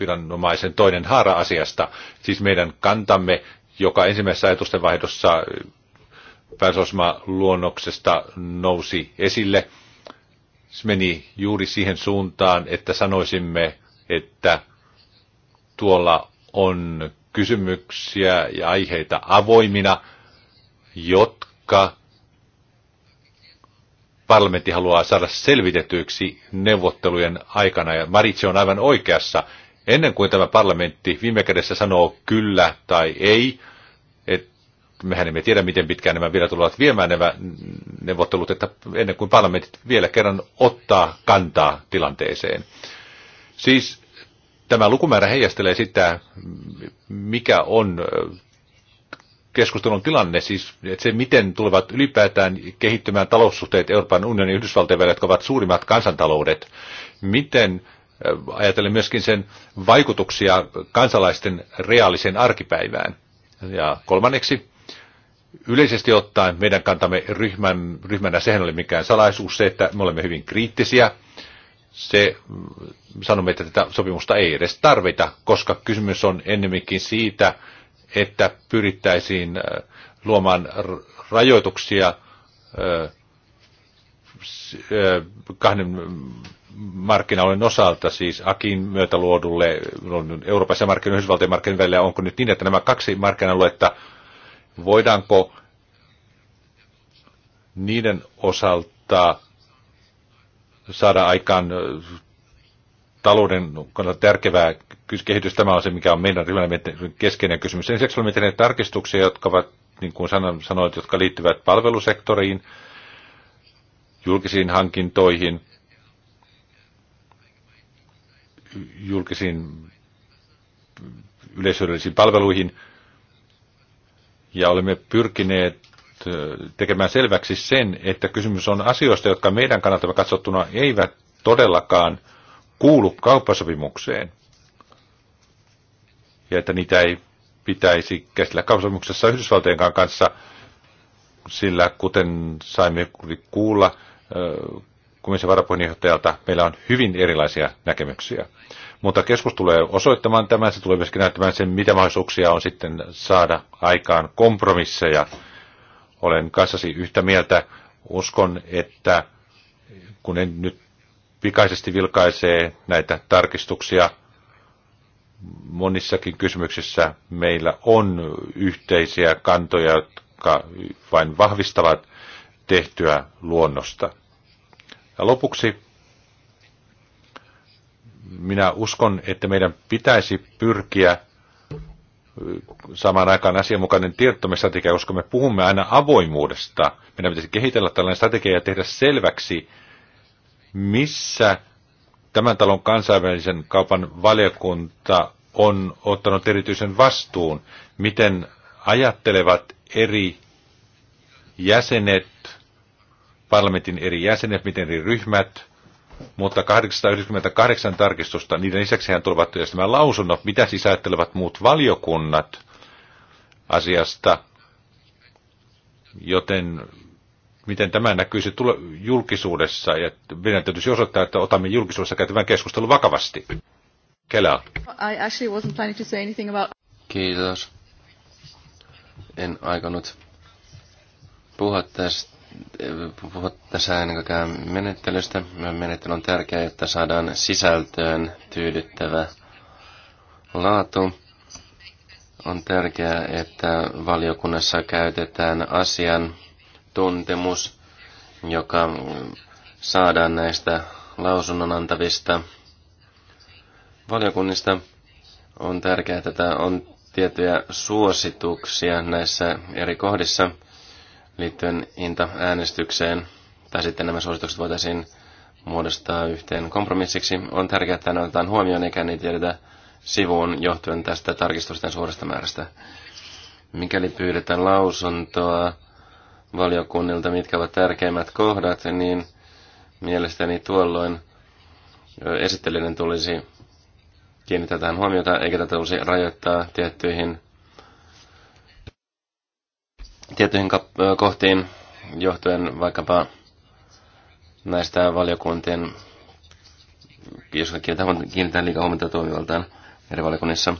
viranomaisen toinen haara asiasta, siis meidän kantamme, joka ensimmäisessä ajatusten vaihdossa pääsosma luonnoksesta nousi esille. Se meni juuri siihen suuntaan, että sanoisimme, että tuolla on kysymyksiä ja aiheita avoimina, jotka parlamentti haluaa saada selvitetyiksi neuvottelujen aikana. Ja Maritse on aivan oikeassa. Ennen kuin tämä parlamentti viime kädessä sanoo kyllä tai ei, että mehän emme tiedä, miten pitkään nämä vielä tulevat viemään nämä neuvottelut, että ennen kuin parlamentit vielä kerran ottaa kantaa tilanteeseen. Siis Tämä lukumäärä heijastelee sitä, mikä on keskustelun tilanne, siis että se miten tulevat ylipäätään kehittymään taloussuhteet Euroopan unionin ja Yhdysvaltojen välillä, jotka ovat suurimmat kansantaloudet, miten ajatellen myöskin sen vaikutuksia kansalaisten reaaliseen arkipäivään. Ja kolmanneksi, yleisesti ottaen meidän kantamme ryhmän, ryhmänä, sehän oli mikään salaisuus se, että me olemme hyvin kriittisiä se mm, sanomme, että tätä sopimusta ei edes tarvita, koska kysymys on ennemminkin siitä, että pyrittäisiin äh, luomaan rajoituksia äh, äh, kahden markkinoiden osalta, siis AKIin myötä luodulle Euroopassa markkinoiden ja Yhdysvaltojen markkinoiden välillä, onko nyt niin, että nämä kaksi markkinaluetta, voidaanko niiden osalta saada aikaan talouden kannalta tärkevää kehitys. Tämä on se, mikä on meidän ryhmämme keskeinen kysymys. Sen lisäksi olemme tehneet tarkistuksia, jotka ovat, niin kuin sanoit, jotka liittyvät palvelusektoriin, julkisiin hankintoihin, julkisiin yleisöllisiin palveluihin. Ja olemme pyrkineet tekemään selväksi sen, että kysymys on asioista, jotka meidän kannaltamme katsottuna eivät todellakaan kuulu kauppasopimukseen. Ja että niitä ei pitäisi käsitellä kauppasopimuksessa Yhdysvaltojen kanssa, sillä kuten saimme kuulla komission varapuheenjohtajalta, meillä on hyvin erilaisia näkemyksiä. Mutta keskus tulee osoittamaan tämän, se tulee myöskin näyttämään sen, mitä mahdollisuuksia on sitten saada aikaan kompromisseja olen kanssasi yhtä mieltä. Uskon, että kun en nyt pikaisesti vilkaisee näitä tarkistuksia, monissakin kysymyksissä meillä on yhteisiä kantoja, jotka vain vahvistavat tehtyä luonnosta. Ja lopuksi minä uskon, että meidän pitäisi pyrkiä samaan aikaan asianmukainen tiedottamistrategia, koska me puhumme aina avoimuudesta. Meidän pitäisi kehitellä tällainen strategia ja tehdä selväksi, missä tämän talon kansainvälisen kaupan valiokunta on ottanut erityisen vastuun, miten ajattelevat eri jäsenet, parlamentin eri jäsenet, miten eri ryhmät mutta 898 tarkistusta, niiden lisäksi hän tulevat työstämään lausunnot, mitä siis ajattelevat muut valiokunnat asiasta, joten miten tämä näkyisi julkisuudessa, ja meidän täytyisi osoittaa, että otamme julkisuudessa käytävän keskustelun vakavasti. Kela. I actually wasn't planning to say anything about... Kiitos. En aikonut puhua tästä puhua tässä ennen menettelystä. Menettely on tärkeää, jotta saadaan sisältöön tyydyttävä laatu. On tärkeää, että valiokunnassa käytetään asian tuntemus, joka saadaan näistä lausunnon antavista valiokunnista. On tärkeää, että on tiettyjä suosituksia näissä eri kohdissa – liittyen hinta äänestykseen tai sitten nämä suositukset voitaisiin muodostaa yhteen kompromissiksi. On tärkeää, että ne otetaan huomioon eikä niitä tiedetä sivuun johtuen tästä tarkistusten suuresta määrästä. Mikäli pyydetään lausuntoa valiokunnilta, mitkä ovat tärkeimmät kohdat, niin mielestäni tuolloin esittelijän tulisi kiinnittää tähän huomiota, eikä tätä tulisi rajoittaa tiettyihin tiettyihin kohtiin johtuen vaikkapa näistä valiokuntien, jos kiinnitetään liikaa huomiota toimivaltaan eri valiokunnissa.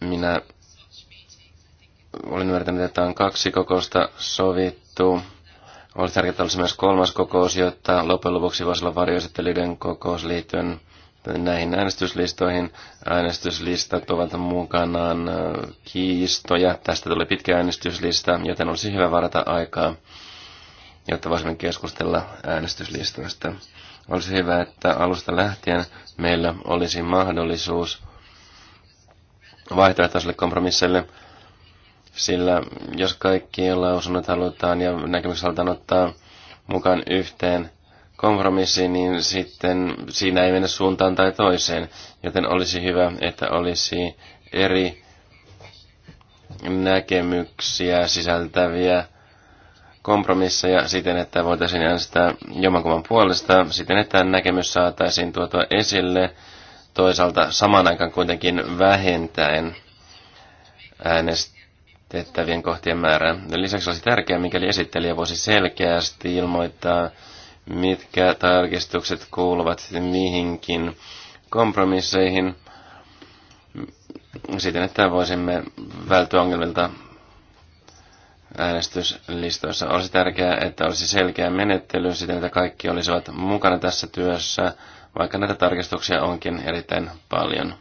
Minä olin ymmärtänyt, että on kaksi kokousta sovittu. Olisi tärkeää olla myös kolmas kokous, jotta loppujen lopuksi voisi olla varjoesittelyiden kokous liittyen näihin äänestyslistoihin. Äänestyslistat ovat mukanaan kiistoja. Tästä tulee pitkä äänestyslista, joten olisi hyvä varata aikaa, jotta voisimme keskustella äänestyslistoista. Olisi hyvä, että alusta lähtien meillä olisi mahdollisuus vaihtoehtoiselle kompromisselle, sillä jos kaikki lausunnot halutaan ja näkemykset halutaan ottaa mukaan yhteen kompromissi, niin sitten siinä ei mennä suuntaan tai toiseen. Joten olisi hyvä, että olisi eri näkemyksiä sisältäviä kompromisseja siten, että voitaisiin äänestää jommankumman puolesta, siten että näkemys saataisiin tuotua esille, toisaalta saman aikaan kuitenkin vähentäen äänestettävien kohtien määrää. Lisäksi olisi tärkeää, mikäli esittelijä voisi selkeästi ilmoittaa mitkä tarkistukset kuuluvat mihinkin kompromisseihin siten, että voisimme välttyä ongelmilta äänestyslistoissa. Olisi tärkeää, että olisi selkeä menettely siten, että kaikki olisivat mukana tässä työssä, vaikka näitä tarkistuksia onkin erittäin paljon.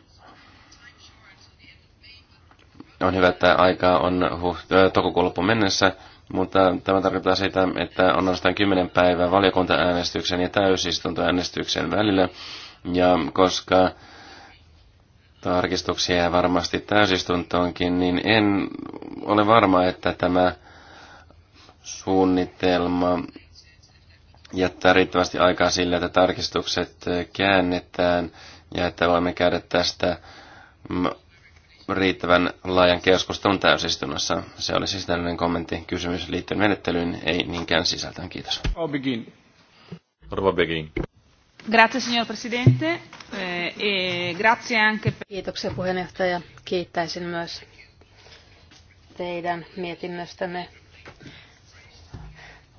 On hyvä, että aikaa on huht- tokokuun loppuun mennessä, mutta tämä tarkoittaa sitä, että on ainoastaan 10 päivää valiokuntaäänestyksen ja täysistuntoäänestyksen välillä, ja koska tarkistuksia jää varmasti täysistuntoonkin, niin en ole varma, että tämä suunnitelma jättää riittävästi aikaa sille, että tarkistukset käännetään ja että voimme käydä tästä riittävän laajan keskustelun täysistunnossa. Se oli siis tällainen kommentti, kysymys liittyen menettelyyn, ei niinkään sisältöön. Kiitos. Begin. Begin. Grazie signor Presidente eh, e grazie anche per... Kiitoksia puheenjohtaja. Kiittäisin myös teidän mietinnöstänne.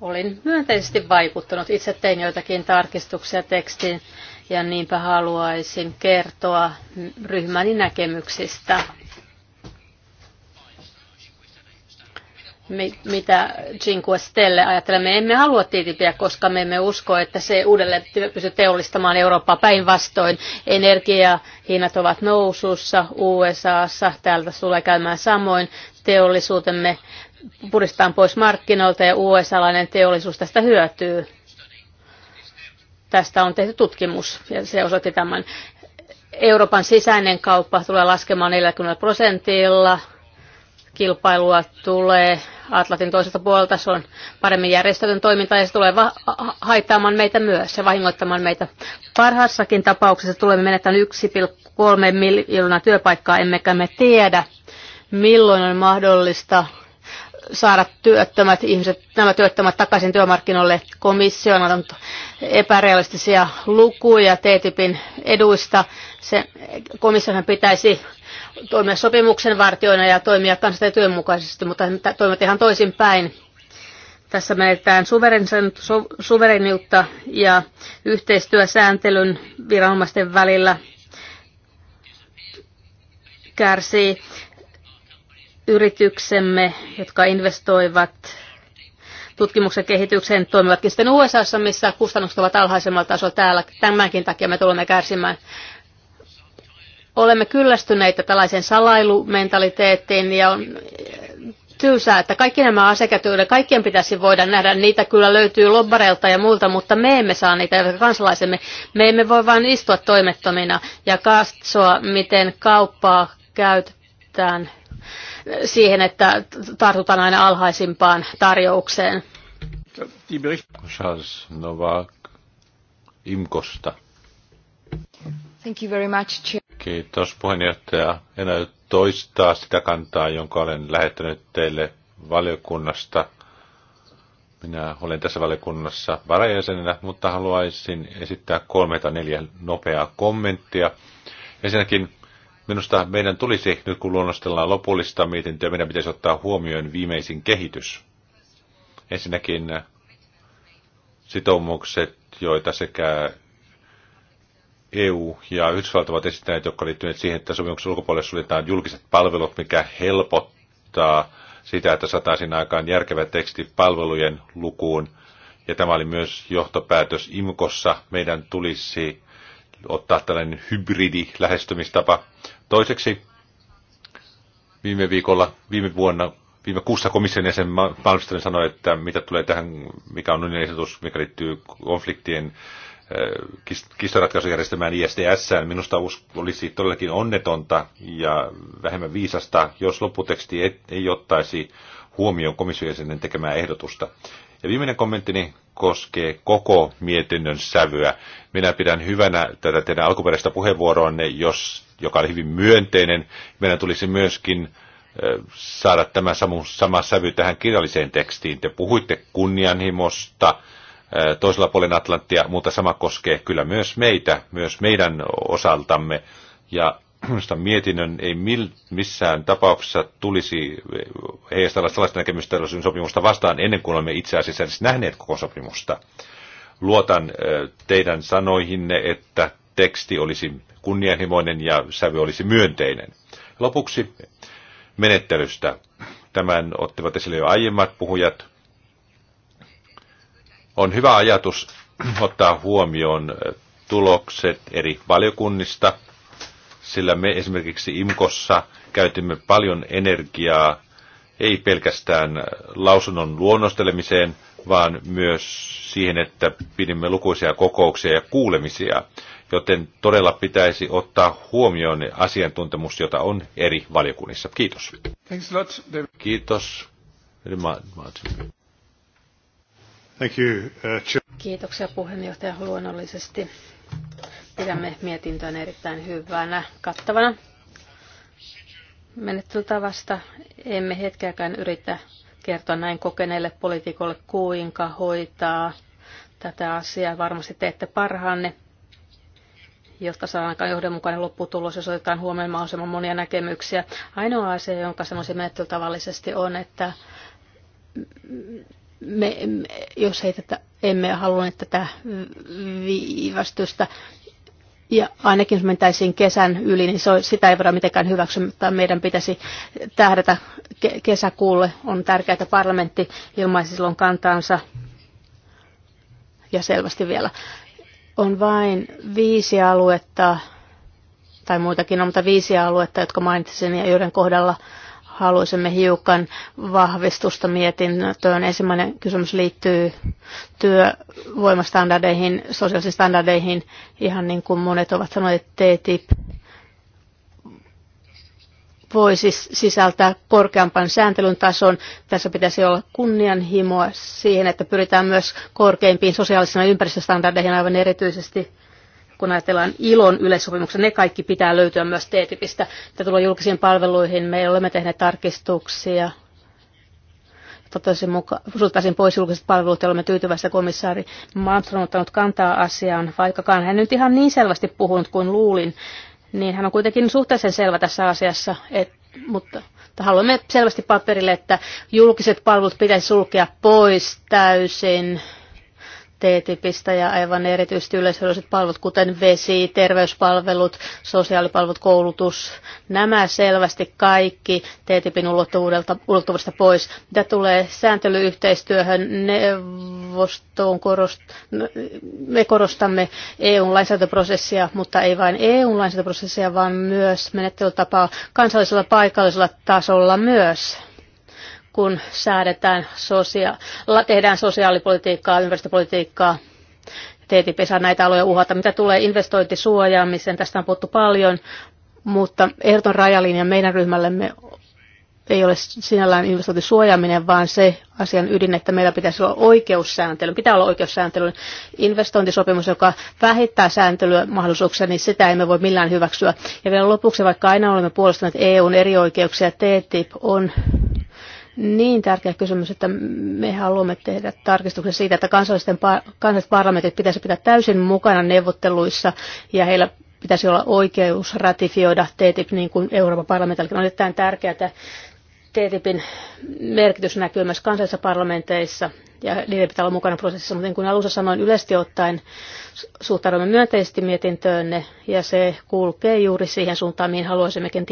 Olin myönteisesti vaikuttunut. Itse tein joitakin tarkistuksia tekstiin ja niinpä haluaisin kertoa ryhmäni näkemyksistä. mitä Cinque Stelle ajattelee. Me emme halua TTIPiä, koska me emme usko, että se uudelleen pysyy teollistamaan Eurooppaa päinvastoin. Energiahinnat ovat nousussa USAssa, täältä tulee käymään samoin. Teollisuutemme puristaan pois markkinoilta ja USA-lainen teollisuus tästä hyötyy. Tästä on tehty tutkimus ja se osoitti tämän. Euroopan sisäinen kauppa tulee laskemaan 40 prosentilla. Kilpailua tulee Atlantin toiselta puolelta, se on paremmin järjestetyn toiminta ja se tulee haittaamaan meitä myös ja vahingoittamaan meitä. Parhaassakin tapauksessa tulemme menettämään 1,3 miljoonaa työpaikkaa, emmekä me tiedä, milloin on mahdollista saada työttömät ihmiset, nämä työttömät takaisin työmarkkinoille. Komissio on antanut epärealistisia lukuja TTIPin eduista. Se, komissiohan pitäisi toimia sopimuksen vartioina ja toimia kansallisen työn mukaisesti, mutta toimivat ihan toisinpäin Tässä menetään suvereniutta ja yhteistyösääntelyn viranomaisten välillä kärsii yrityksemme, jotka investoivat tutkimuksen kehitykseen, toimivatkin sitten USA, missä kustannukset ovat alhaisemmalla tasolla täällä. Tämänkin takia me tulemme kärsimään. Olemme kyllästyneitä tällaisen salailumentaliteettiin ja on tylsää, että kaikki nämä asiakirjoja, kaikkien pitäisi voida nähdä, niitä kyllä löytyy lobbareilta ja muilta, mutta me emme saa niitä, jotka kansalaisemme. Me emme voi vain istua toimettomina ja katsoa, miten kauppaa käytetään siihen, että tartutaan aina alhaisimpaan tarjoukseen. Charles Novak Imkosta. Thank you very much, Chair. Kiitos puheenjohtaja. En toistaa sitä kantaa, jonka olen lähettänyt teille valiokunnasta. Minä olen tässä valiokunnassa varajäsenenä, mutta haluaisin esittää kolme tai neljä nopeaa kommenttia. Ensinnäkin Minusta meidän tulisi, nyt kun luonnostellaan lopullista mietintöä, meidän pitäisi ottaa huomioon viimeisin kehitys. Ensinnäkin sitoumukset, joita sekä EU ja Yhdysvallat ovat esittäneet, jotka liittyvät siihen, että sopimuksen ulkopuolelle suljetaan julkiset palvelut, mikä helpottaa sitä, että saataisiin aikaan järkevä teksti palvelujen lukuun. Ja tämä oli myös johtopäätös IMKossa. Meidän tulisi ottaa tällainen hybridi lähestymistapa. Toiseksi viime viikolla, viime vuonna, viime kuussa komission jäsen Malmström sanoi, että mitä tulee tähän, mikä on unionin esitys, mikä liittyy konfliktien eh, kistoratkaisujärjestelmään ISDS, minusta olisi todellakin onnetonta ja vähemmän viisasta, jos lopputeksti ei ottaisi huomioon komission jäsenen tekemää ehdotusta. Ja viimeinen kommenttini koskee koko mietinnön sävyä. Minä pidän hyvänä tätä teidän alkuperäistä puheenvuoroanne, jos, joka oli hyvin myönteinen. Meidän tulisi myöskin saada tämä sama, sama sävy tähän kirjalliseen tekstiin. Te puhuitte kunnianhimosta toisella puolen Atlanttia, mutta sama koskee kyllä myös meitä, myös meidän osaltamme. Ja minusta mietinnön ei mil, missään tapauksessa tulisi heistä sellaista näkemystä sopimusta vastaan ennen kuin olemme itse asiassa edes nähneet koko sopimusta. Luotan teidän sanoihinne, että teksti olisi kunnianhimoinen ja sävy olisi myönteinen. Lopuksi menettelystä. Tämän ottivat esille jo aiemmat puhujat. On hyvä ajatus ottaa huomioon tulokset eri valiokunnista – sillä me esimerkiksi IMKossa käytimme paljon energiaa ei pelkästään lausunnon luonnostelemiseen, vaan myös siihen, että pidimme lukuisia kokouksia ja kuulemisia, joten todella pitäisi ottaa huomioon asiantuntemus, jota on eri valiokunnissa. Kiitos. Thanks a lot, David. Kiitos. Thank you, uh, Kiitoksia puheenjohtaja luonnollisesti Pidämme mietintöön erittäin hyvänä, kattavana menettelytavasta. Emme hetkeäkään yritä kertoa näin kokeneelle poliitikolle, kuinka hoitaa tätä asiaa. Varmasti teette parhaanne, jotta saadaan aikaan johdonmukainen lopputulos, jos otetaan huomioon mahdollisimman monia näkemyksiä. Ainoa asia, jonka sanoisin menettelytavallisesti on, että me, me, jos ei tätä, emme halua tätä viivästystä, ja ainakin jos mentäisiin kesän yli, niin se, sitä ei voida mitenkään hyväksyä, mutta meidän pitäisi tähdätä kesäkuulle. On tärkeää, että parlamentti ilmaisi silloin kantaansa ja selvästi vielä. On vain viisi aluetta, tai muitakin on, mutta viisi aluetta, jotka mainitsin ja joiden kohdalla haluaisimme hiukan vahvistusta mietintöön. Ensimmäinen kysymys liittyy työvoimastandardeihin, sosiaalisiin standardeihin, ihan niin kuin monet ovat sanoneet, TTIP voisi sisältää korkeampan sääntelyn tason. Tässä pitäisi olla kunnianhimoa siihen, että pyritään myös korkeimpiin sosiaalisena ympäristöstandardeihin aivan erityisesti kun ajatellaan ilon yleissopimuksen, ne kaikki pitää löytyä myös TTIPistä. Mitä tulee julkisiin palveluihin, me olemme tehneet tarkistuksia. Totesin mukaan, pois julkiset palvelut ja olemme tyytyväisiä komissaari Malmström ottanut kantaa asiaan, vaikkakaan hän nyt ihan niin selvästi puhunut kuin luulin, niin hän on kuitenkin suhteellisen selvä tässä asiassa, et, mutta haluamme selvästi paperille, että julkiset palvelut pitäisi sulkea pois täysin TTIPistä ja aivan erityisesti yleisölliset palvelut, kuten vesi, terveyspalvelut, sosiaalipalvelut, koulutus, nämä selvästi kaikki TTIPin ulottuvuudesta pois. Mitä tulee sääntelyyhteistyöhön, neuvostoon korost, me korostamme EUn lainsäädäntöprosessia, mutta ei vain EUn lainsäädäntöprosessia, vaan myös menettelytapaa kansallisella paikallisella tasolla myös kun säädetään tehdään sosiaalipolitiikkaa, ympäristöpolitiikkaa, TTIP saa näitä aloja uhata. Mitä tulee investointisuojaamiseen, tästä on puhuttu paljon, mutta ehdoton rajalinja meidän ryhmällemme ei ole sinällään investointisuojaaminen, vaan se asian ydin, että meillä pitäisi olla oikeussääntely. Pitää olla oikeussääntely. Investointisopimus, joka vähittää sääntelyä mahdollisuuksia, niin sitä emme voi millään hyväksyä. Ja vielä lopuksi, vaikka aina olemme puolustaneet EUn eri oikeuksia, TTIP on niin tärkeä kysymys, että me haluamme tehdä tarkistuksen siitä, että kansallisten par- kansalliset parlamentit pitäisi pitää täysin mukana neuvotteluissa ja heillä pitäisi olla oikeus ratifioida TTIP niin kuin Euroopan parlamentillakin on erittäin tärkeää, että TTIPin merkitys näkyy myös kansallisissa parlamenteissa ja niiden pitää olla mukana prosessissa, mutta niin kuin alussa sanoin, yleisesti ottaen suhtaudumme myönteisesti mietintöönne ja se kulkee juuri siihen suuntaan, mihin haluaisimmekin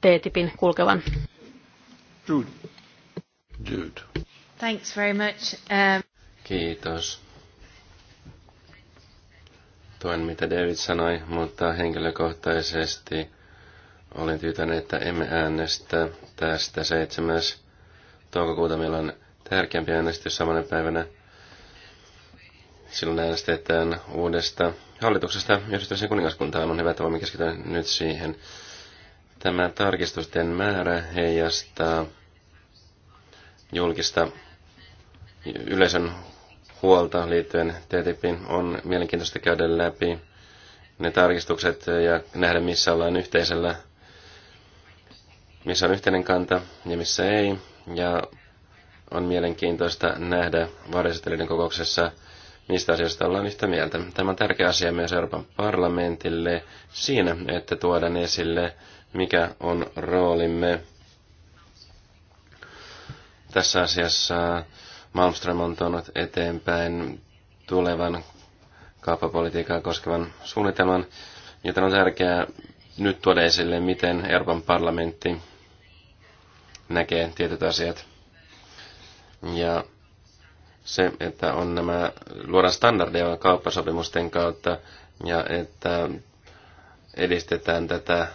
TTIPin kulkevan. Jude. Good. Thanks very much. Um... Kiitos. Tuen mitä David sanoi, mutta henkilökohtaisesti olen tyytänyt, että emme äänestä tästä 7. toukokuuta. Meillä on tärkeämpi äänestys samana päivänä. Silloin äänestetään uudesta hallituksesta yhdistyksen kuningaskuntaan. On hyvä, että voimme keskittyä nyt siihen. Tämä tarkistusten määrä heijastaa julkista yleisön huolta liittyen TTIPin on mielenkiintoista käydä läpi ne tarkistukset ja nähdä, missä ollaan yhteisellä, missä on yhteinen kanta ja missä ei. Ja on mielenkiintoista nähdä varjosetelijöiden kokouksessa, mistä asioista ollaan yhtä mieltä. Tämä on tärkeä asia myös Euroopan parlamentille siinä, että tuodaan esille, mikä on roolimme tässä asiassa Malmström on tuonut eteenpäin tulevan kauppapolitiikkaa koskevan suunnitelman, joten on tärkeää nyt tuoda esille, miten Euroopan parlamentti näkee tietyt asiat. Ja se, että on nämä, luodaan standardeja kauppasopimusten kautta ja että edistetään tätä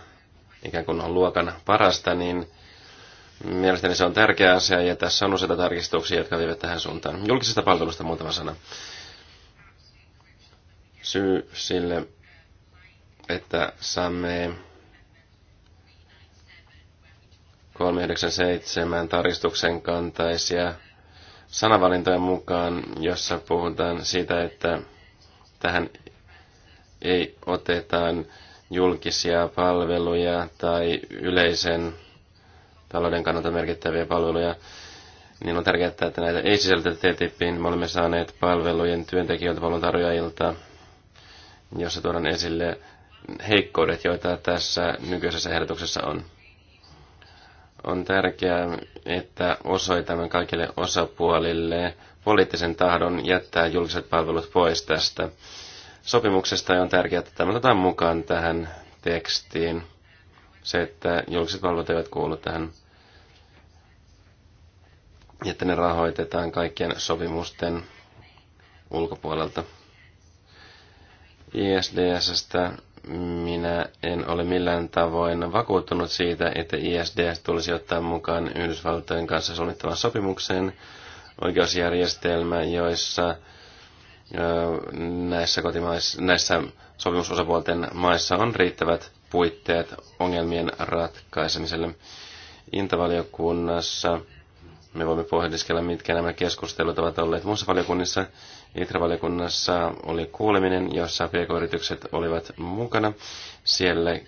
ikään kuin luokan parasta, niin Mielestäni se on tärkeä asia ja tässä on useita tarkistuksia, jotka vievät tähän suuntaan. Julkisesta palvelusta muutama sana. Syy sille, että saamme 397 tarkistuksen kantaisia sanavalintojen mukaan, jossa puhutaan siitä, että tähän ei otetaan julkisia palveluja tai yleisen talouden kannalta merkittäviä palveluja, niin on tärkeää, että näitä ei ttipin TTIPiin. Me olemme saaneet palvelujen työntekijöiltä, palveluntarjoajilta, jossa tuodaan esille heikkoudet, joita tässä nykyisessä ehdotuksessa on. On tärkeää, että osoitamme kaikille osapuolille poliittisen tahdon jättää julkiset palvelut pois tästä sopimuksesta. Ja on tärkeää, että tämä otetaan mukaan tähän tekstiin se, että julkiset palvelut eivät kuulu tähän, että ne rahoitetaan kaikkien sopimusten ulkopuolelta. ISDSstä minä en ole millään tavoin vakuuttunut siitä, että ISDS tulisi ottaa mukaan Yhdysvaltojen kanssa suunnittavan sopimukseen oikeusjärjestelmä, joissa näissä, kotimais, näissä sopimusosapuolten maissa on riittävät puitteet ongelmien ratkaisemiselle. Intavaliokunnassa me voimme pohdiskella, mitkä nämä keskustelut ovat olleet muussa valiokunnissa. Itravaliokunnassa oli kuuleminen, jossa pk-yritykset olivat mukana. Siellä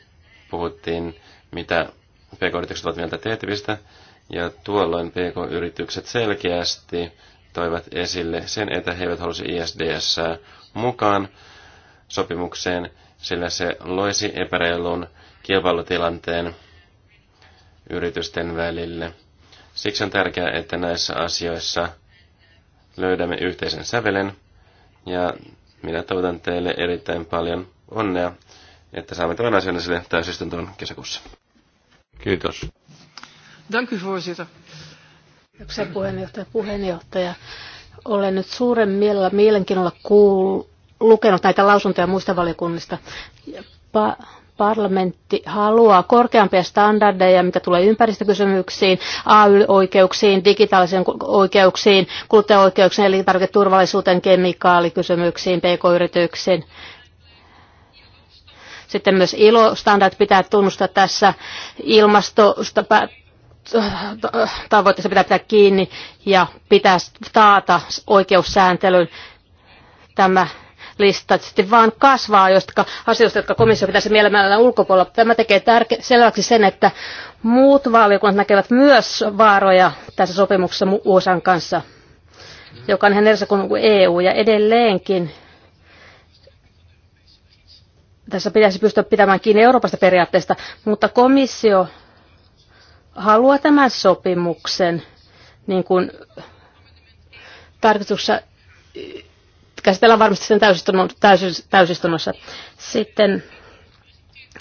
puhuttiin, mitä pk-yritykset ovat mieltä tehtävistä, ja tuolloin pk-yritykset selkeästi toivat esille sen, että he eivät halusi ISDS mukaan sopimukseen, sillä se loisi epäreilun kilpailutilanteen yritysten välille. Siksi on tärkeää, että näissä asioissa löydämme yhteisen sävelen, ja minä toivotan teille erittäin paljon onnea, että saamme tämän asian esille täysistuntoon kesäkuussa. Kiitos. Danke, u voorzitter. Kiitoksia puheenjohtaja. puheenjohtaja. Olen nyt suuren mielellä mielenkiinnolla kuullut lukenut näitä lausuntoja muista valiokunnista. Pa- parlamentti haluaa korkeampia standardeja, mitä tulee ympäristökysymyksiin, AY-oikeuksiin, digitaalisiin oikeuksiin, kuluttajaoikeuksiin, elintarviketurvallisuuteen, kemikaalikysymyksiin, pk-yrityksiin. Sitten myös ILO-standard pitää tunnustaa tässä ilmastosta tavoitteessa pitää pitää kiinni ja pitää taata oikeussääntelyn tämä listat sitten vaan kasvaa jotka, asioista, jotka komissio pitäisi mielellään ulkopuolella. Tämä tekee tärke- selväksi sen, että muut valiokunnat näkevät myös vaaroja tässä sopimuksessa USAn kanssa, joka on ihan erilaisessa kuin EU ja edelleenkin tässä pitäisi pystyä pitämään kiinni Euroopasta periaatteesta, mutta komissio haluaa tämän sopimuksen niin kuin tarkoituksessa käsitellään varmasti sen täysistunnossa. täysistunnossa. Sitten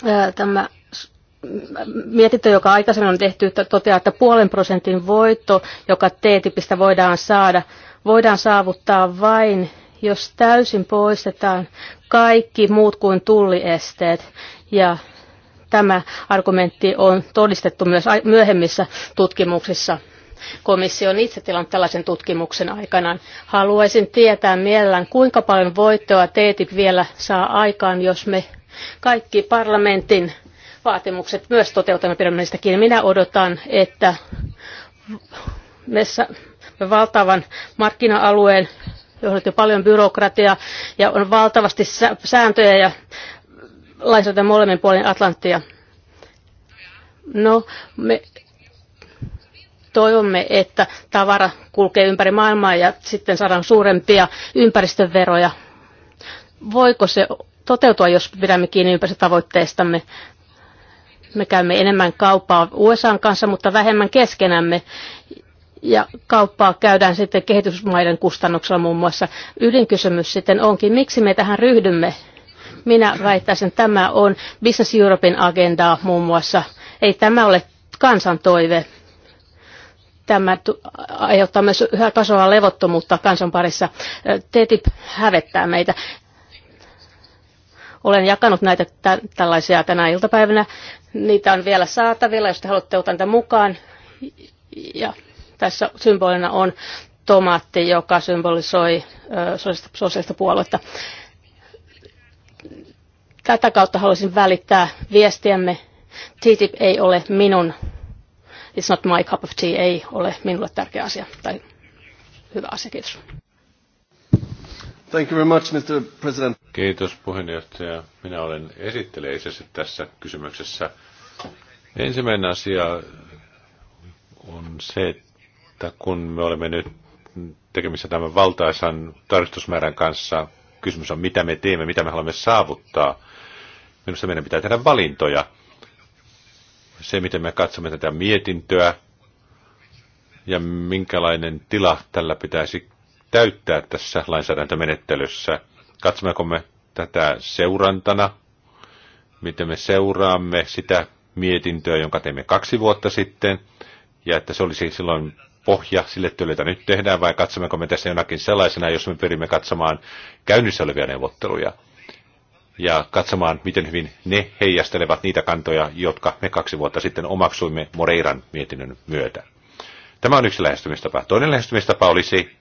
ää, tämä mietintö, joka aikaisemmin on tehty, toteaa, että puolen prosentin voitto, joka T-tipistä voidaan saada, voidaan saavuttaa vain, jos täysin poistetaan kaikki muut kuin tulliesteet. Ja tämä argumentti on todistettu myös myöhemmissä tutkimuksissa Komissio on itse tilannut tällaisen tutkimuksen aikanaan. Haluaisin tietää mielellään, kuinka paljon voittoa TTIP vielä saa aikaan, jos me kaikki parlamentin vaatimukset myös toteutamme pidämme kiinni. Minä odotan, että me valtavan markkina-alueen, johon on paljon byrokratiaa ja on valtavasti sääntöjä ja lainsäädäntöä molemmin puolin Atlanttia. No, me, toivomme, että tavara kulkee ympäri maailmaa ja sitten saadaan suurempia ympäristöveroja. Voiko se toteutua, jos pidämme kiinni ympäristötavoitteistamme? Me käymme enemmän kauppaa USAn kanssa, mutta vähemmän keskenämme. Ja kauppaa käydään sitten kehitysmaiden kustannuksella muun muassa. Ydinkysymys sitten onkin, miksi me tähän ryhdymme? Minä väittäisin, tämä on Business Europein agendaa muun muassa. Ei tämä ole kansan toive. Tämä aiheuttaa myös yhä kasvavaa levottomuutta kansan parissa. TTIP hävettää meitä. Olen jakanut näitä tällaisia tänä iltapäivänä. Niitä on vielä saatavilla, jos te haluatte ottaa niitä mukaan. Ja tässä symbolina on tomaatti, joka symbolisoi sosiaalista, sosiaalista puoluetta. Tätä kautta haluaisin välittää viestiämme. TTIP ei ole minun it's not my cup of tea ei ole minulle tärkeä asia tai hyvä asia. Kiitos. Thank you very much, Mr. President. Kiitos puheenjohtaja. Minä olen esitteleisessä tässä kysymyksessä. Ensimmäinen asia on se, että kun me olemme nyt tekemissä tämän valtaisan tarkistusmäärän kanssa, kysymys on mitä me teemme, mitä me haluamme saavuttaa. Minusta meidän pitää tehdä valintoja se, miten me katsomme tätä mietintöä ja minkälainen tila tällä pitäisi täyttää tässä lainsäädäntömenettelyssä. Katsommeko me tätä seurantana, miten me seuraamme sitä mietintöä, jonka teimme kaksi vuotta sitten, ja että se olisi silloin pohja sille työlle, jota nyt tehdään, vai katsommeko me tässä jonakin sellaisena, jos me pyrimme katsomaan käynnissä olevia neuvotteluja ja katsomaan, miten hyvin ne heijastelevat niitä kantoja, jotka me kaksi vuotta sitten omaksuimme Moreiran mietinnön myötä. Tämä on yksi lähestymistapa. Toinen lähestymistapa olisi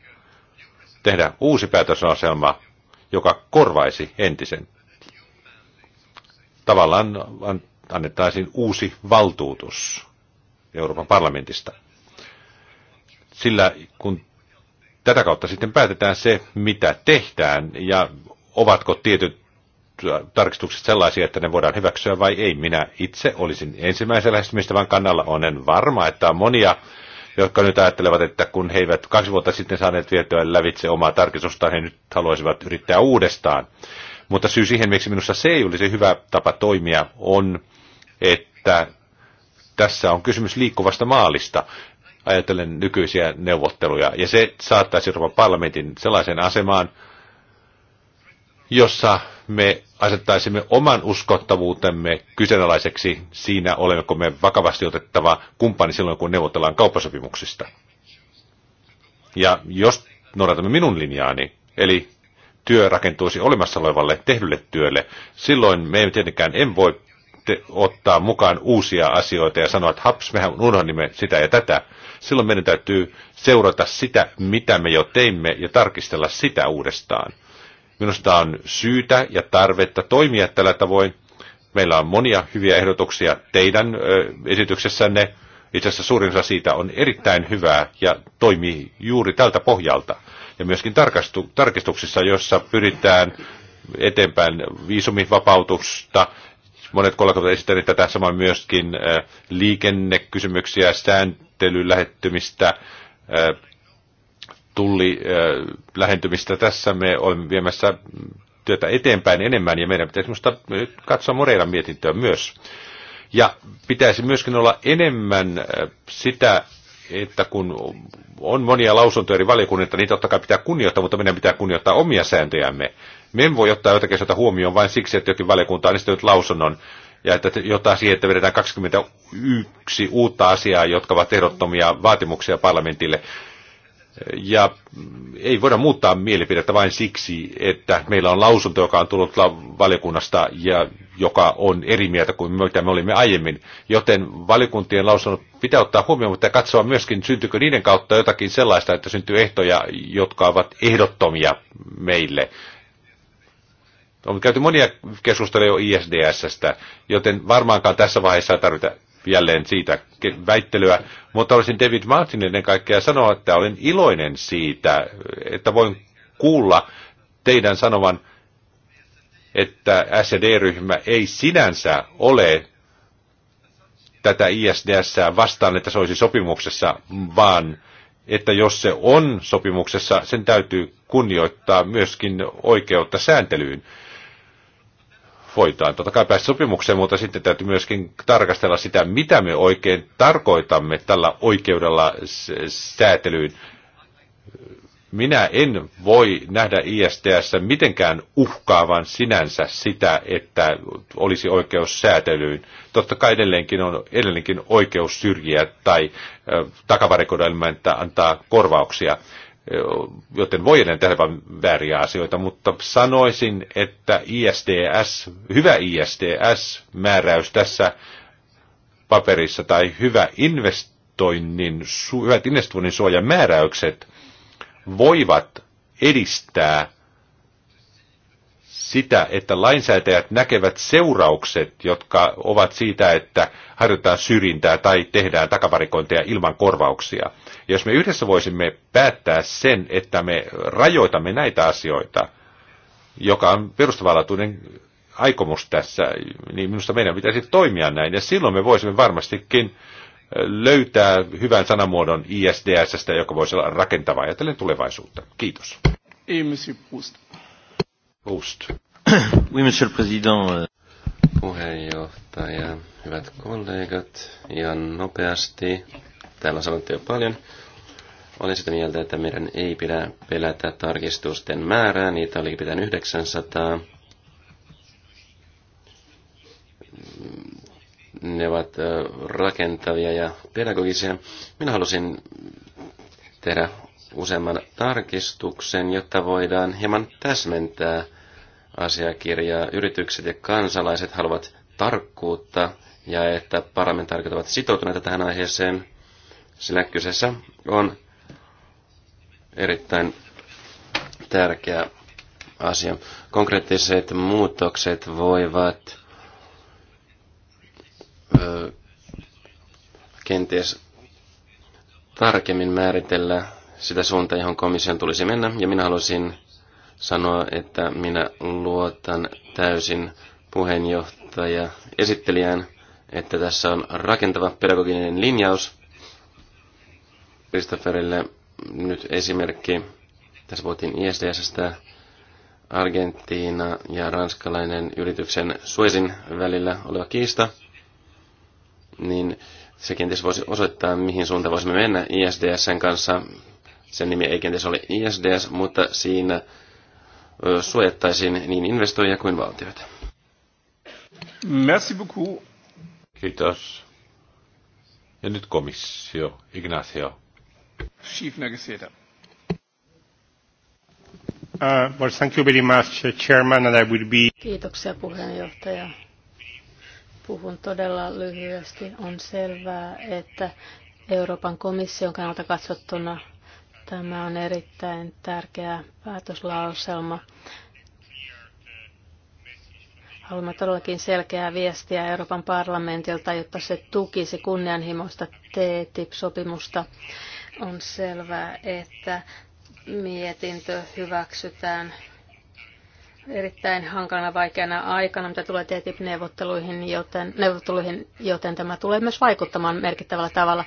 tehdä uusi päätösasema, joka korvaisi entisen. Tavallaan annettaisiin uusi valtuutus Euroopan parlamentista. Sillä kun tätä kautta sitten päätetään se, mitä tehdään ja ovatko tietyt tarkistukset sellaisia, että ne voidaan hyväksyä vai ei. Minä itse olisin ensimmäisen lähestymistavan kannalla. Olen varma, että on monia, jotka nyt ajattelevat, että kun he eivät kaksi vuotta sitten saaneet vietyä lävitse omaa tarkistustaan, he nyt haluaisivat yrittää uudestaan. Mutta syy siihen, miksi minusta se ei olisi hyvä tapa toimia, on, että tässä on kysymys liikkuvasta maalista ajatellen nykyisiä neuvotteluja. Ja se saattaisi Euroopan parlamentin sellaiseen asemaan, jossa me asettaisimme oman uskottavuutemme kyseenalaiseksi siinä, olemmeko me vakavasti otettava kumppani silloin, kun neuvotellaan kauppasopimuksista. Ja jos noudatamme minun linjaani, eli työ rakentuisi olemassa olevalle tehdylle työlle, silloin me ei tietenkään en voi te- ottaa mukaan uusia asioita ja sanoa, että haps, mehän unohdimme sitä ja tätä. Silloin meidän täytyy seurata sitä, mitä me jo teimme ja tarkistella sitä uudestaan. Minusta on syytä ja tarvetta toimia tällä tavoin. Meillä on monia hyviä ehdotuksia teidän esityksessänne. Itse asiassa suurin osa siitä on erittäin hyvää ja toimii juuri tältä pohjalta. Ja myöskin tarkastu, tarkistuksissa, jossa pyritään eteenpäin viisumivapautusta. Monet kollegat ovat esittäneet tätä samoin myöskin liikennekysymyksiä, sääntelylähettymistä, tulli äh, lähentymistä tässä me olemme viemässä työtä eteenpäin enemmän ja meidän pitäisi minusta äh, katsoa Moreiran mietintöä myös. Ja pitäisi myöskin olla enemmän äh, sitä, että kun on monia lausuntoja eri valiokunnilta, niin totta kai pitää kunnioittaa, mutta meidän pitää kunnioittaa omia sääntöjämme. Me emme voi ottaa jotakin sieltä huomioon vain siksi, että jokin valiokunta on esittänyt lausunnon, ja että jotain siihen, että vedetään 21 uutta asiaa, jotka ovat ehdottomia vaatimuksia parlamentille. Ja ei voida muuttaa mielipidettä vain siksi, että meillä on lausunto, joka on tullut valiokunnasta ja joka on eri mieltä kuin mitä me olimme aiemmin. Joten valiokuntien lausunnot pitää ottaa huomioon, mutta katsoa myöskin, syntyykö niiden kautta jotakin sellaista, että syntyy ehtoja, jotka ovat ehdottomia meille. On käyty monia keskusteluja jo ISDSstä, joten varmaankaan tässä vaiheessa ei tarvita jälleen siitä väittelyä, mutta olisin David Martin ennen kaikkea sanoa, että olen iloinen siitä, että voin kuulla teidän sanovan, että SD-ryhmä ei sinänsä ole tätä ISDS vastaan, että se olisi sopimuksessa, vaan että jos se on sopimuksessa, sen täytyy kunnioittaa myöskin oikeutta sääntelyyn voidaan totta kai päästä sopimukseen, mutta sitten täytyy myöskin tarkastella sitä, mitä me oikein tarkoitamme tällä oikeudella säätelyyn. Minä en voi nähdä ISTS mitenkään uhkaavan sinänsä sitä, että olisi oikeus säätelyyn. Totta kai edelleenkin on edelleenkin oikeus syrjiä tai äh, takavarikoida ilman, että antaa korvauksia joten voi edelleen tehdä vääriä asioita, mutta sanoisin, että ISDS, hyvä ISDS-määräys tässä paperissa tai hyvä investoinnin, hyvät investoinnin suojamääräykset voivat edistää sitä, että lainsäätäjät näkevät seuraukset, jotka ovat siitä, että harjoitetaan syrjintää tai tehdään takavarikointeja ilman korvauksia. Ja jos me yhdessä voisimme päättää sen, että me rajoitamme näitä asioita, joka on perustavanlaatuinen aikomus tässä, niin minusta meidän pitäisi toimia näin. Ja silloin me voisimme varmastikin löytää hyvän sanamuodon ISDSstä, joka voisi olla rakentava ajatellen tulevaisuutta. Kiitos. Ei, *coughs* monsieur le président. Euh. Puheenjohtaja, hyvät kollegat, ihan nopeasti. Täällä on sanottu jo paljon. Olen sitä mieltä, että meidän ei pidä pelätä tarkistusten määrää. Niitä oli pitää 900. Ne ovat rakentavia ja pedagogisia. Minä halusin tehdä useamman tarkistuksen, jotta voidaan hieman täsmentää – asiakirjaa. Yritykset ja kansalaiset haluavat tarkkuutta ja että parlamentaarikot ovat sitoutuneita tähän aiheeseen, sillä kyseessä on erittäin tärkeä asia. Konkreettiset muutokset voivat ö, kenties tarkemmin määritellä sitä suuntaa, johon komission tulisi mennä, ja minä haluaisin sanoa, että minä luotan täysin puheenjohtaja esittelijään, että tässä on rakentava pedagoginen linjaus. Christopherille nyt esimerkki. Tässä puhuttiin ISDSstä. Argentiina ja ranskalainen yrityksen Suezin välillä oleva kiista, niin se kenties voisi osoittaa, mihin suuntaan voisimme mennä ISDSn kanssa. Sen nimi ei kenties ole ISDS, mutta siinä suojattaisiin niin investoijia kuin valtioita. Merci beaucoup. Kiitos. Ja nyt komissio, Ignacio. Chief negotiator. Uh, well, thank you very much, uh, Chairman, and I will be... Kiitoksia puheenjohtaja. Puhun todella lyhyesti. On selvää, että Euroopan komission kannalta katsottuna Tämä on erittäin tärkeä päätöslauselma. Haluamme todellakin selkeää viestiä Euroopan parlamentilta, jotta se tukisi kunnianhimoista TTIP-sopimusta. On selvää, että mietintö hyväksytään erittäin hankalana vaikeana aikana, mitä tulee TTIP-neuvotteluihin, joten, neuvotteluihin, joten tämä tulee myös vaikuttamaan merkittävällä tavalla.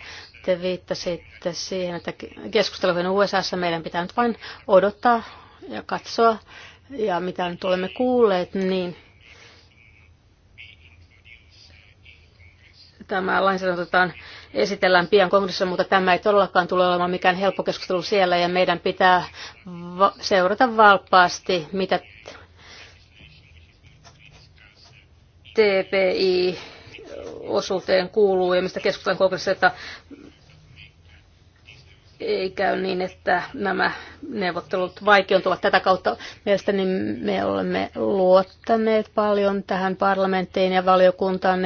Te viittasitte siihen, että keskustelujen USAssa meidän pitää nyt vain odottaa ja katsoa, ja mitä nyt olemme kuulleet, niin tämä lainsäädäntö esitellään pian kongressissa, mutta tämä ei todellakaan tule olemaan mikään helppo keskustelu siellä ja meidän pitää va- seurata valppaasti, mitä TPI osuuteen kuuluu ja mistä keskustellaan kongressissa, että ei käy niin, että nämä neuvottelut vaikeutuvat tätä kautta. Mielestäni me olemme luottaneet paljon tähän parlamenttiin ja valiokuntaan,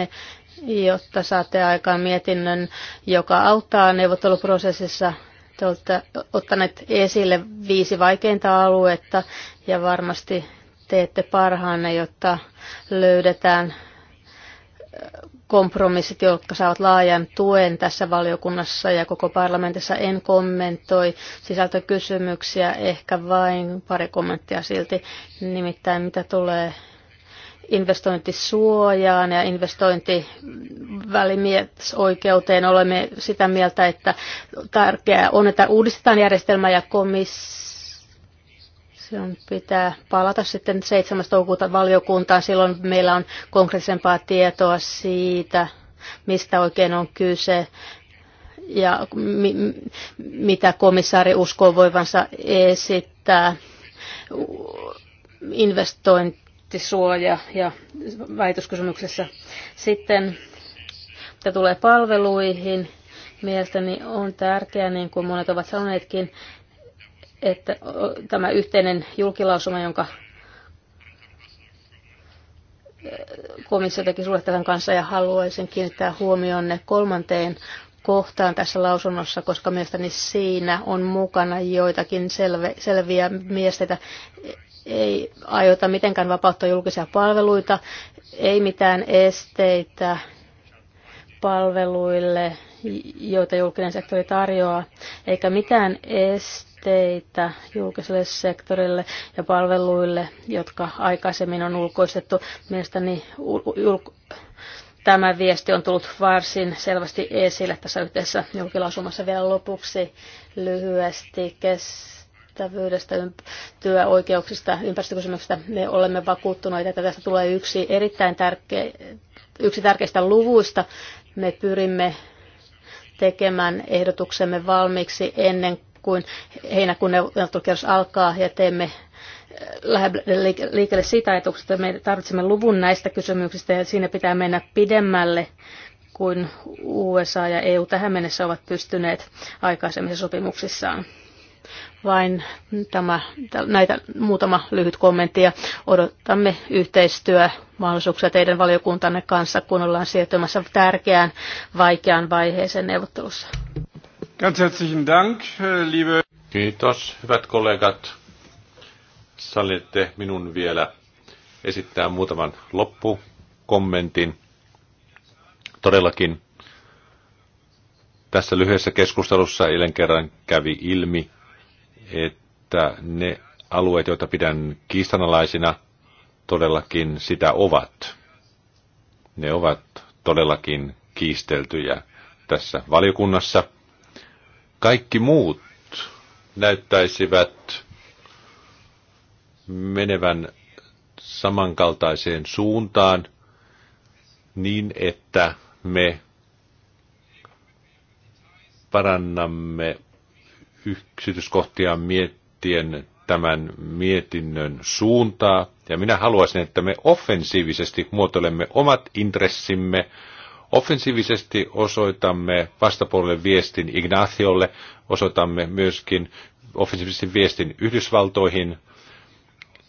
jotta saatte aikaan mietinnön, joka auttaa neuvotteluprosessissa. Te olette ottaneet esille viisi vaikeinta aluetta ja varmasti teette parhaanne, jotta löydetään kompromissit, jotka saavat laajan tuen tässä valiokunnassa ja koko parlamentissa. En kommentoi sisältökysymyksiä, ehkä vain pari kommenttia silti. Nimittäin mitä tulee investointisuojaan ja investointivälimiesoikeuteen olemme sitä mieltä, että tärkeää on, että uudistetaan järjestelmä ja komissio Komission pitää palata sitten 7. toukokuuta valiokuntaan. Silloin meillä on konkreettisempaa tietoa siitä, mistä oikein on kyse ja mi- mitä komissaari uskoo voivansa esittää investointisuoja ja väitöskysymyksessä. Sitten mitä tulee palveluihin, mielestäni on tärkeää, niin kuin monet ovat sanoneetkin, että tämä yhteinen julkilausuma, jonka komissio teki tämän kanssa ja haluaisin kiinnittää huomionne kolmanteen kohtaan tässä lausunnossa, koska mielestäni siinä on mukana joitakin selve, selviä miesteitä. Ei aiota mitenkään vapauttaa julkisia palveluita, ei mitään esteitä palveluille, joita julkinen sektori tarjoaa, eikä mitään esteitä teitä julkiselle sektorille ja palveluille, jotka aikaisemmin on ulkoistettu. Mielestäni ulko- tämä viesti on tullut varsin selvästi esille tässä yhteisessä julkilausumassa vielä lopuksi lyhyesti kestävyydestä, työoikeuksista, ympäristökysymyksistä. Me olemme vakuuttuneita, että tästä tulee yksi erittäin tärkeä, yksi tärkeistä luvuista. Me pyrimme tekemään ehdotuksemme valmiiksi ennen kuin heinäkuun neuvottelukierros alkaa ja teemme äh, liikkeelle sitä ajatuksesta, että me tarvitsemme luvun näistä kysymyksistä ja siinä pitää mennä pidemmälle kuin USA ja EU tähän mennessä ovat pystyneet aikaisemmissa sopimuksissaan. Vain tämä, näitä muutama lyhyt kommentti ja odotamme yhteistyömahdollisuuksia teidän valiokuntanne kanssa, kun ollaan siirtymässä tärkeään vaikeaan vaiheeseen neuvottelussa. Ganz herzlichen Dank, äh, liebe... Kiitos, hyvät kollegat. Sallitte minun vielä esittää muutaman loppukommentin. Todellakin tässä lyhyessä keskustelussa eilen kerran kävi ilmi, että ne alueet, joita pidän kiistanalaisina, todellakin sitä ovat. Ne ovat todellakin kiisteltyjä tässä valiokunnassa – kaikki muut näyttäisivät menevän samankaltaiseen suuntaan niin, että me parannamme yksityiskohtia miettien tämän mietinnön suuntaa. Ja minä haluaisin, että me offensiivisesti muotoilemme omat intressimme, Offensiivisesti osoitamme vastapuolelle viestin Ignatiolle, osoitamme myöskin offensiivisesti viestin Yhdysvaltoihin.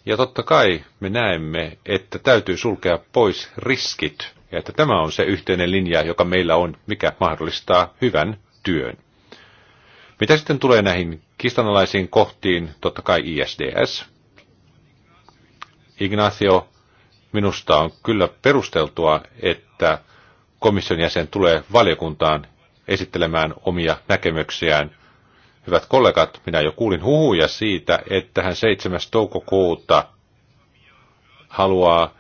Ja totta kai me näemme, että täytyy sulkea pois riskit ja että tämä on se yhteinen linja, joka meillä on, mikä mahdollistaa hyvän työn. Mitä sitten tulee näihin kistanalaisiin kohtiin, totta kai ISDS. Ignacio, minusta on kyllä perusteltua, että komission jäsen tulee valiokuntaan esittelemään omia näkemyksiään. Hyvät kollegat, minä jo kuulin huhuja siitä, että hän 7. toukokuuta haluaa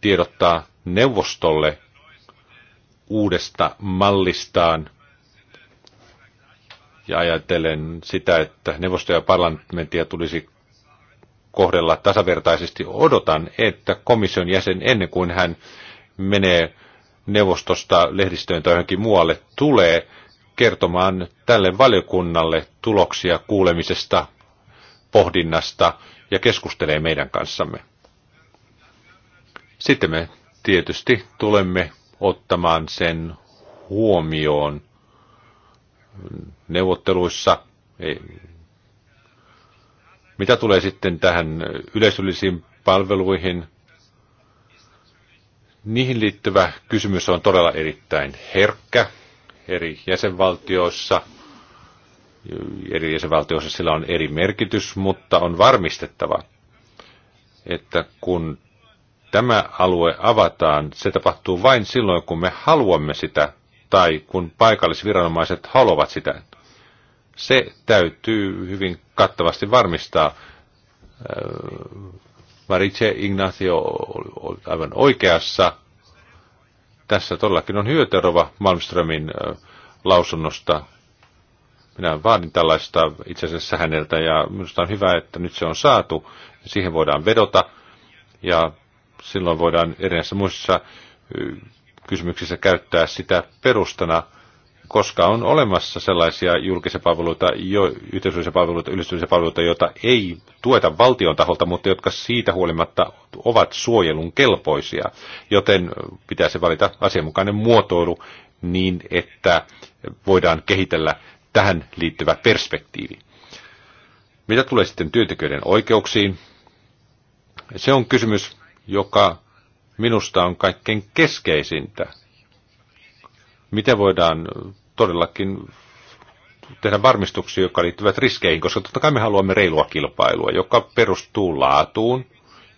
tiedottaa neuvostolle uudesta mallistaan. Ja ajatellen sitä, että neuvosto ja parlamenttia tulisi kohdella tasavertaisesti, odotan, että komission jäsen ennen kuin hän menee neuvostosta lehdistöön tai johonkin muualle tulee kertomaan tälle valiokunnalle tuloksia kuulemisesta, pohdinnasta ja keskustelee meidän kanssamme. Sitten me tietysti tulemme ottamaan sen huomioon neuvotteluissa. Mitä tulee sitten tähän yleisöllisiin palveluihin, Niihin liittyvä kysymys on todella erittäin herkkä eri jäsenvaltioissa. Eri jäsenvaltioissa sillä on eri merkitys, mutta on varmistettava, että kun tämä alue avataan, se tapahtuu vain silloin, kun me haluamme sitä tai kun paikallisviranomaiset haluavat sitä. Se täytyy hyvin kattavasti varmistaa Maritse Ignacio oli aivan oikeassa. Tässä todellakin on hyötyä Malmströmin lausunnosta. Minä vaadin tällaista itse asiassa häneltä ja minusta on hyvä, että nyt se on saatu. Siihen voidaan vedota ja silloin voidaan erinäisissä muissa kysymyksissä käyttää sitä perustana – koska on olemassa sellaisia julkisia palveluita, jo, yhteisöllisiä palveluita, yleisöllisiä palveluita, joita ei tueta valtion taholta, mutta jotka siitä huolimatta ovat suojelun kelpoisia. Joten pitäisi valita asianmukainen muotoilu niin, että voidaan kehitellä tähän liittyvä perspektiivi. Mitä tulee sitten työntekijöiden oikeuksiin? Se on kysymys, joka minusta on kaikkein keskeisintä. Miten voidaan todellakin tehdä varmistuksia, jotka liittyvät riskeihin, koska totta kai me haluamme reilua kilpailua, joka perustuu laatuun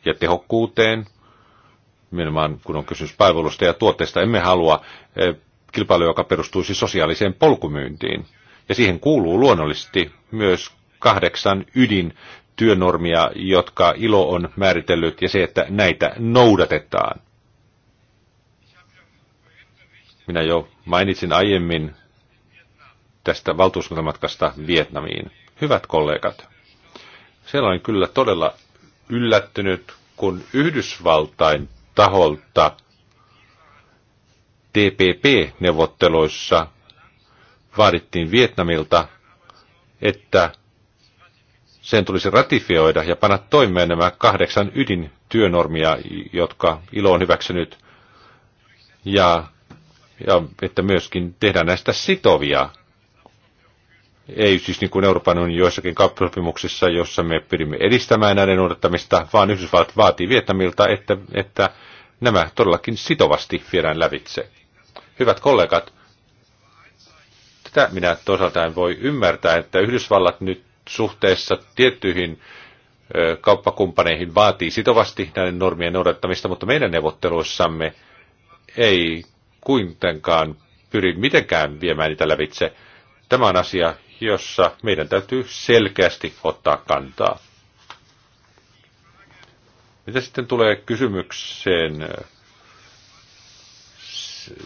ja tehokkuuteen, nimenomaan kun on kysymys palvelusta ja tuotteista. Emme halua eh, kilpailua, joka perustuisi siis sosiaaliseen polkumyyntiin. Ja siihen kuuluu luonnollisesti myös kahdeksan ydin työnormia, jotka ILO on määritellyt, ja se, että näitä noudatetaan. Minä jo mainitsin aiemmin tästä valtuuskuntamatkasta Vietnamiin. Hyvät kollegat, siellä on kyllä todella yllättynyt, kun Yhdysvaltain taholta TPP-neuvotteluissa vaadittiin Vietnamilta, että sen tulisi ratifioida ja panna toimeen nämä kahdeksan ydin työnormia, jotka ILO on hyväksynyt, ja, ja että myöskin tehdään näistä sitovia ei siis niin kuin Euroopan unionin joissakin kauppasopimuksissa, jossa me pyrimme edistämään näiden noudattamista, vaan Yhdysvallat vaatii Vietnamilta, että, että nämä todellakin sitovasti viedään lävitse. Hyvät kollegat, tätä minä toisaalta en voi ymmärtää, että Yhdysvallat nyt suhteessa tiettyihin kauppakumppaneihin vaatii sitovasti näiden normien noudattamista, mutta meidän neuvotteluissamme ei kuitenkaan pyri mitenkään viemään niitä lävitse. Tämä on asia, jossa meidän täytyy selkeästi ottaa kantaa. Mitä sitten tulee kysymykseen äh,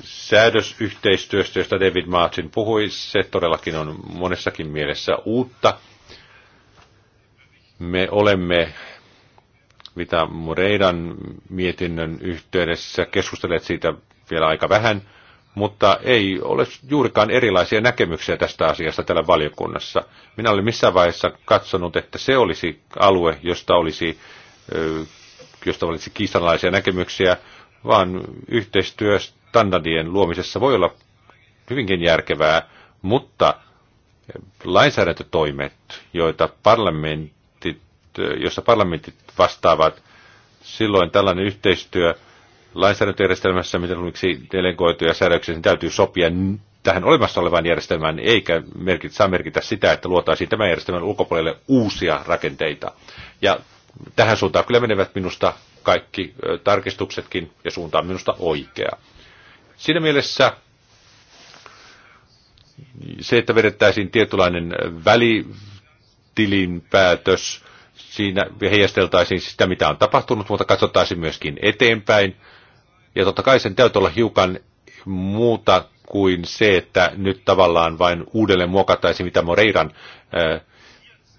säädösyhteistyöstä, josta David Martin puhui, se todellakin on monessakin mielessä uutta. Me olemme mitä Moreidan mietinnön yhteydessä keskustelleet siitä vielä aika vähän – mutta ei ole juurikaan erilaisia näkemyksiä tästä asiasta täällä valiokunnassa. Minä olen missään vaiheessa katsonut, että se olisi alue, josta olisi, josta olisi kiistanalaisia näkemyksiä, vaan yhteistyö standardien luomisessa voi olla hyvinkin järkevää, mutta lainsäädäntötoimet, joita parlamentit, jossa parlamentit vastaavat, silloin tällainen yhteistyö – lainsäädäntöjärjestelmässä, miten esimerkiksi delegoituja säädöksiä, niin täytyy sopia tähän olemassa olevaan järjestelmään, eikä merkit, saa merkitä sitä, että luotaisiin tämän järjestelmän ulkopuolelle uusia rakenteita. Ja tähän suuntaan kyllä menevät minusta kaikki tarkistuksetkin, ja suuntaan minusta oikea. Siinä mielessä se, että vedettäisiin tietynlainen välitilinpäätös, siinä heijasteltaisiin sitä, mitä on tapahtunut, mutta katsottaisiin myöskin eteenpäin. Ja totta kai sen täytyy olla hiukan muuta kuin se, että nyt tavallaan vain uudelleen muokattaisiin mitä Moreiran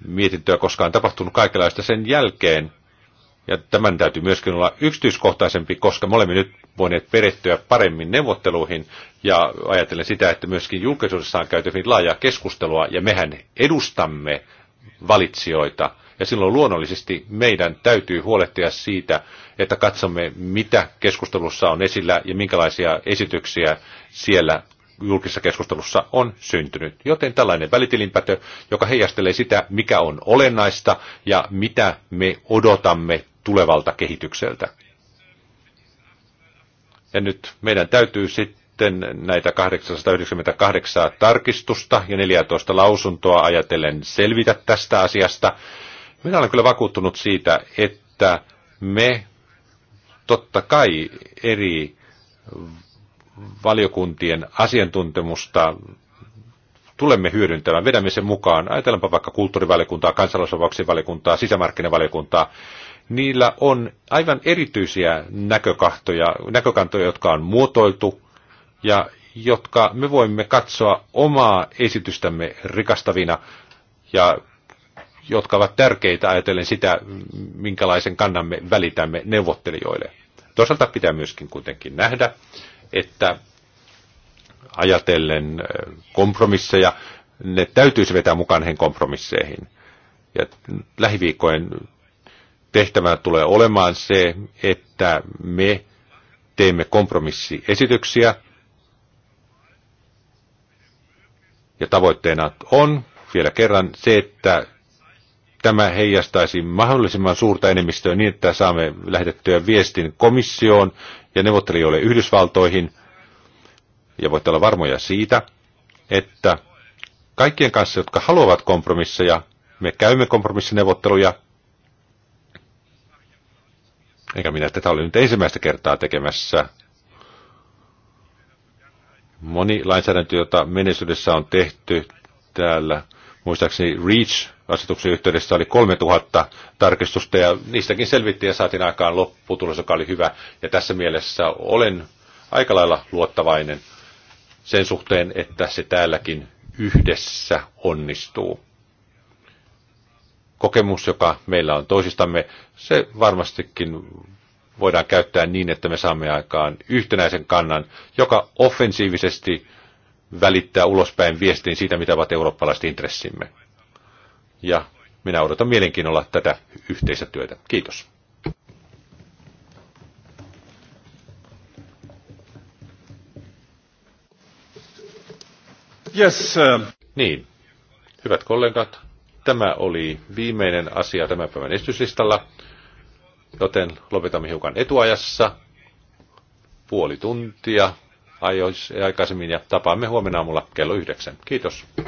mietintöä, koskaan tapahtunut kaikenlaista sen jälkeen. Ja tämän täytyy myöskin olla yksityiskohtaisempi, koska me olemme nyt voineet perehtyä paremmin neuvotteluihin ja ajatellen sitä, että myöskin julkisuudessa on käyty hyvin laajaa keskustelua ja mehän edustamme valitsijoita – ja silloin luonnollisesti meidän täytyy huolehtia siitä, että katsomme, mitä keskustelussa on esillä ja minkälaisia esityksiä siellä julkisessa keskustelussa on syntynyt. Joten tällainen välitilinpätö, joka heijastelee sitä, mikä on olennaista ja mitä me odotamme tulevalta kehitykseltä. Ja nyt meidän täytyy sitten näitä 898 tarkistusta ja 14 lausuntoa ajatellen selvitä tästä asiasta. Minä olen kyllä vakuuttunut siitä, että me totta kai eri valiokuntien asiantuntemusta tulemme hyödyntämään, vedämme sen mukaan. Ajatellaanpa vaikka kulttuurivaliokuntaa, kansalaisvapauksien valiokuntaa, sisämarkkinavaliokuntaa. Niillä on aivan erityisiä näkökantoja, näkökantoja, jotka on muotoiltu ja jotka me voimme katsoa omaa esitystämme rikastavina ja jotka ovat tärkeitä ajatellen sitä, minkälaisen me välitämme neuvottelijoille. Toisaalta pitää myöskin kuitenkin nähdä, että ajatellen äh, kompromisseja, ne täytyisi vetää mukaan hen kompromisseihin. Ja lähiviikkojen tehtävänä tulee olemaan se, että me teemme kompromissiesityksiä, ja tavoitteena on vielä kerran se, että tämä heijastaisi mahdollisimman suurta enemmistöä niin, että saamme lähetettyä viestin komissioon ja neuvottelijoille Yhdysvaltoihin. Ja voitte olla varmoja siitä, että kaikkien kanssa, jotka haluavat kompromisseja, me käymme kompromissineuvotteluja. Eikä minä tätä ole nyt ensimmäistä kertaa tekemässä. Moni lainsäädäntö, jota menestydessä on tehty täällä, muistaakseni REACH asetuksen yhteydessä oli 3000 tarkistusta ja niistäkin selvittiin ja saatiin aikaan lopputulos, joka oli hyvä. Ja tässä mielessä olen aika lailla luottavainen sen suhteen, että se täälläkin yhdessä onnistuu. Kokemus, joka meillä on toisistamme, se varmastikin voidaan käyttää niin, että me saamme aikaan yhtenäisen kannan, joka offensiivisesti välittää ulospäin viestin siitä, mitä ovat eurooppalaiset intressimme ja minä odotan mielenkiinnolla tätä yhteistä työtä. Kiitos. Yes, sir. Niin, hyvät kollegat, tämä oli viimeinen asia tämän päivän esityslistalla, joten lopetamme hiukan etuajassa puoli tuntia aikaisemmin ja tapaamme huomenna aamulla kello yhdeksän. Kiitos.